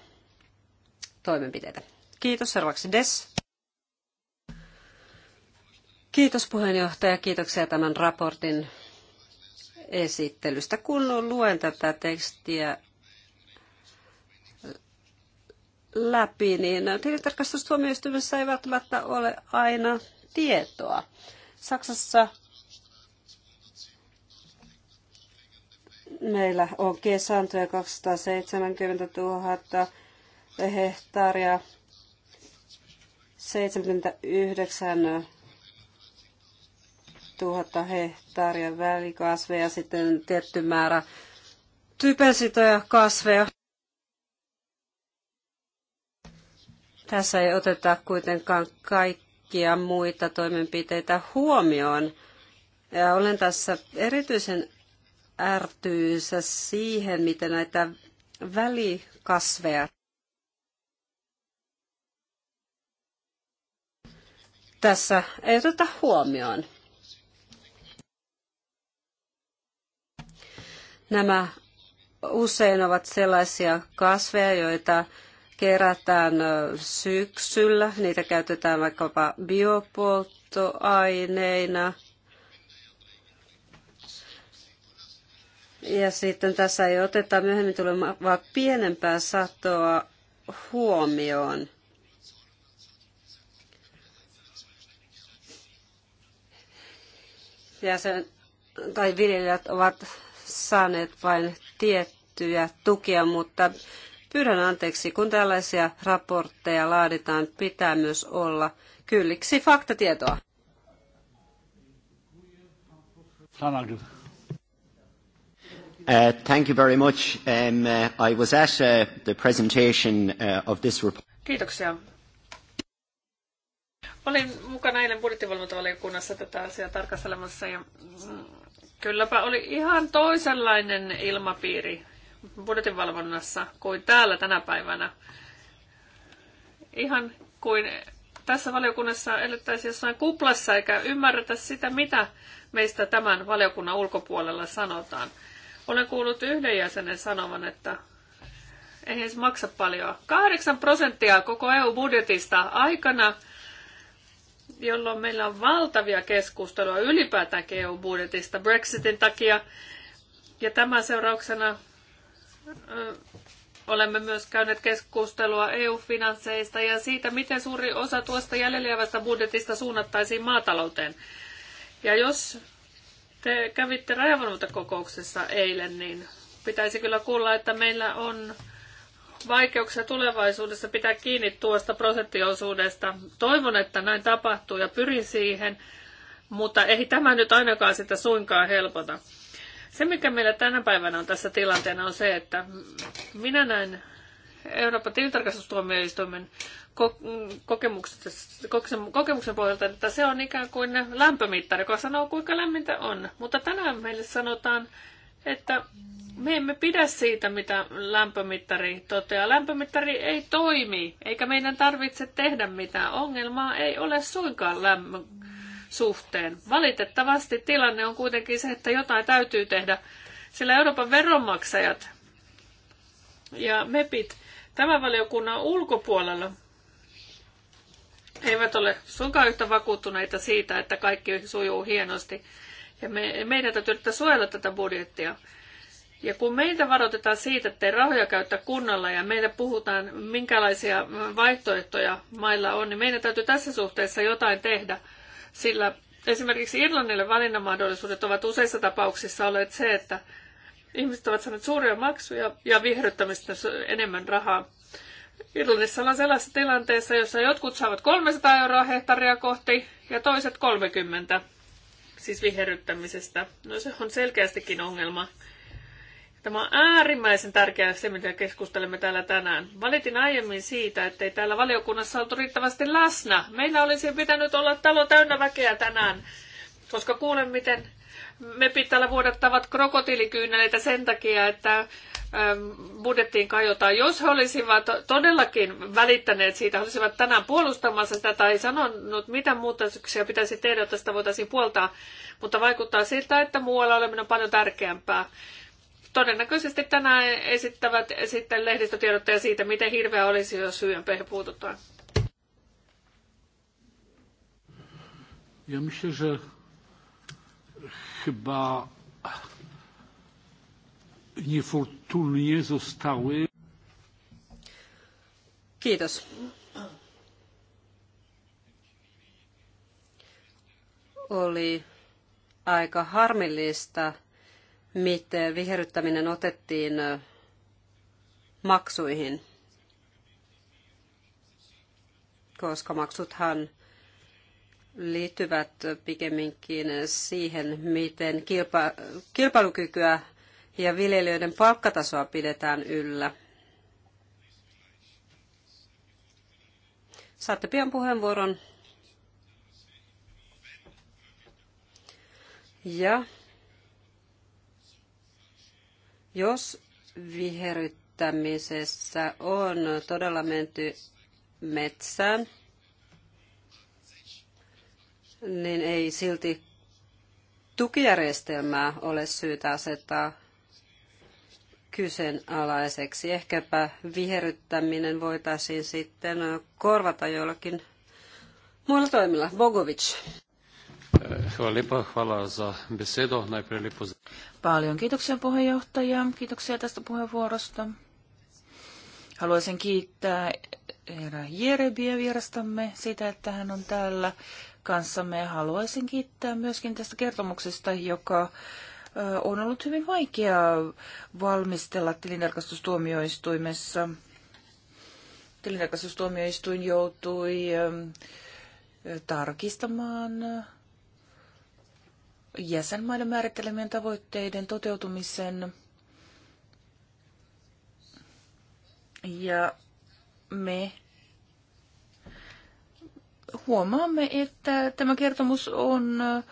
toimenpiteitä. Kiitos. Seuraavaksi Des. Kiitos puheenjohtaja. Kiitoksia tämän raportin esittelystä. Kun luen tätä tekstiä läpi, niin tilintarkastustuomioistuimessa ei välttämättä ole aina tietoa. Saksassa meillä on kesääntöjä 270 000 hehtaaria, 79 000 hehtaaria välikasveja, sitten tietty määrä typensitoja kasveja. Tässä ei oteta kuitenkaan kaikkia muita toimenpiteitä huomioon. Ja olen tässä erityisen ärtyisä siihen, miten näitä välikasveja tässä ei oteta huomioon. Nämä usein ovat sellaisia kasveja, joita kerätään syksyllä. Niitä käytetään vaikkapa biopolttoaineina. Ja sitten tässä ei oteta myöhemmin tulemaan tulevaa pienempää satoa huomioon. jäsen, tai viljelijät ovat saaneet vain tiettyjä tukia, mutta pyydän anteeksi, kun tällaisia raportteja laaditaan, pitää myös olla kylliksi faktatietoa. Uh, thank you very much. Um, uh, I was at uh, the presentation of this report. Kiitoksia. Olin mukana eilen budjettivalvontavaliokunnassa tätä asiaa tarkastelemassa ja mm, kylläpä oli ihan toisenlainen ilmapiiri budjetinvalvonnassa kuin täällä tänä päivänä. Ihan kuin tässä valiokunnassa elettäisiin jossain kuplassa eikä ymmärretä sitä, mitä meistä tämän valiokunnan ulkopuolella sanotaan. Olen kuullut yhden jäsenen sanovan, että eihän se maksa paljon. 8 prosenttia koko EU-budjetista aikana – jolloin meillä on valtavia keskusteluja ylipäätään EU-budjetista Brexitin takia. Ja tämän seurauksena olemme myös käyneet keskustelua EU-finansseista ja siitä, miten suuri osa tuosta jäljellä jäävästä budjetista suunnattaisiin maatalouteen. Ja jos te kävitte rajavalvontakokouksessa eilen, niin pitäisi kyllä kuulla, että meillä on vaikeuksia tulevaisuudessa pitää kiinni tuosta prosenttiosuudesta. Toivon, että näin tapahtuu ja pyrin siihen, mutta ei tämä nyt ainakaan sitä suinkaan helpota. Se, mikä meillä tänä päivänä on tässä tilanteena, on se, että minä näen Euroopan tilintarkastustuomioistuimen kokemuksen pohjalta, että se on ikään kuin lämpömittari, joka sanoo, kuinka lämmintä on. Mutta tänään meille sanotaan, että me emme pidä siitä, mitä lämpömittari toteaa. Lämpömittari ei toimi, eikä meidän tarvitse tehdä mitään. Ongelmaa ei ole suinkaan lämmön suhteen. Valitettavasti tilanne on kuitenkin se, että jotain täytyy tehdä, sillä Euroopan veronmaksajat ja MEPit tämän valiokunnan ulkopuolella eivät ole suinkaan yhtä vakuuttuneita siitä, että kaikki sujuu hienosti. Ja me, meidän täytyy yrittää suojella tätä budjettia. Ja kun meitä varoitetaan siitä, että ei rahoja käyttää kunnolla ja meillä puhutaan, minkälaisia vaihtoehtoja mailla on, niin meidän täytyy tässä suhteessa jotain tehdä, sillä esimerkiksi Irlannille valinnanmahdollisuudet ovat useissa tapauksissa olleet se, että ihmiset ovat saaneet suuria maksuja ja viherryttämistä enemmän rahaa. Irlannissa on sellaisessa tilanteessa, jossa jotkut saavat 300 euroa hehtaaria kohti ja toiset 30, siis viherryttämisestä. No se on selkeästikin ongelma. Tämä on äärimmäisen tärkeää se, mitä keskustelemme täällä tänään. Valitin aiemmin siitä, ei täällä valiokunnassa oltu riittävästi läsnä. Meillä olisi pitänyt olla talo täynnä väkeä tänään, koska kuulen, miten me täällä vuodattavat krokotiilikyyneleitä sen takia, että ähm, budjettiin kajotaan. Jos he olisivat todellakin välittäneet siitä, he olisivat tänään puolustamassa sitä tai sanonut, mitä muutoksia pitäisi tehdä, jotta sitä voitaisiin puoltaa, mutta vaikuttaa siltä, että muualla oleminen on paljon tärkeämpää todennäköisesti tänään esittävät sitten lehdistötiedotteja siitä, miten hirveä olisi, jos YMP puututaan. Ja myślę, że chyba niefortunnie zostały. Kiitos. Oli aika harmillista, miten eh, viherryttäminen otettiin eh, maksuihin, koska maksuthan liittyvät pikemminkin siihen, miten kilpailukykyä ja viljelijöiden palkkatasoa pidetään yllä. Saatte pian puheenvuoron. Ja jos viheryttämisessä on todella menty metsään, niin ei silti tukijärjestelmää ole syytä asettaa kyseenalaiseksi. Ehkäpä viheryttäminen voitaisiin sitten korvata jollakin muilla toimilla. Bogovic hvala za besedo. Najprej Paljon kiitoksia puheenjohtaja, kiitoksia tästä puheenvuorosta. Haluaisin kiittää Eera Jerebiä vierastamme siitä, että hän on täällä kanssamme. haluaisin kiittää myöskin tästä kertomuksesta, joka on ollut hyvin vaikea valmistella tilintarkastustuomioistuimessa. Tilintarkastustuomioistuin joutui tarkistamaan jäsenmaiden määrittelemien tavoitteiden toteutumisen ja me huomaamme, että tämä kertomus on ö, ähm,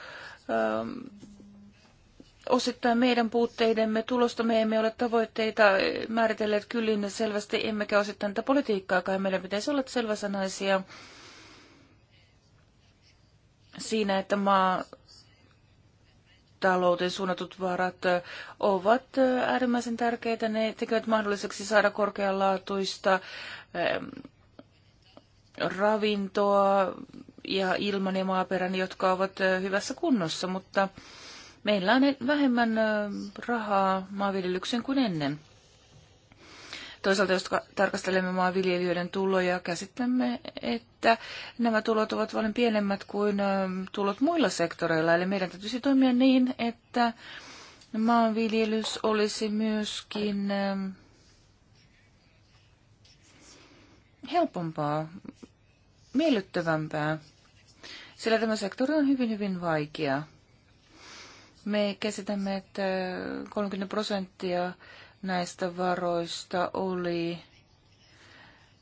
osittain meidän puutteidemme tulosta. Me emme ole tavoitteita määritelleet kyllin selvästi, emmekä osittain tätä kai Meidän pitäisi olla selväsanaisia siinä, että maa talouteen suunnatut varat ovat äärimmäisen tärkeitä. Ne tekevät mahdolliseksi saada korkealaatuista ravintoa ja ilman ja maaperän, jotka ovat hyvässä kunnossa, mutta meillä on vähemmän rahaa maanviljelykseen kuin ennen. Toisaalta jos tarkastelemme maanviljelijöiden tuloja, käsittämme, että nämä tulot ovat paljon pienemmät kuin tulot muilla sektoreilla. Eli meidän täytyisi toimia niin, että maanviljelys olisi myöskin helpompaa, miellyttävämpää, sillä tämä sektori on hyvin, hyvin vaikea. Me käsitämme, että 30 prosenttia näistä varoista oli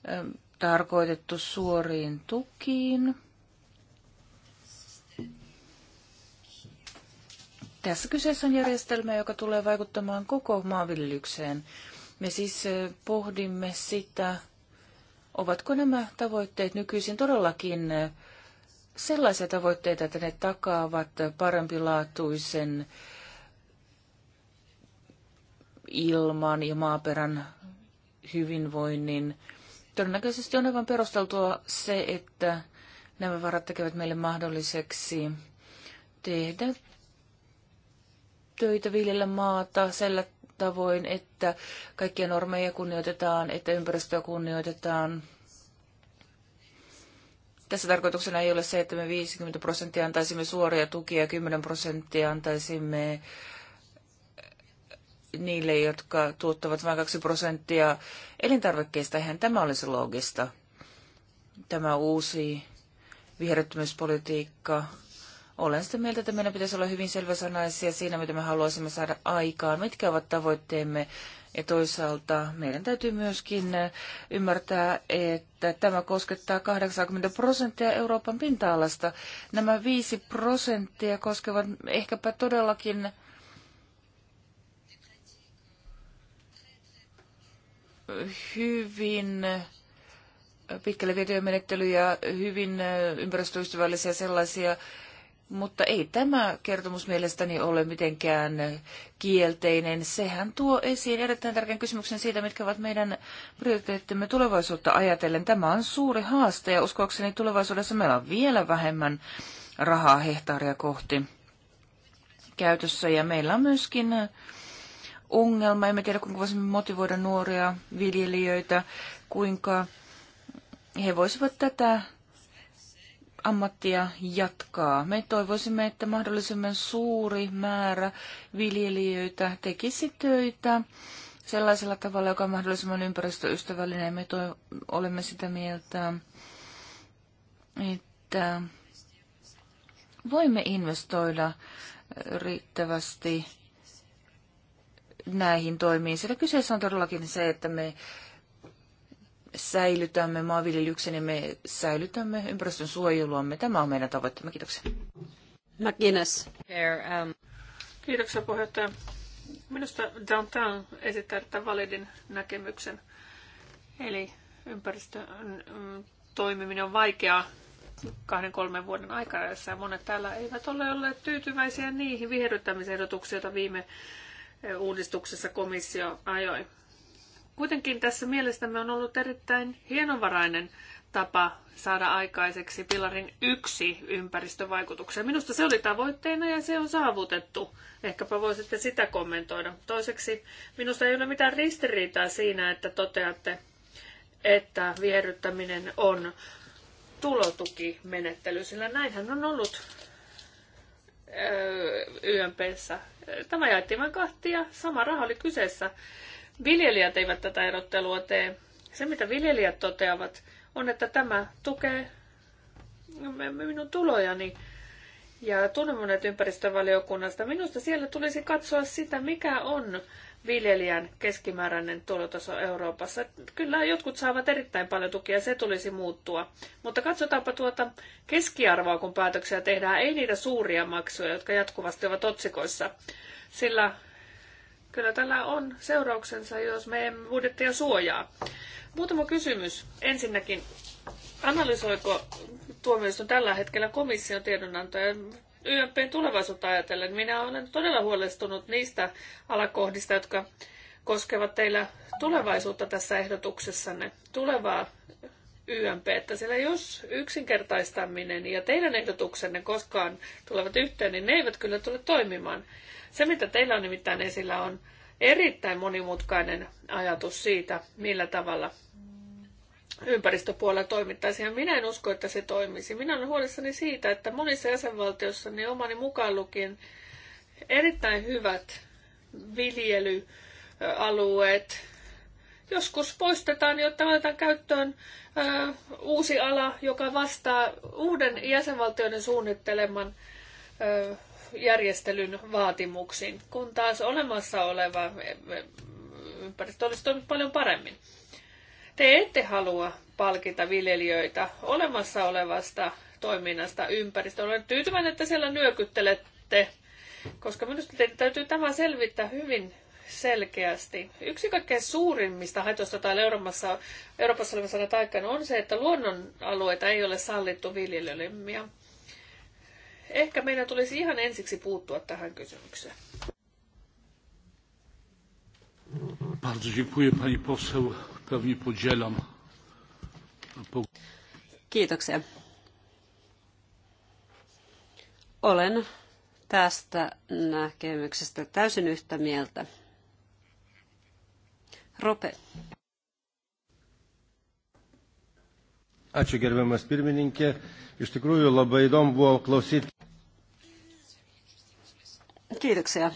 ähm, tarkoitettu suoriin tukiin. Tässä kyseessä on järjestelmä, joka tulee vaikuttamaan koko maanviljelykseen. Me siis äh, pohdimme sitä, ovatko nämä tavoitteet nykyisin todellakin äh, sellaisia tavoitteita, että ne takaavat parempilaatuisen laatuisen ilman ja maaperän hyvinvoinnin. Todennäköisesti on aivan perusteltua se, että nämä varat tekevät meille mahdolliseksi tehdä töitä, viljellä maata sillä tavoin, että kaikkia normeja kunnioitetaan, että ympäristöä kunnioitetaan. Tässä tarkoituksena ei ole se, että me 50 prosenttia antaisimme suoria tukia ja 10 prosenttia antaisimme äh, niille, jotka tuottavat vain 2 prosenttia elintarvikkeista. Eihän tämä olisi loogista. Tämä uusi viherryttämispolitiikka. Olen sitä mieltä, että meidän pitäisi olla hyvin selväsanaisia siinä, mitä me haluaisimme saada aikaan, mitkä ovat tavoitteemme. Ja toisaalta meidän täytyy myöskin ymmärtää, että tämä koskettaa 80 prosenttia Euroopan pinta-alasta. Nämä 5 prosenttia koskevat ehkäpä todellakin hyvin äh, pitkälle vietyjä menettelyjä, hyvin äh, ympäristöystävällisiä sellaisia, mutta ei tämä kertomus mielestäni ole mitenkään kielteinen. Sehän tuo esiin erittäin tärkeän kysymyksen siitä, mitkä ovat meidän prioriteettimme tulevaisuutta ajatellen. Tämä on suuri haaste ja uskoakseni tulevaisuudessa meillä on vielä vähemmän rahaa hehtaaria kohti käytössä ja meillä on myöskin ongelma. Emme tiedä, kuinka voisimme motivoida nuoria viljelijöitä, kuinka he voisivat tätä ammattia jatkaa. Me toivoisimme, että mahdollisimman suuri määrä viljelijöitä tekisi töitä sellaisella tavalla, joka on mahdollisimman ympäristöystävällinen. Me olemme sitä mieltä, että voimme investoida riittävästi näihin toimiin, sillä kyseessä on todellakin se, että me säilytämme maanviljelyksen ja me säilytämme ympäristön suojeluamme. Tämä on meidän tavoitteemme. Kiitoksia. McGinnis, um, Kiitoksia puheenjohtaja. Minusta Downtown esittää tämän validin näkemyksen. Eli ympäristön mm, toimiminen on vaikeaa kahden kolmen vuoden aikana, ja monet täällä eivät ole olleet tyytyväisiä niihin viherryttämisehdotuksiin, joita viime uudistuksessa komissio ajoi. Kuitenkin tässä mielestämme on ollut erittäin hienovarainen tapa saada aikaiseksi pilarin yksi ympäristövaikutuksia. Minusta se oli tavoitteena ja se on saavutettu. Ehkäpä voisitte sitä kommentoida. Toiseksi minusta ei ole mitään ristiriitaa siinä, että toteatte, että viherryttäminen on tulotukimenettely, sillä näinhän on ollut YMPssä. Tämä jaettiin vain kahtia, sama raha oli kyseessä. Viljelijät eivät tätä erottelua tee. Se, mitä viljelijät toteavat, on, että tämä tukee minun tulojani ja tunnen monet ympäristövaliokunnasta. Minusta siellä tulisi katsoa sitä, mikä on viljelijän keskimääräinen tulotaso Euroopassa. Kyllä jotkut saavat erittäin paljon tukia, se tulisi muuttua. Mutta katsotaanpa tuota keskiarvoa, kun päätöksiä tehdään, ei niitä suuria maksuja, jotka jatkuvasti ovat otsikoissa. Sillä kyllä tällä on seurauksensa, jos me emme budjettia suojaa. Muutama kysymys. Ensinnäkin, analysoiko tuomioistuin tällä hetkellä komission tiedonantoja YMPn tulevaisuutta ajatellen. Minä olen todella huolestunut niistä alakohdista, jotka koskevat teillä tulevaisuutta tässä ehdotuksessanne, tulevaa YMP, että sillä jos yksinkertaistaminen ja teidän ehdotuksenne koskaan tulevat yhteen, niin ne eivät kyllä tule toimimaan. Se, mitä teillä on nimittäin esillä, on erittäin monimutkainen ajatus siitä, millä tavalla ympäristöpuolella toimittaisiin. Ja minä en usko, että se toimisi. Minä olen huolissani siitä, että monissa jäsenvaltioissa, niin omani mukaan lukien, erittäin hyvät viljelyalueet joskus poistetaan, jotta otetaan käyttöön ö, uusi ala, joka vastaa uuden jäsenvaltioiden suunnitteleman ö, järjestelyn vaatimuksiin, kun taas olemassa oleva ympäristö olisi toiminut paljon paremmin. Te ette halua palkita viljelijöitä olemassa olevasta toiminnasta ympäristöön. Olen tyytyväinen, että siellä nyökyttelette, koska minusta teidän täytyy tämä selvittää hyvin selkeästi. Yksi kaikkein suurimmista haitoista täällä Euroopassa, Euroopassa olevassa aikana on se, että luonnonalueita ei ole sallittu viljelijöille. ehkä meidän tulisi ihan ensiksi puuttua tähän kysymykseen. Bardzo dziękuję pani poseł pewnie podzielam. Kiitoksia. Olen tästä näkemyksestä täysin yhtä mieltä. Rope. Ačiū gerbiamas pirmininkė. Iš tikrųjų labai įdomu buvo klausyti. Kiitoksia.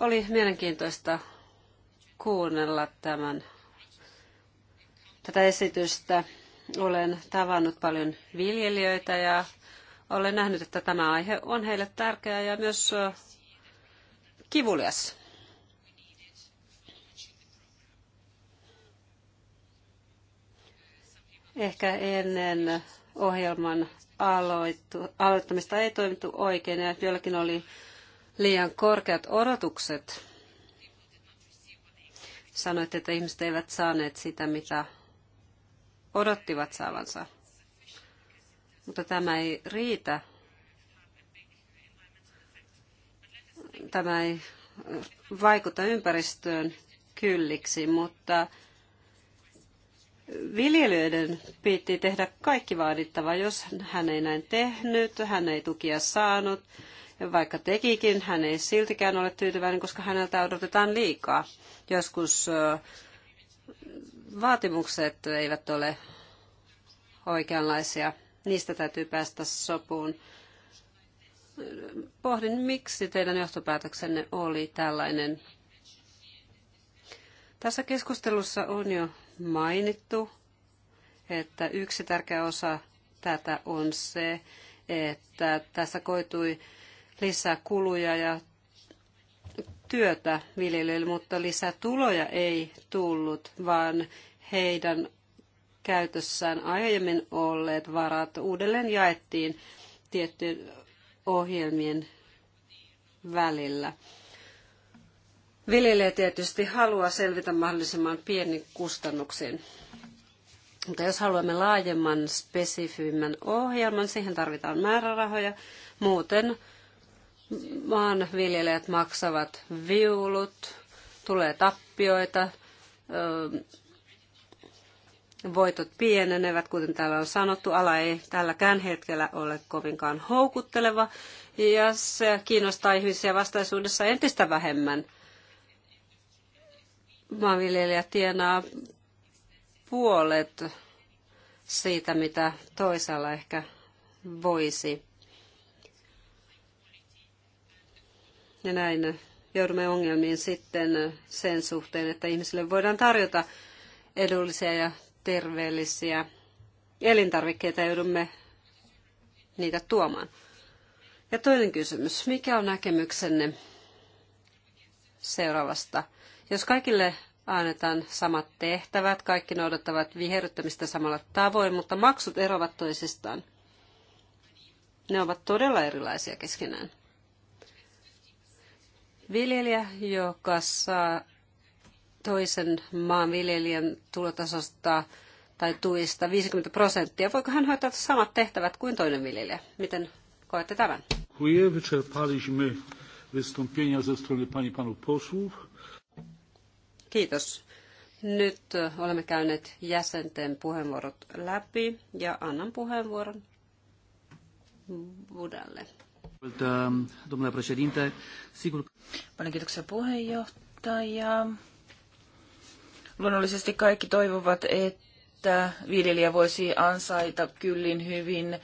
Oli mielenkiintoista kuunnella tämän tätä esitystä. Olen tavannut paljon viljelijöitä ja olen nähnyt, että tämä aihe on heille tärkeä ja myös kivulias. Ehkä ennen ohjelman aloittu, aloittamista ei toimittu oikein ja joillakin oli liian korkeat odotukset. Sanoitte, että ihmiset eivät saaneet sitä, mitä odottivat saavansa. Mutta tämä ei riitä. Tämä ei vaikuta ympäristöön kylliksi, mutta viljelijöiden piti tehdä kaikki vaadittava. Jos hän ei näin tehnyt, hän ei tukia saanut, vaikka tekikin, hän ei siltikään ole tyytyväinen, koska häneltä odotetaan liikaa. Joskus vaatimukset eivät ole oikeanlaisia. Niistä täytyy päästä sopuun. Pohdin, miksi teidän johtopäätöksenne oli tällainen. Tässä keskustelussa on jo mainittu, että yksi tärkeä osa tätä on se, että tässä koitui lisää kuluja ja työtä viljelijöille, mutta lisää tuloja ei tullut, vaan heidän käytössään aiemmin olleet varat uudelleen jaettiin tiettyjen ohjelmien välillä. Viljelijä tietysti haluaa selvitä mahdollisimman pienin kustannuksiin. Mutta jos haluamme laajemman, spesifimmän ohjelman, siihen tarvitaan määrärahoja. Muuten maanviljelijät maksavat viulut, tulee tappioita, voitot pienenevät, kuten täällä on sanottu, ala ei tälläkään hetkellä ole kovinkaan houkutteleva ja se kiinnostaa ihmisiä vastaisuudessa entistä vähemmän. Maanviljelijä tienaa puolet siitä, mitä toisaalla ehkä voisi. Ja näin joudumme ongelmiin sitten sen suhteen, että ihmisille voidaan tarjota edullisia ja terveellisiä elintarvikkeita ja joudumme niitä tuomaan. Ja toinen kysymys. Mikä on näkemyksenne seuraavasta? Jos kaikille annetaan samat tehtävät, kaikki noudattavat viherryttämistä samalla tavoin, mutta maksut eroavat toisistaan. Ne ovat todella erilaisia keskenään. Viljelijä, joka saa toisen maan viljelijän tulotasosta tai tuista 50 prosenttia, voiko hän hoitaa samat tehtävät kuin toinen viljelijä? Miten koette tämän? Kiitos. Nyt olemme käyneet jäsenten puheenvuorot läpi ja annan puheenvuoron Budalle. Um, paljon kiitoksia puheenjohtaja. Luonnollisesti kaikki toivovat, että viljelijä voisi ansaita kyllin hyvin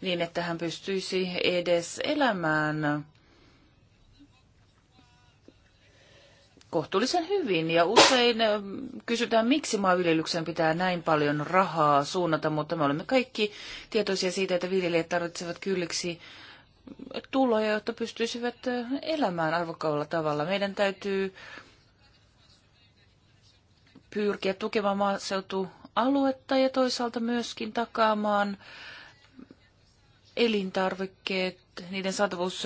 niin, että hän pystyisi edes elämään kohtuullisen hyvin. Ja usein um, kysytään, miksi maanviljelykseen pitää näin paljon rahaa suunnata, mutta me olemme kaikki tietoisia siitä, että viljelijät tarvitsevat kylliksi tuloja, jotta pystyisivät elämään arvokkaalla tavalla. Meidän täytyy pyrkiä tukemaan maaseutualuetta ja toisaalta myöskin takaamaan elintarvikkeet, niiden saatavuus.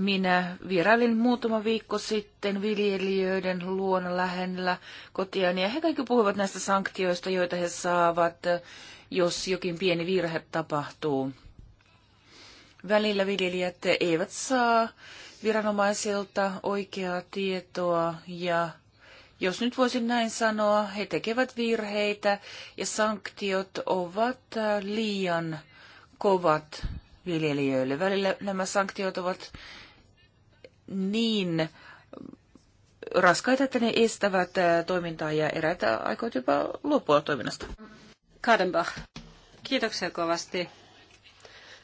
Minä vierailin muutama viikko sitten viljelijöiden luona lähellä kotiani ja he kaikki puhuvat näistä sanktioista, joita he saavat, jos jokin pieni virhe tapahtuu. Välillä viljelijät eivät saa viranomaisilta oikeaa tietoa ja jos nyt voisin näin sanoa, he tekevät virheitä ja sanktiot ovat liian kovat viljelijöille. Välillä nämä sanktiot ovat niin raskaita, että ne estävät toimintaa ja eräitä aikoit jopa luopua toiminnasta. Kadenbach, kiitoksia kovasti.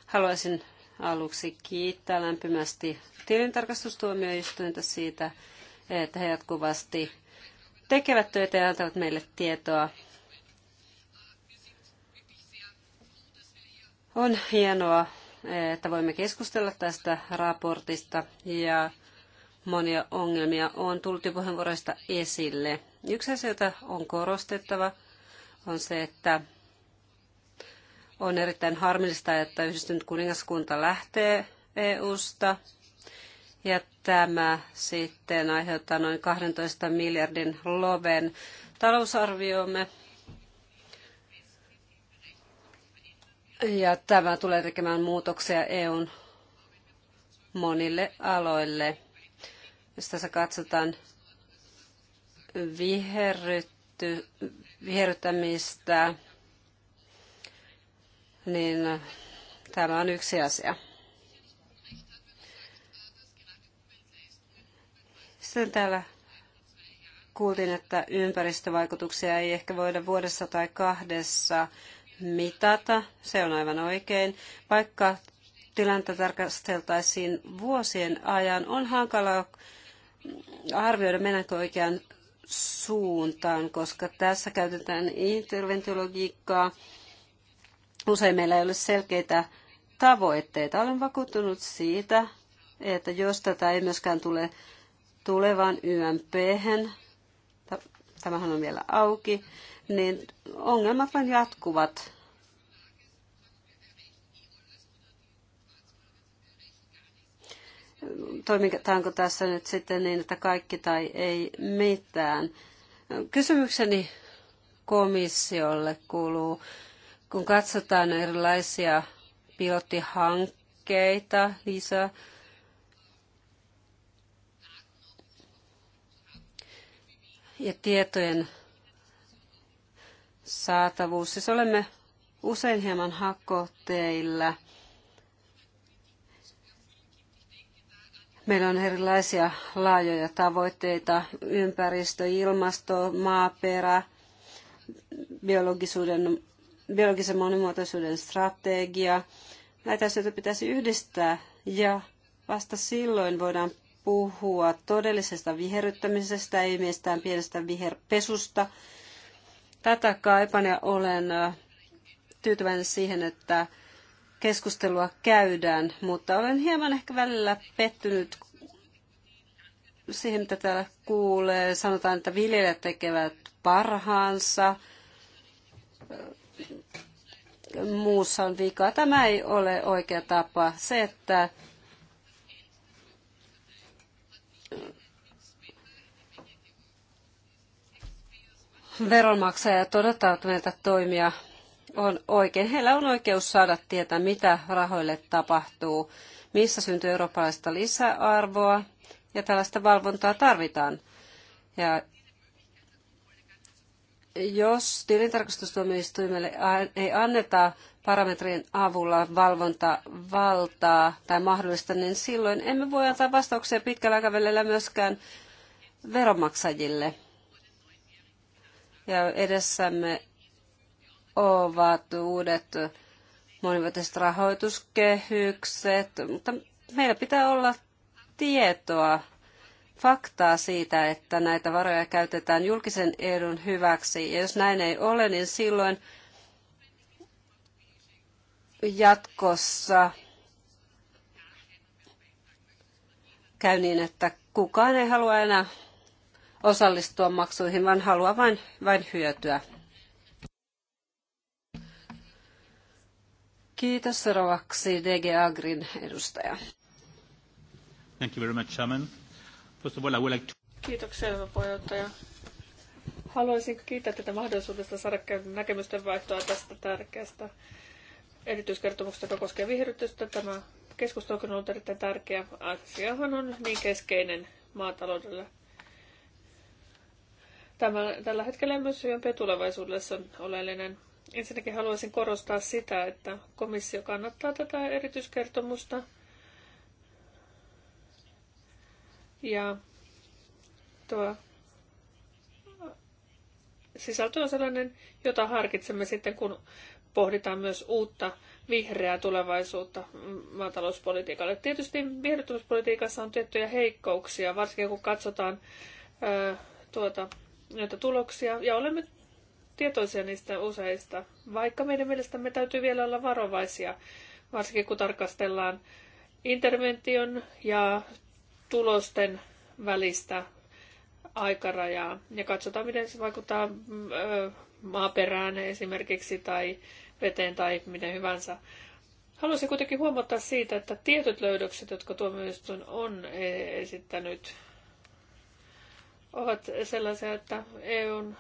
Haluaisin aluksi kiittää lämpimästi tilintarkastustuomioistuinta siitä, että he jatkuvasti tekevät töitä ja antavat meille tietoa. On hienoa, että voimme keskustella tästä raportista ja monia ongelmia on tullut jo puheenvuoroista esille. Yksi asia, jota on korostettava, on se, että on erittäin harmillista, että yhdistynyt kuningaskunta lähtee EUsta. Ja tämä sitten aiheuttaa noin 12 miljardin loven talousarviomme. Ja tämä tulee tekemään muutoksia EUn monille aloille. Jos tässä katsotaan viherrytty, viherryttämistä, niin äh, tämä on yksi asia. Sitten täällä kuultiin, että ympäristövaikutuksia ei ehkä voida vuodessa tai kahdessa mitata. Se on aivan oikein. Vaikka tilannetta tarkasteltaisiin vuosien ajan, on hankalaa arvioida, mennäänkö oikeaan suuntaan, koska tässä käytetään interventiologiikkaa Usein meillä ei ole selkeitä tavoitteita. Olen vakuuttunut siitä, että jos tätä ei myöskään tule tulevaan ymp tämähän on vielä auki, niin ongelmat vain jatkuvat. Toimitaanko tässä nyt sitten niin, että kaikki tai ei mitään? Kysymykseni komissiolle kuuluu, kun katsotaan erilaisia pilottihankkeita lisää, ja tietojen saatavuus, siis olemme usein hieman hakoteilla. Meillä on erilaisia laajoja tavoitteita, ympäristö, ilmasto, maaperä, biologisuuden biologisen monimuotoisuuden strategia. Näitä asioita pitäisi yhdistää ja vasta silloin voidaan puhua todellisesta viherryttämisestä, ei mistään pienestä viherpesusta. Tätä kaipan ja olen tyytyväinen siihen, että keskustelua käydään, mutta olen hieman ehkä välillä pettynyt siihen, mitä täällä kuulee. Sanotaan, että viljelijät tekevät parhaansa muussa on vikaa. Tämä ei ole oikea tapa. Se, että veronmaksajat todettavat meiltä toimia on oikein. Heillä on oikeus saada tietää, mitä rahoille tapahtuu, missä syntyy eurooppalaista lisäarvoa, ja tällaista valvontaa tarvitaan. Ja jos tilintarkastustuomioistuimelle ei anneta parametrien avulla valvontavaltaa tai mahdollista, niin silloin emme voi antaa vastauksia pitkällä aikavälillä myöskään veronmaksajille. Ja edessämme ovat uudet monivuotiset rahoituskehykset, mutta meillä pitää olla tietoa faktaa siitä, että näitä varoja käytetään julkisen edun hyväksi. Ja jos näin ei ole, niin silloin jatkossa käy niin, että kukaan ei halua enää osallistua maksuihin, vaan haluaa vain, vain hyötyä. Kiitos seuraavaksi DG Agrin edustaja. Thank you very much, Chairman. First of all, I would like to... Kiitoksia, hyvä puheenjohtaja. Haluaisin kiittää tätä mahdollisuudesta saada näkemysten vaihtoa tästä tärkeästä erityiskertomuksesta, joka koskee viherrytystä. Tämä keskustelu on ollut erittäin tärkeä. Asiahan on niin keskeinen maataloudelle. Tämä, tällä hetkellä myös syvempi tulevaisuudessa on oleellinen. Ensinnäkin haluaisin korostaa sitä, että komissio kannattaa tätä erityiskertomusta – Ja tuo sisältö on sellainen, jota harkitsemme sitten, kun pohditaan myös uutta vihreää tulevaisuutta maatalouspolitiikalle. Tietysti viherrytyspolitiikassa on tiettyjä heikkouksia, varsinkin kun katsotaan ää, tuota, näitä tuloksia, ja olemme tietoisia niistä useista, vaikka meidän mielestämme täytyy vielä olla varovaisia, varsinkin kun tarkastellaan intervention ja tulosten välistä aikarajaa ja katsotaan, miten se vaikuttaa mm, maaperään esimerkiksi tai veteen tai miten hyvänsä. Haluaisin kuitenkin huomauttaa siitä, että tietyt löydökset, jotka tuomioistuin on e- esittänyt, ovat sellaisia, että EUn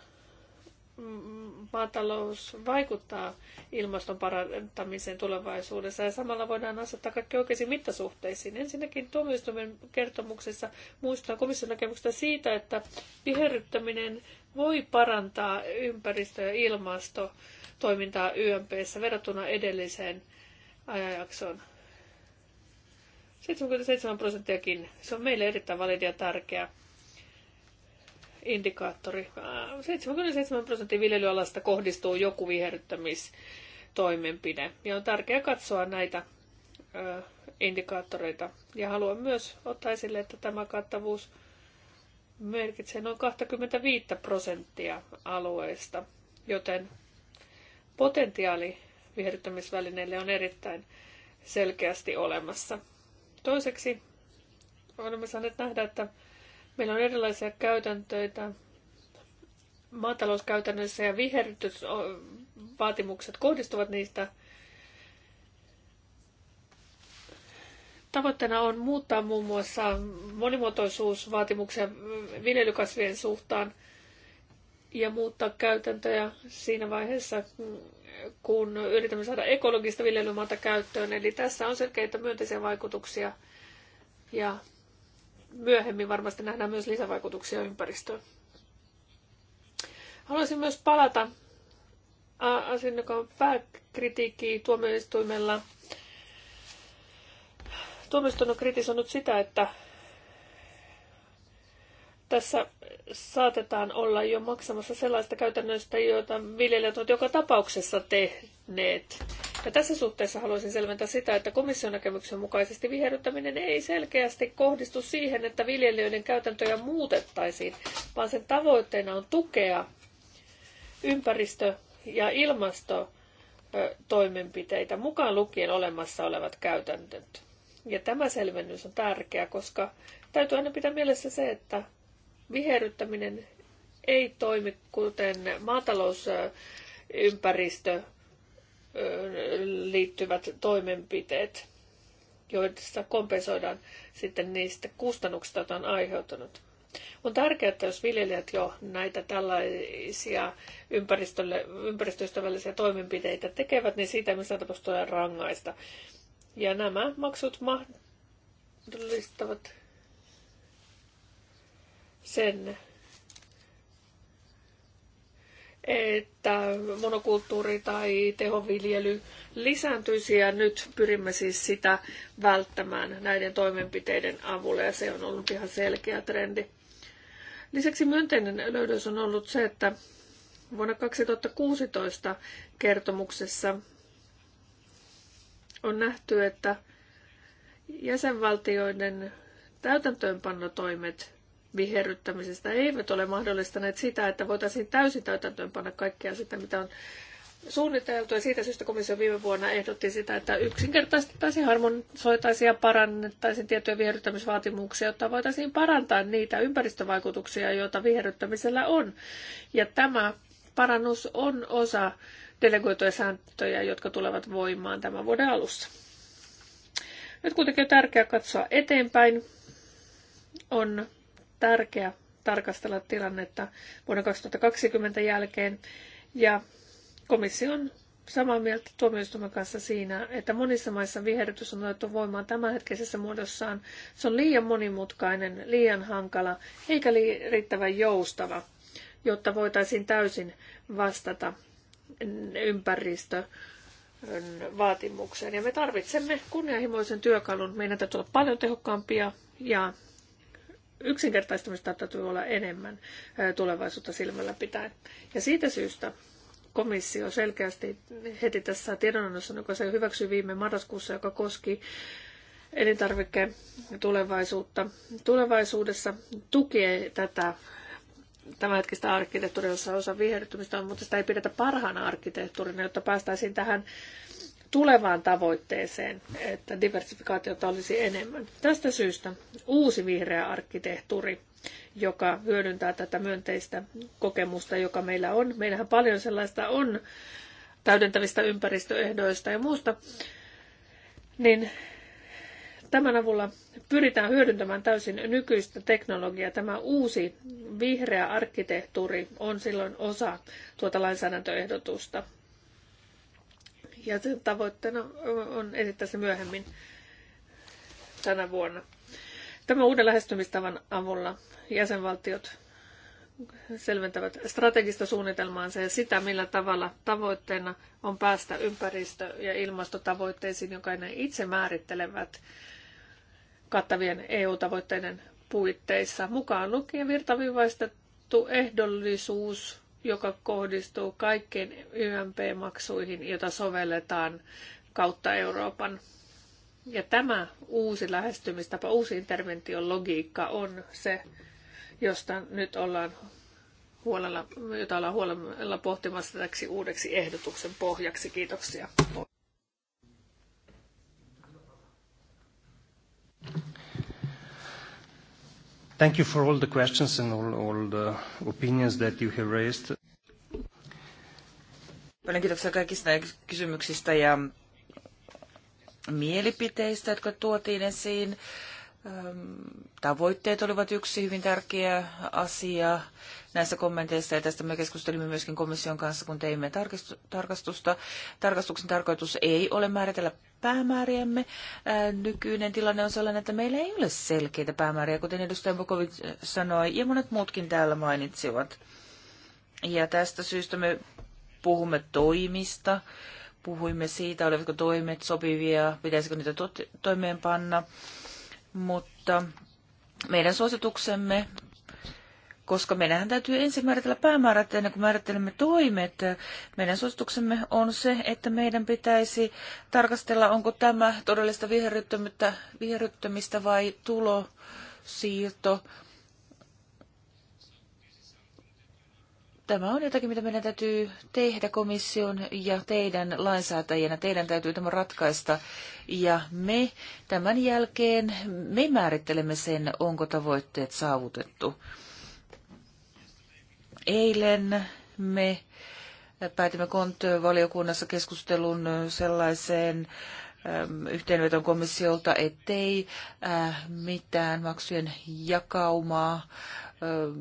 maatalous vaikuttaa ilmaston parantamiseen tulevaisuudessa ja samalla voidaan asettaa kaikki oikeisiin mittasuhteisiin. Ensinnäkin tuomioistuimen kertomuksessa muistaa komission näkemyksestä siitä, että viherryttäminen voi parantaa ympäristö- ja ilmastotoimintaa YMPssä verrattuna edelliseen ajanjaksoon. 77 prosenttiakin. Se on meille erittäin validi ja tärkeää indikaattori. 77 äh, prosenttia viljelyalasta kohdistuu joku viherryttämistoimenpide. Ja on tärkeää katsoa näitä äh, indikaattoreita. Ja haluan myös ottaa esille, että tämä kattavuus merkitsee noin 25 prosenttia alueista, joten potentiaali viherryttämisvälineille on erittäin selkeästi olemassa. Toiseksi olemme saaneet nähdä, että Meillä on erilaisia käytäntöitä maatalouskäytännössä ja vihertysvaatimukset kohdistuvat niistä. Tavoitteena on muuttaa muun muassa monimuotoisuusvaatimuksia viljelykasvien suhtaan ja muuttaa käytäntöjä siinä vaiheessa, kun yritämme saada ekologista viljelymaata käyttöön. Eli tässä on selkeitä myönteisiä vaikutuksia ja myöhemmin varmasti nähdään myös lisävaikutuksia ympäristöön. Haluaisin myös palata asian, joka on pääkritiikki tuomioistuimella. Tuomioistuin on kritisoinut sitä, että tässä saatetaan olla jo maksamassa sellaista käytännöistä, joita viljelijät ovat joka tapauksessa tehneet. Ja tässä suhteessa haluaisin selventää sitä, että komission näkemyksen mukaisesti viherryttäminen ei selkeästi kohdistu siihen, että viljelijöiden käytäntöjä muutettaisiin, vaan sen tavoitteena on tukea ympäristö- ja ilmastotoimenpiteitä, mukaan lukien olemassa olevat käytännöt. Ja tämä selvennys on tärkeä, koska täytyy aina pitää mielessä se, että viherryttäminen ei toimi kuten maatalousympäristö liittyvät toimenpiteet, joista kompensoidaan sitten niistä kustannuksista, joita on aiheutunut. On tärkeää, että jos viljelijät jo näitä tällaisia ympäristölle, ympäristöystävällisiä toimenpiteitä tekevät, niin siitä ei missään tapauksessa rangaista. Ja nämä maksut mahdollistavat sen, että monokulttuuri tai tehoviljely lisääntyisi ja nyt pyrimme siis sitä välttämään näiden toimenpiteiden avulla ja se on ollut ihan selkeä trendi. Lisäksi myönteinen löydös on ollut se, että vuonna 2016 kertomuksessa on nähty, että jäsenvaltioiden täytäntöönpannotoimet viherryttämisestä eivät ole mahdollistaneet sitä, että voitaisiin täysin täytäntöönpanna kaikkea sitä, mitä on suunniteltu. Ja siitä syystä komissio viime vuonna ehdotti sitä, että yksinkertaistettaisiin, harmonisoitaisiin ja parannettaisiin tiettyjä viherryttämisvaatimuksia, jotta voitaisiin parantaa niitä ympäristövaikutuksia, joita viherryttämisellä on. Ja tämä parannus on osa delegoituja sääntöjä, jotka tulevat voimaan tämän vuoden alussa. Nyt kuitenkin on tärkeää katsoa eteenpäin. On tärkeä tarkastella tilannetta vuoden 2020 jälkeen. Ja komissio on samaa mieltä tuomioistuimen kanssa siinä, että monissa maissa viherrytys on otettu voimaan tämänhetkisessä muodossaan. Se on liian monimutkainen, liian hankala eikä li- riittävän joustava, jotta voitaisiin täysin vastata ympäristö vaatimukseen. Ja me tarvitsemme kunnianhimoisen työkalun. Meidän täytyy olla paljon tehokkaampia ja yksinkertaistamista täytyy olla enemmän tulevaisuutta silmällä pitäen. Ja siitä syystä komissio selkeästi heti tässä tiedonannossa, joka se hyväksyi viime marraskuussa, joka koski elintarvikkeen tulevaisuutta. Tulevaisuudessa tukee tätä tämänhetkistä arkkitehtuuria, jossa osa vihertymistä on, mutta sitä ei pidetä parhaana arkkitehtuurina, jotta päästäisiin tähän tulevaan tavoitteeseen, että diversifikaatiota olisi enemmän. Tästä syystä uusi vihreä arkkitehtuuri, joka hyödyntää tätä myönteistä kokemusta, joka meillä on. Meillähän paljon sellaista on täydentävistä ympäristöehdoista ja muusta, niin tämän avulla pyritään hyödyntämään täysin nykyistä teknologiaa. Tämä uusi vihreä arkkitehtuuri on silloin osa tuota lainsäädäntöehdotusta ja tavoitteena on esittää se myöhemmin tänä vuonna. Tämän uuden lähestymistavan avulla jäsenvaltiot selventävät strategista suunnitelmaansa ja sitä, millä tavalla tavoitteena on päästä ympäristö- ja ilmastotavoitteisiin, jonka ne itse määrittelevät kattavien EU-tavoitteiden puitteissa. Mukaan lukien virtaviivaistettu ehdollisuus joka kohdistuu kaikkiin YMP-maksuihin, joita sovelletaan kautta Euroopan. Ja tämä uusi lähestymistapa, uusi intervention logiikka on se, josta nyt ollaan huolella, jota ollaan huolella pohtimassa täksi uudeksi ehdotuksen pohjaksi. Kiitoksia. Thank you for all the questions and all, the opinions that you have raised. Paljon kiitoksia kaikista kysymyksistä ja mielipiteistä, jotka tuotiin esiin. Tavoitteet olivat yksi hyvin tärkeä asia näissä kommenteissa, ja tästä me keskustelimme myöskin komission kanssa, kun teimme tarkastusta. Tarkastuksen tarkoitus ei ole määritellä päämääriämme. Nykyinen tilanne on sellainen, että meillä ei ole selkeitä päämääriä, kuten edustaja Bokovic sanoi, ja monet muutkin täällä mainitsivat. Ja tästä syystä me puhumme toimista, puhuimme siitä, olivatko toimet sopivia, pitäisikö niitä toimeenpanna mutta meidän suosituksemme, koska meidän täytyy ensin määritellä päämäärät ennen kuin määrittelemme toimet, meidän suosituksemme on se, että meidän pitäisi tarkastella, onko tämä todellista viherryttämistä vai tulosiirto Tämä on jotakin, mitä meidän täytyy tehdä komission ja teidän lainsäätäjänä. Teidän täytyy tämä ratkaista. Ja me tämän jälkeen, me määrittelemme sen, onko tavoitteet saavutettu. Eilen me päätimme KONT-valiokunnassa keskustelun sellaiseen yhteenveton komissiolta, ettei äh, mitään maksujen jakaumaa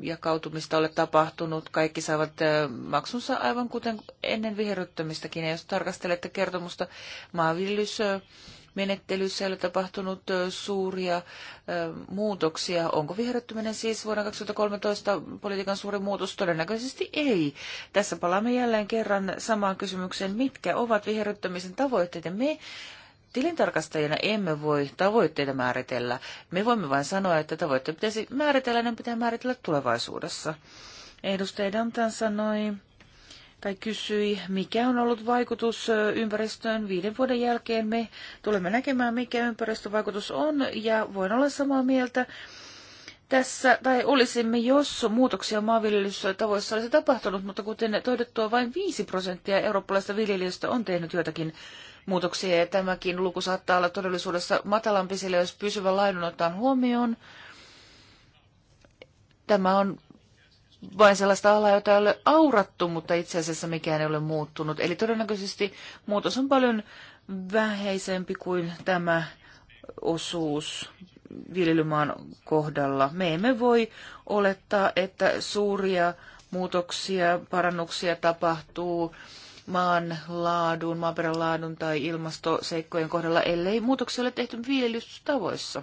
jakautumista ole tapahtunut. Kaikki saavat maksunsa aivan kuten ennen viherryttämistäkin. Ja jos tarkastelette kertomusta maanviljelys menettelyssä ei ole tapahtunut suuria muutoksia. Onko viherryttäminen siis vuonna 2013 politiikan suuri muutos? Todennäköisesti ei. Tässä palaamme jälleen kerran samaan kysymykseen, mitkä ovat viherryttämisen tavoitteet. Ja me Tilintarkastajina emme voi tavoitteita määritellä. Me voimme vain sanoa, että tavoitteet pitäisi määritellä, ne pitää määritellä tulevaisuudessa. Edustaja Dantan sanoi tai kysyi, mikä on ollut vaikutus ympäristöön viiden vuoden jälkeen. Me tulemme näkemään, mikä ympäristövaikutus on, ja voin olla samaa mieltä tässä, tai olisimme, jos muutoksia maanviljelystavoissa olisi tapahtunut, mutta kuten todettua, vain 5 prosenttia eurooppalaista viljelijöistä on tehnyt joitakin muutoksia ja tämäkin luku saattaa olla todellisuudessa matalampi, sillä jos pysyvä lainun otetaan huomioon, tämä on vain sellaista alaa, jota ei ole aurattu, mutta itse asiassa mikään ei ole muuttunut. Eli todennäköisesti muutos on paljon vähäisempi kuin tämä osuus viljelymaan kohdalla. Me emme voi olettaa, että suuria muutoksia, parannuksia tapahtuu maan laadun, maaperän laadun tai ilmastoseikkojen kohdalla, ellei muutoksia ole tehty viljelystavoissa.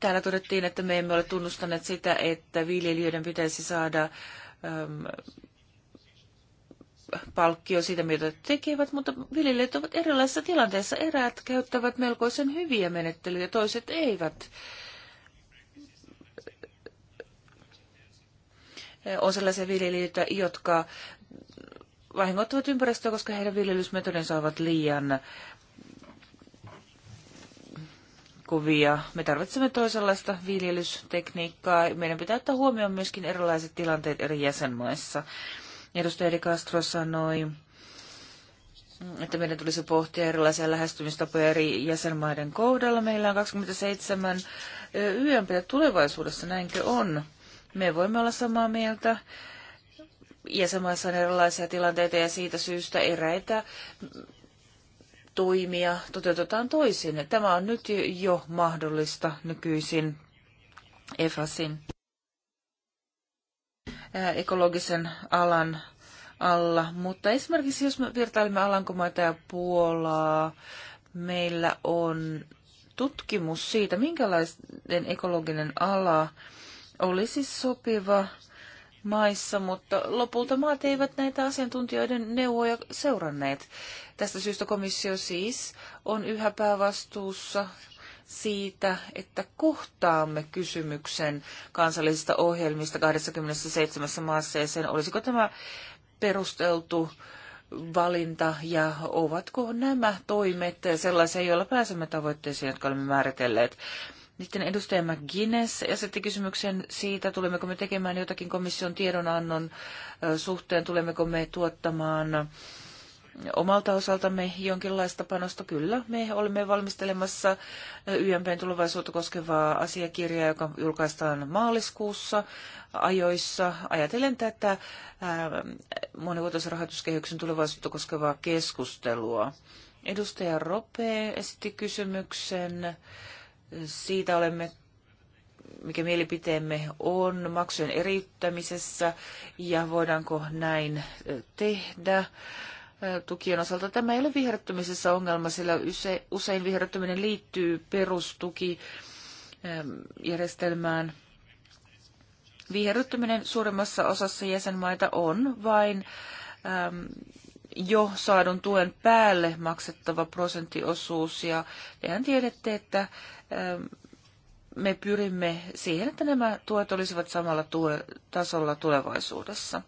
Täällä todettiin, että me emme ole tunnustaneet sitä, että viljelijöiden pitäisi saada äm, palkkio siitä, mitä tekevät, mutta viljelijät ovat erilaisissa tilanteissa. Eräät käyttävät melkoisen hyviä menettelyjä, toiset eivät. Äh, on sellaisia viljelijöitä, jotka vahingoittavat ympäristöä, koska heidän viljelysmetodinsa ovat liian kovia. Me tarvitsemme toisenlaista viljelystekniikkaa. Meidän pitää ottaa huomioon myöskin erilaiset tilanteet eri jäsenmaissa. Edustaja De Castro sanoi, että meidän tulisi pohtia erilaisia lähestymistapoja eri jäsenmaiden kohdalla. Meillä on 27 YMP tulevaisuudessa, näinkö on? Me voimme olla samaa mieltä. Jäsenmaissa on erilaisia tilanteita ja siitä syystä eräitä toimia toteutetaan toisin. Tämä on nyt jo mahdollista nykyisin EFASin ekologisen alan alla, mutta esimerkiksi jos me vertailemme Alankomaita ja Puolaa, meillä on tutkimus siitä, minkälainen ekologinen ala olisi sopiva maissa, mutta lopulta maat eivät näitä asiantuntijoiden neuvoja seuranneet. Tästä syystä komissio siis on yhä päävastuussa siitä, että kohtaamme kysymyksen kansallisista ohjelmista 27 maassa ja sen olisiko tämä perusteltu valinta ja ovatko nämä toimet sellaisia, joilla pääsemme tavoitteisiin, jotka olemme määritelleet. Sitten edustaja McGuinness esitti kysymyksen siitä, tulemmeko me tekemään jotakin komission tiedonannon suhteen, tulemmeko me tuottamaan omalta osaltamme jonkinlaista panosta. Kyllä, me olemme valmistelemassa YMPn tulevaisuutta koskevaa asiakirjaa, joka julkaistaan maaliskuussa ajoissa. Ajatellen tätä monivuotoisen rahoituskehyksen tulevaisuutta koskevaa keskustelua. Edustaja Rope esitti kysymyksen siitä olemme mikä mielipiteemme on maksujen eriyttämisessä ja voidaanko näin tehdä. Tukien osalta tämä ei ole viherryttämisessä ongelma, sillä usein viherryttäminen liittyy perustukijärjestelmään. Viherryttäminen suurimmassa osassa jäsenmaita on vain ähm, jo saadun tuen päälle maksettava prosenttiosuus. Ja tehän tiedätte, että ähm, me pyrimme siihen, että nämä tuet olisivat samalla tasolla tulevaisuudessa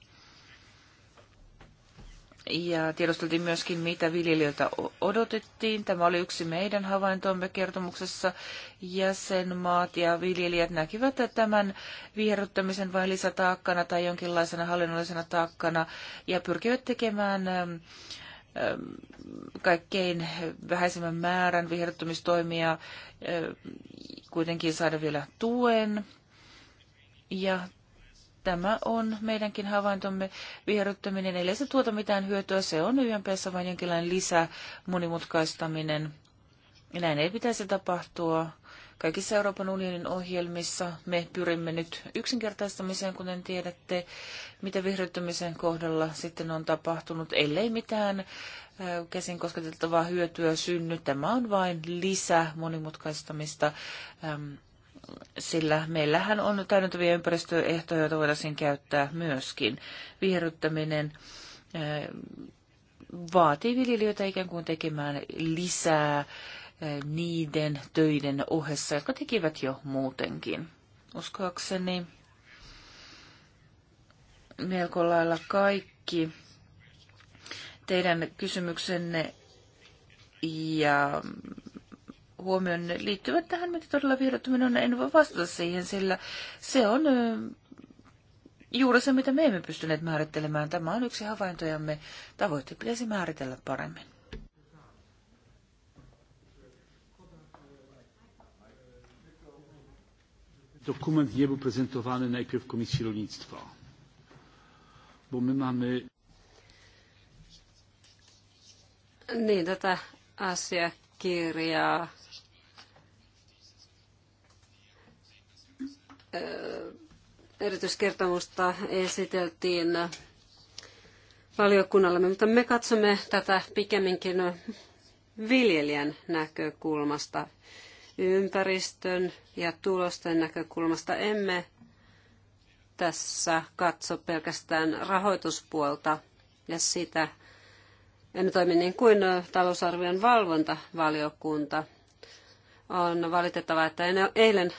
ja tiedosteltiin myöskin, mitä viljelijöiltä odotettiin. Tämä oli yksi meidän havaintomme kertomuksessa. Jäsenmaat ja viljelijät näkivät tämän viherryttämisen vain lisätaakkana tai jonkinlaisena hallinnollisena taakkana ja pyrkivät tekemään kaikkein vähäisemmän määrän viherryttämistoimia, kuitenkin saada vielä tuen. Ja Tämä on meidänkin havaintomme viherryttäminen. Eli se tuota mitään hyötyä. Se on YMPssä vain jonkinlainen lisä monimutkaistaminen. Näin ei pitäisi tapahtua. Kaikissa Euroopan unionin ohjelmissa me pyrimme nyt yksinkertaistamiseen, kuten tiedätte, mitä vihreyttämisen kohdalla sitten on tapahtunut, ellei mitään käsin kosketeltavaa hyötyä synny. Tämä on vain lisä monimutkaistamista sillä meillähän on täydentäviä ympäristöehtoja, joita voitaisiin käyttää myöskin. Viherryttäminen vaatii viljelijöitä ikään kuin tekemään lisää niiden töiden ohessa, jotka tekivät jo muutenkin. Uskoakseni melko lailla kaikki teidän kysymyksenne ja huomioon liittyvät tähän, mitä todella vieraantuminen on. En voi vastata siihen, sillä se on juuri se, mitä me emme pystyneet määrittelemään. Tämä on yksi havaintojamme. Tavoitteet pitäisi määritellä paremmin. Dokument nie był prezentowany najpierw Komisji Rolnictwa, bo my mamy... Niin, tätä asiakirjaa erityiskertomusta esiteltiin valiokunnalle, mutta me katsomme tätä pikemminkin viljelijän näkökulmasta, ympäristön ja tulosten näkökulmasta. Emme tässä katso pelkästään rahoituspuolta ja sitä, emme toimi niin kuin talousarvion valvontavaliokunta. On valitettavaa, että eilen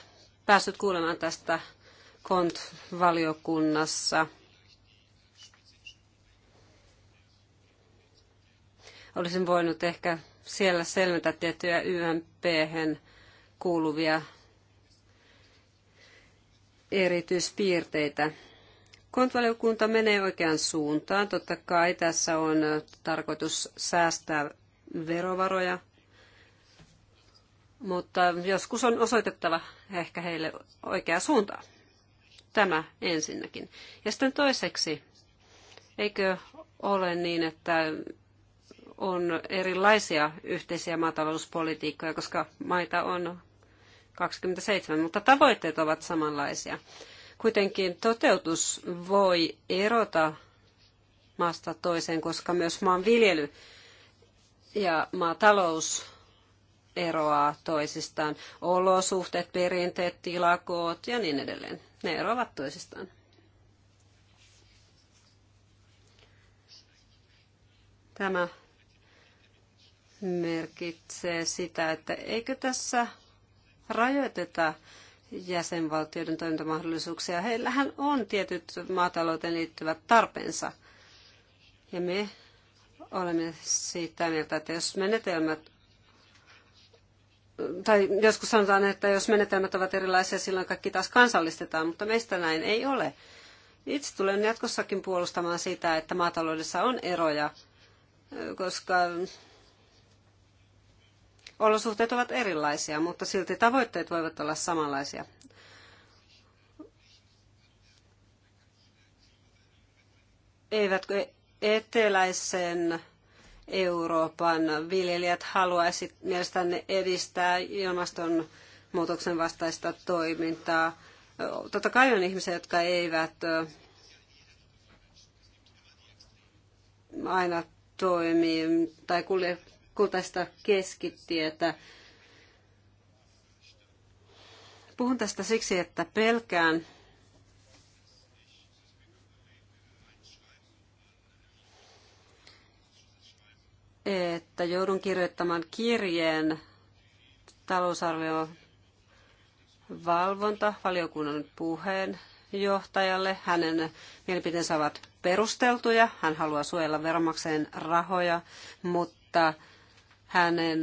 päässyt kuulemaan tästä KONT-valiokunnassa. Olisin voinut ehkä siellä selventää tiettyjä ymp kuuluvia erityispiirteitä. Kontvaliokunta menee oikeaan suuntaan. Totta kai tässä on tarkoitus säästää verovaroja mutta joskus on osoitettava ehkä heille oikea suunta. Tämä ensinnäkin. Ja sitten toiseksi, eikö ole niin, että on erilaisia yhteisiä maatalouspolitiikkoja, koska maita on 27, mutta tavoitteet ovat samanlaisia. Kuitenkin toteutus voi erota maasta toiseen, koska myös maanviljely ja maatalous eroaa toisistaan. Olosuhteet, perinteet, tilakoot ja niin edelleen. Ne eroavat toisistaan. Tämä merkitsee sitä, että eikö tässä rajoiteta jäsenvaltioiden toimintamahdollisuuksia. Heillähän on tietyt maatalouteen liittyvät tarpeensa. Ja me olemme siitä mieltä, että jos menetelmät tai joskus sanotaan, että jos menetelmät ovat erilaisia, silloin kaikki taas kansallistetaan, mutta meistä näin ei ole. Itse tulen jatkossakin puolustamaan sitä, että maataloudessa on eroja, koska olosuhteet ovat erilaisia, mutta silti tavoitteet voivat olla samanlaisia. Eivätkö eteläisen Euroopan viljelijät haluaisivat mielestänne edistää ilmastonmuutoksen vastaista toimintaa? Totta kai on ihmisiä, jotka eivät aina toimi tai kulje kultaista keskitietä. Puhun tästä siksi, että pelkään, että joudun kirjoittamaan kirjeen talousarvion valvonta valiokunnan puheenjohtajalle. Hänen mielipiteensä ovat perusteltuja. Hän haluaa suojella veronmaksajien rahoja, mutta hänen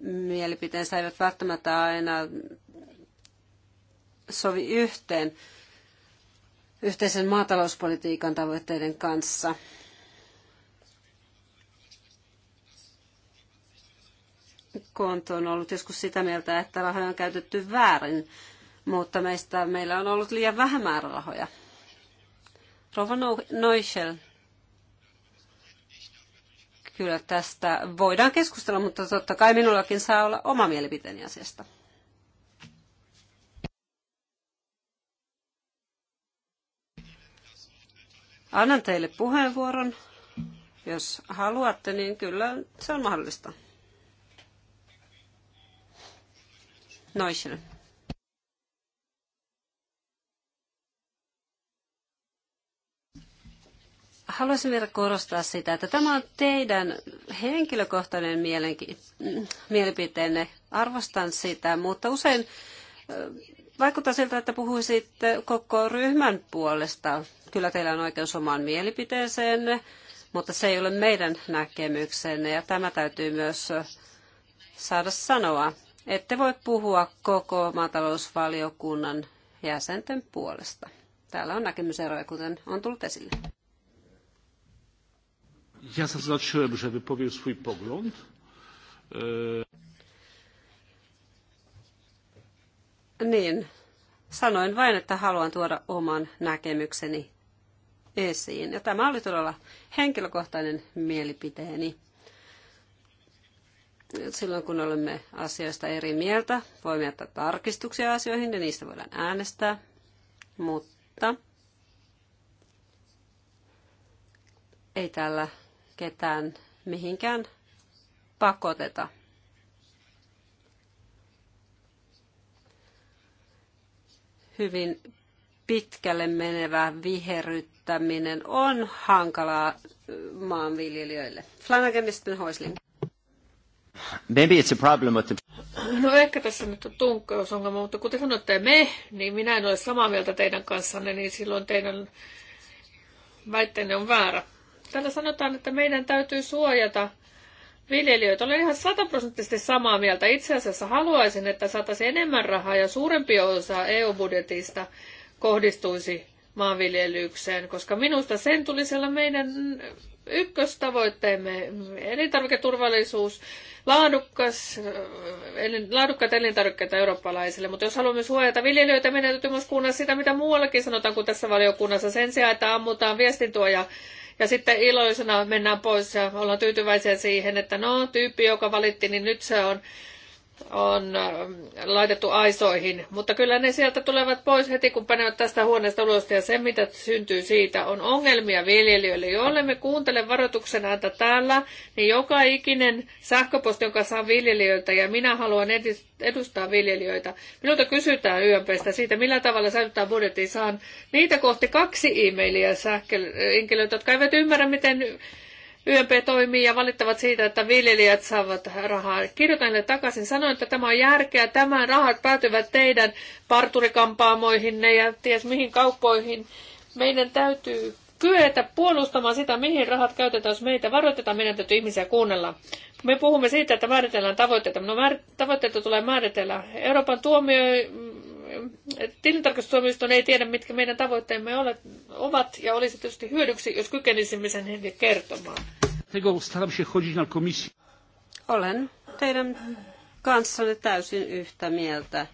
mielipiteensä eivät välttämättä aina sovi yhteen yhteisen maatalouspolitiikan tavoitteiden kanssa. konto on ollut joskus sitä mieltä, että rahoja on käytetty väärin, mutta meistä meillä on ollut liian vähän määrärahoja. Rova Noichel. Kyllä tästä voidaan keskustella, mutta totta kai minullakin saa olla oma mielipiteeni asiasta. Annan teille puheenvuoron. Jos haluatte, niin kyllä se on mahdollista. Noisel. haluaisin vielä korostaa sitä, että tämä on teidän henkilökohtainen mielenki- mielipiteenne. Arvostan sitä, mutta usein vaikuttaa siltä, että puhuisitte koko ryhmän puolesta. Kyllä teillä on oikeus omaan mielipiteeseenne, mutta se ei ole meidän näkemyksenne ja tämä täytyy myös saada sanoa. Ette voi puhua koko maatalousvaliokunnan jäsenten puolesta. Täällä on näkemyseroja, kuten on tullut esille. swój pogląd. Eh, niin, sanoin vain, että haluan tuoda oman näkemykseni esiin. Ja tämä oli todella henkilökohtainen mielipiteeni silloin kun olemme asioista eri mieltä, voimme jättää tarkistuksia asioihin ja niistä voidaan äänestää, mutta ei täällä ketään mihinkään pakoteta. Hyvin pitkälle menevä viheryttäminen on hankalaa maanviljelijöille. Flanagan Hoisling. Maybe it's a problem with the... No ehkä tässä nyt on tunkkausongelma, mutta te sanoitte me, niin minä en ole samaa mieltä teidän kanssanne, niin silloin teidän väitteenne on väärä. Täällä sanotaan, että meidän täytyy suojata viljelijöitä. Olen ihan sataprosenttisesti samaa mieltä. Itse asiassa haluaisin, että saataisiin enemmän rahaa ja suurempi osa EU-budjetista kohdistuisi maanviljelykseen, koska minusta sen tulisi olla meidän ykköstavoitteemme, elintarviketurvallisuus, laadukkas, laadukkaat elintarvikkeet eurooppalaisille, mutta jos haluamme suojata viljelijöitä, meidän täytyy myös kuunnella sitä, mitä muuallakin sanotaan kuin tässä valiokunnassa. Sen sijaan, että ammutaan viestintuoja ja sitten iloisena mennään pois ja ollaan tyytyväisiä siihen, että no, tyyppi, joka valitti, niin nyt se on on ähm, laitettu aisoihin, mutta kyllä ne sieltä tulevat pois heti, kun panevat tästä huoneesta ulos, ja se, mitä syntyy siitä, on ongelmia viljelijöille. Jolle me kuuntele varoituksen ääntä täällä, niin joka ikinen sähköposti, jonka saa viljelijöiltä, ja minä haluan edustaa viljelijöitä, minulta kysytään YMPstä siitä, millä tavalla säilyttää budjetin saan niitä kohti kaksi e-mailia sähköhenkilöitä, jotka eivät ymmärrä, miten YMP toimii ja valittavat siitä, että viljelijät saavat rahaa. Kirjoitan heille takaisin, sanoin, että tämä on järkeä, tämän rahat päätyvät teidän parturikampaamoihinne ja ties mihin kauppoihin. Meidän täytyy kyetä puolustamaan sitä, mihin rahat käytetään, jos meitä varoitetaan, meidän täytyy ihmisiä kuunnella. Me puhumme siitä, että määritellään tavoitteita. No, määr... tavoitteita tulee määritellä. Euroopan tuomio tilintarkastustuomioistuin ei tiedä, mitkä meidän tavoitteemme ovat, ja olisi tietysti hyödyksi, jos kykenisimme sen heille kertomaan. Olen teidän kanssanne täysin yhtä mieltä.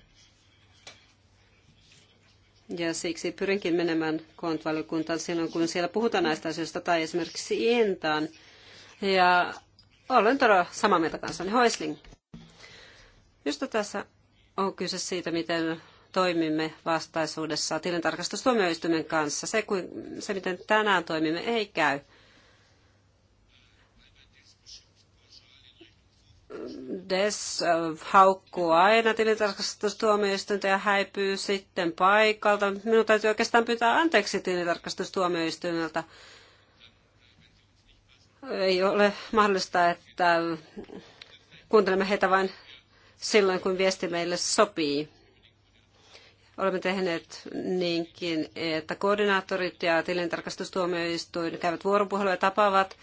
Ja siksi pyrinkin menemään kontvaliokuntaan silloin, kun siellä puhutaan näistä asioista tai esimerkiksi Intaan. Ja olen todella samaa mieltä kanssanne. Hoisling. Just tässä on kyse siitä, miten toimimme vastaisuudessa tilintarkastustuomioistuimen kanssa. Se, kuin, se, miten tänään toimimme, ei käy. Des äh, haukkuu aina tilintarkastustuomioistuinta ja häipyy sitten paikalta. Minun täytyy oikeastaan pyytää anteeksi tilintarkastustuomioistuimelta. Ei ole mahdollista, että kuuntelemme heitä vain silloin, kun viesti meille sopii. Olemme tehneet niinkin, että koordinaattorit ja tilintarkastustuomioistuin käyvät vuoropuhelua ja tapaavat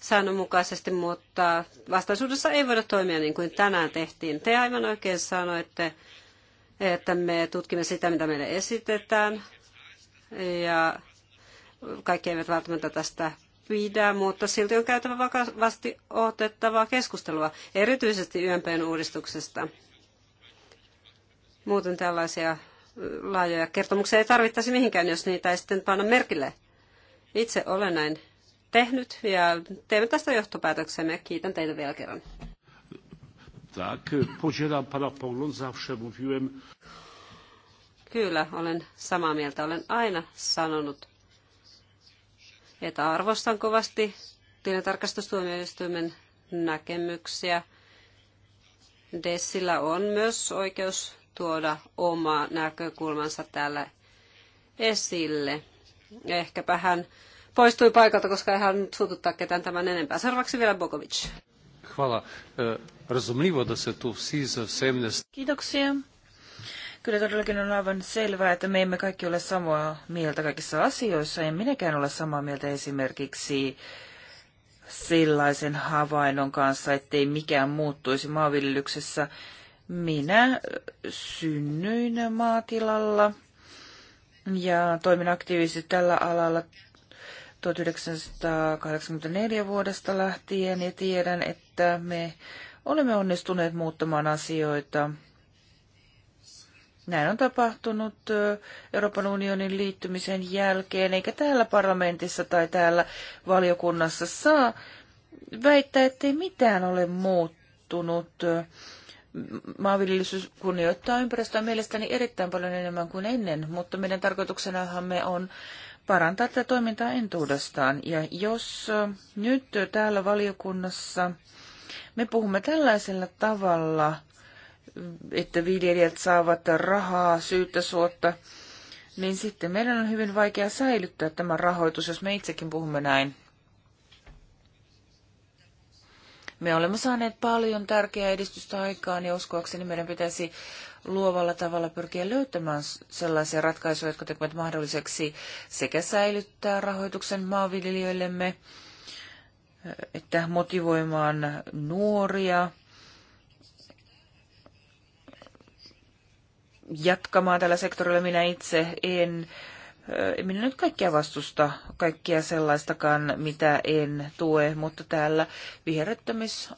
säännönmukaisesti, mutta vastaisuudessa ei voida toimia niin kuin tänään tehtiin. Te aivan oikein sanoitte, että me tutkimme sitä, mitä meille esitetään, ja kaikki eivät välttämättä tästä pidä, mutta silti on käytävä vakavasti otettavaa keskustelua, erityisesti YMPn uudistuksesta. Muuten tällaisia laajoja kertomuksia ei tarvittaisi mihinkään, jos niitä ei sitten panna merkille. Itse olen näin tehnyt ja teemme tästä johtopäätöksemme. Kiitän teitä vielä kerran. Tak, podzielam pana pogląd, zawsze mówiłem. Kyllä, olen samaa mieltä. Olen aina sanonut, että arvostan kovasti tilintarkastustuomioistuimen näkemyksiä. Dessillä on myös oikeus tuoda oma näkökulmansa täällä esille. Ehkäpä hän poistui paikalta, koska ei halunnut suututtaa ketään tämän enempää. Seuraavaksi vielä Bogovic. E, Kiitoksia. Kyllä todellakin on aivan selvää, että me emme kaikki ole samaa mieltä kaikissa asioissa. En minäkään ole samaa mieltä esimerkiksi sellaisen havainnon kanssa, ettei mikään muuttuisi maanviljelyksessä minä synnyin maatilalla ja toimin aktiivisesti tällä alalla 1984 vuodesta lähtien ja tiedän, että me olemme onnistuneet muuttamaan asioita. Näin on tapahtunut Euroopan unionin liittymisen jälkeen, eikä täällä parlamentissa tai täällä valiokunnassa saa väittää, ettei mitään ole muuttunut maanviljelys kunnioittaa ympäristöä mielestäni erittäin paljon enemmän kuin ennen, mutta meidän tarkoituksenamme on parantaa tätä toimintaa entuudestaan. Ja jos nyt täällä valiokunnassa me puhumme tällaisella tavalla, että viljelijät saavat rahaa syyttä suotta, niin sitten meidän on hyvin vaikea säilyttää tämä rahoitus, jos me itsekin puhumme näin. Me olemme saaneet paljon tärkeää edistystä aikaan ja uskoakseni meidän pitäisi luovalla tavalla pyrkiä löytämään sellaisia ratkaisuja, jotka tekevät mahdolliseksi sekä säilyttää rahoituksen maanviljelijöillemme, että motivoimaan nuoria jatkamaan tällä sektorilla. Minä itse en minä nyt kaikkia vastusta, kaikkia sellaistakaan, mitä en tue, mutta täällä viherryttämis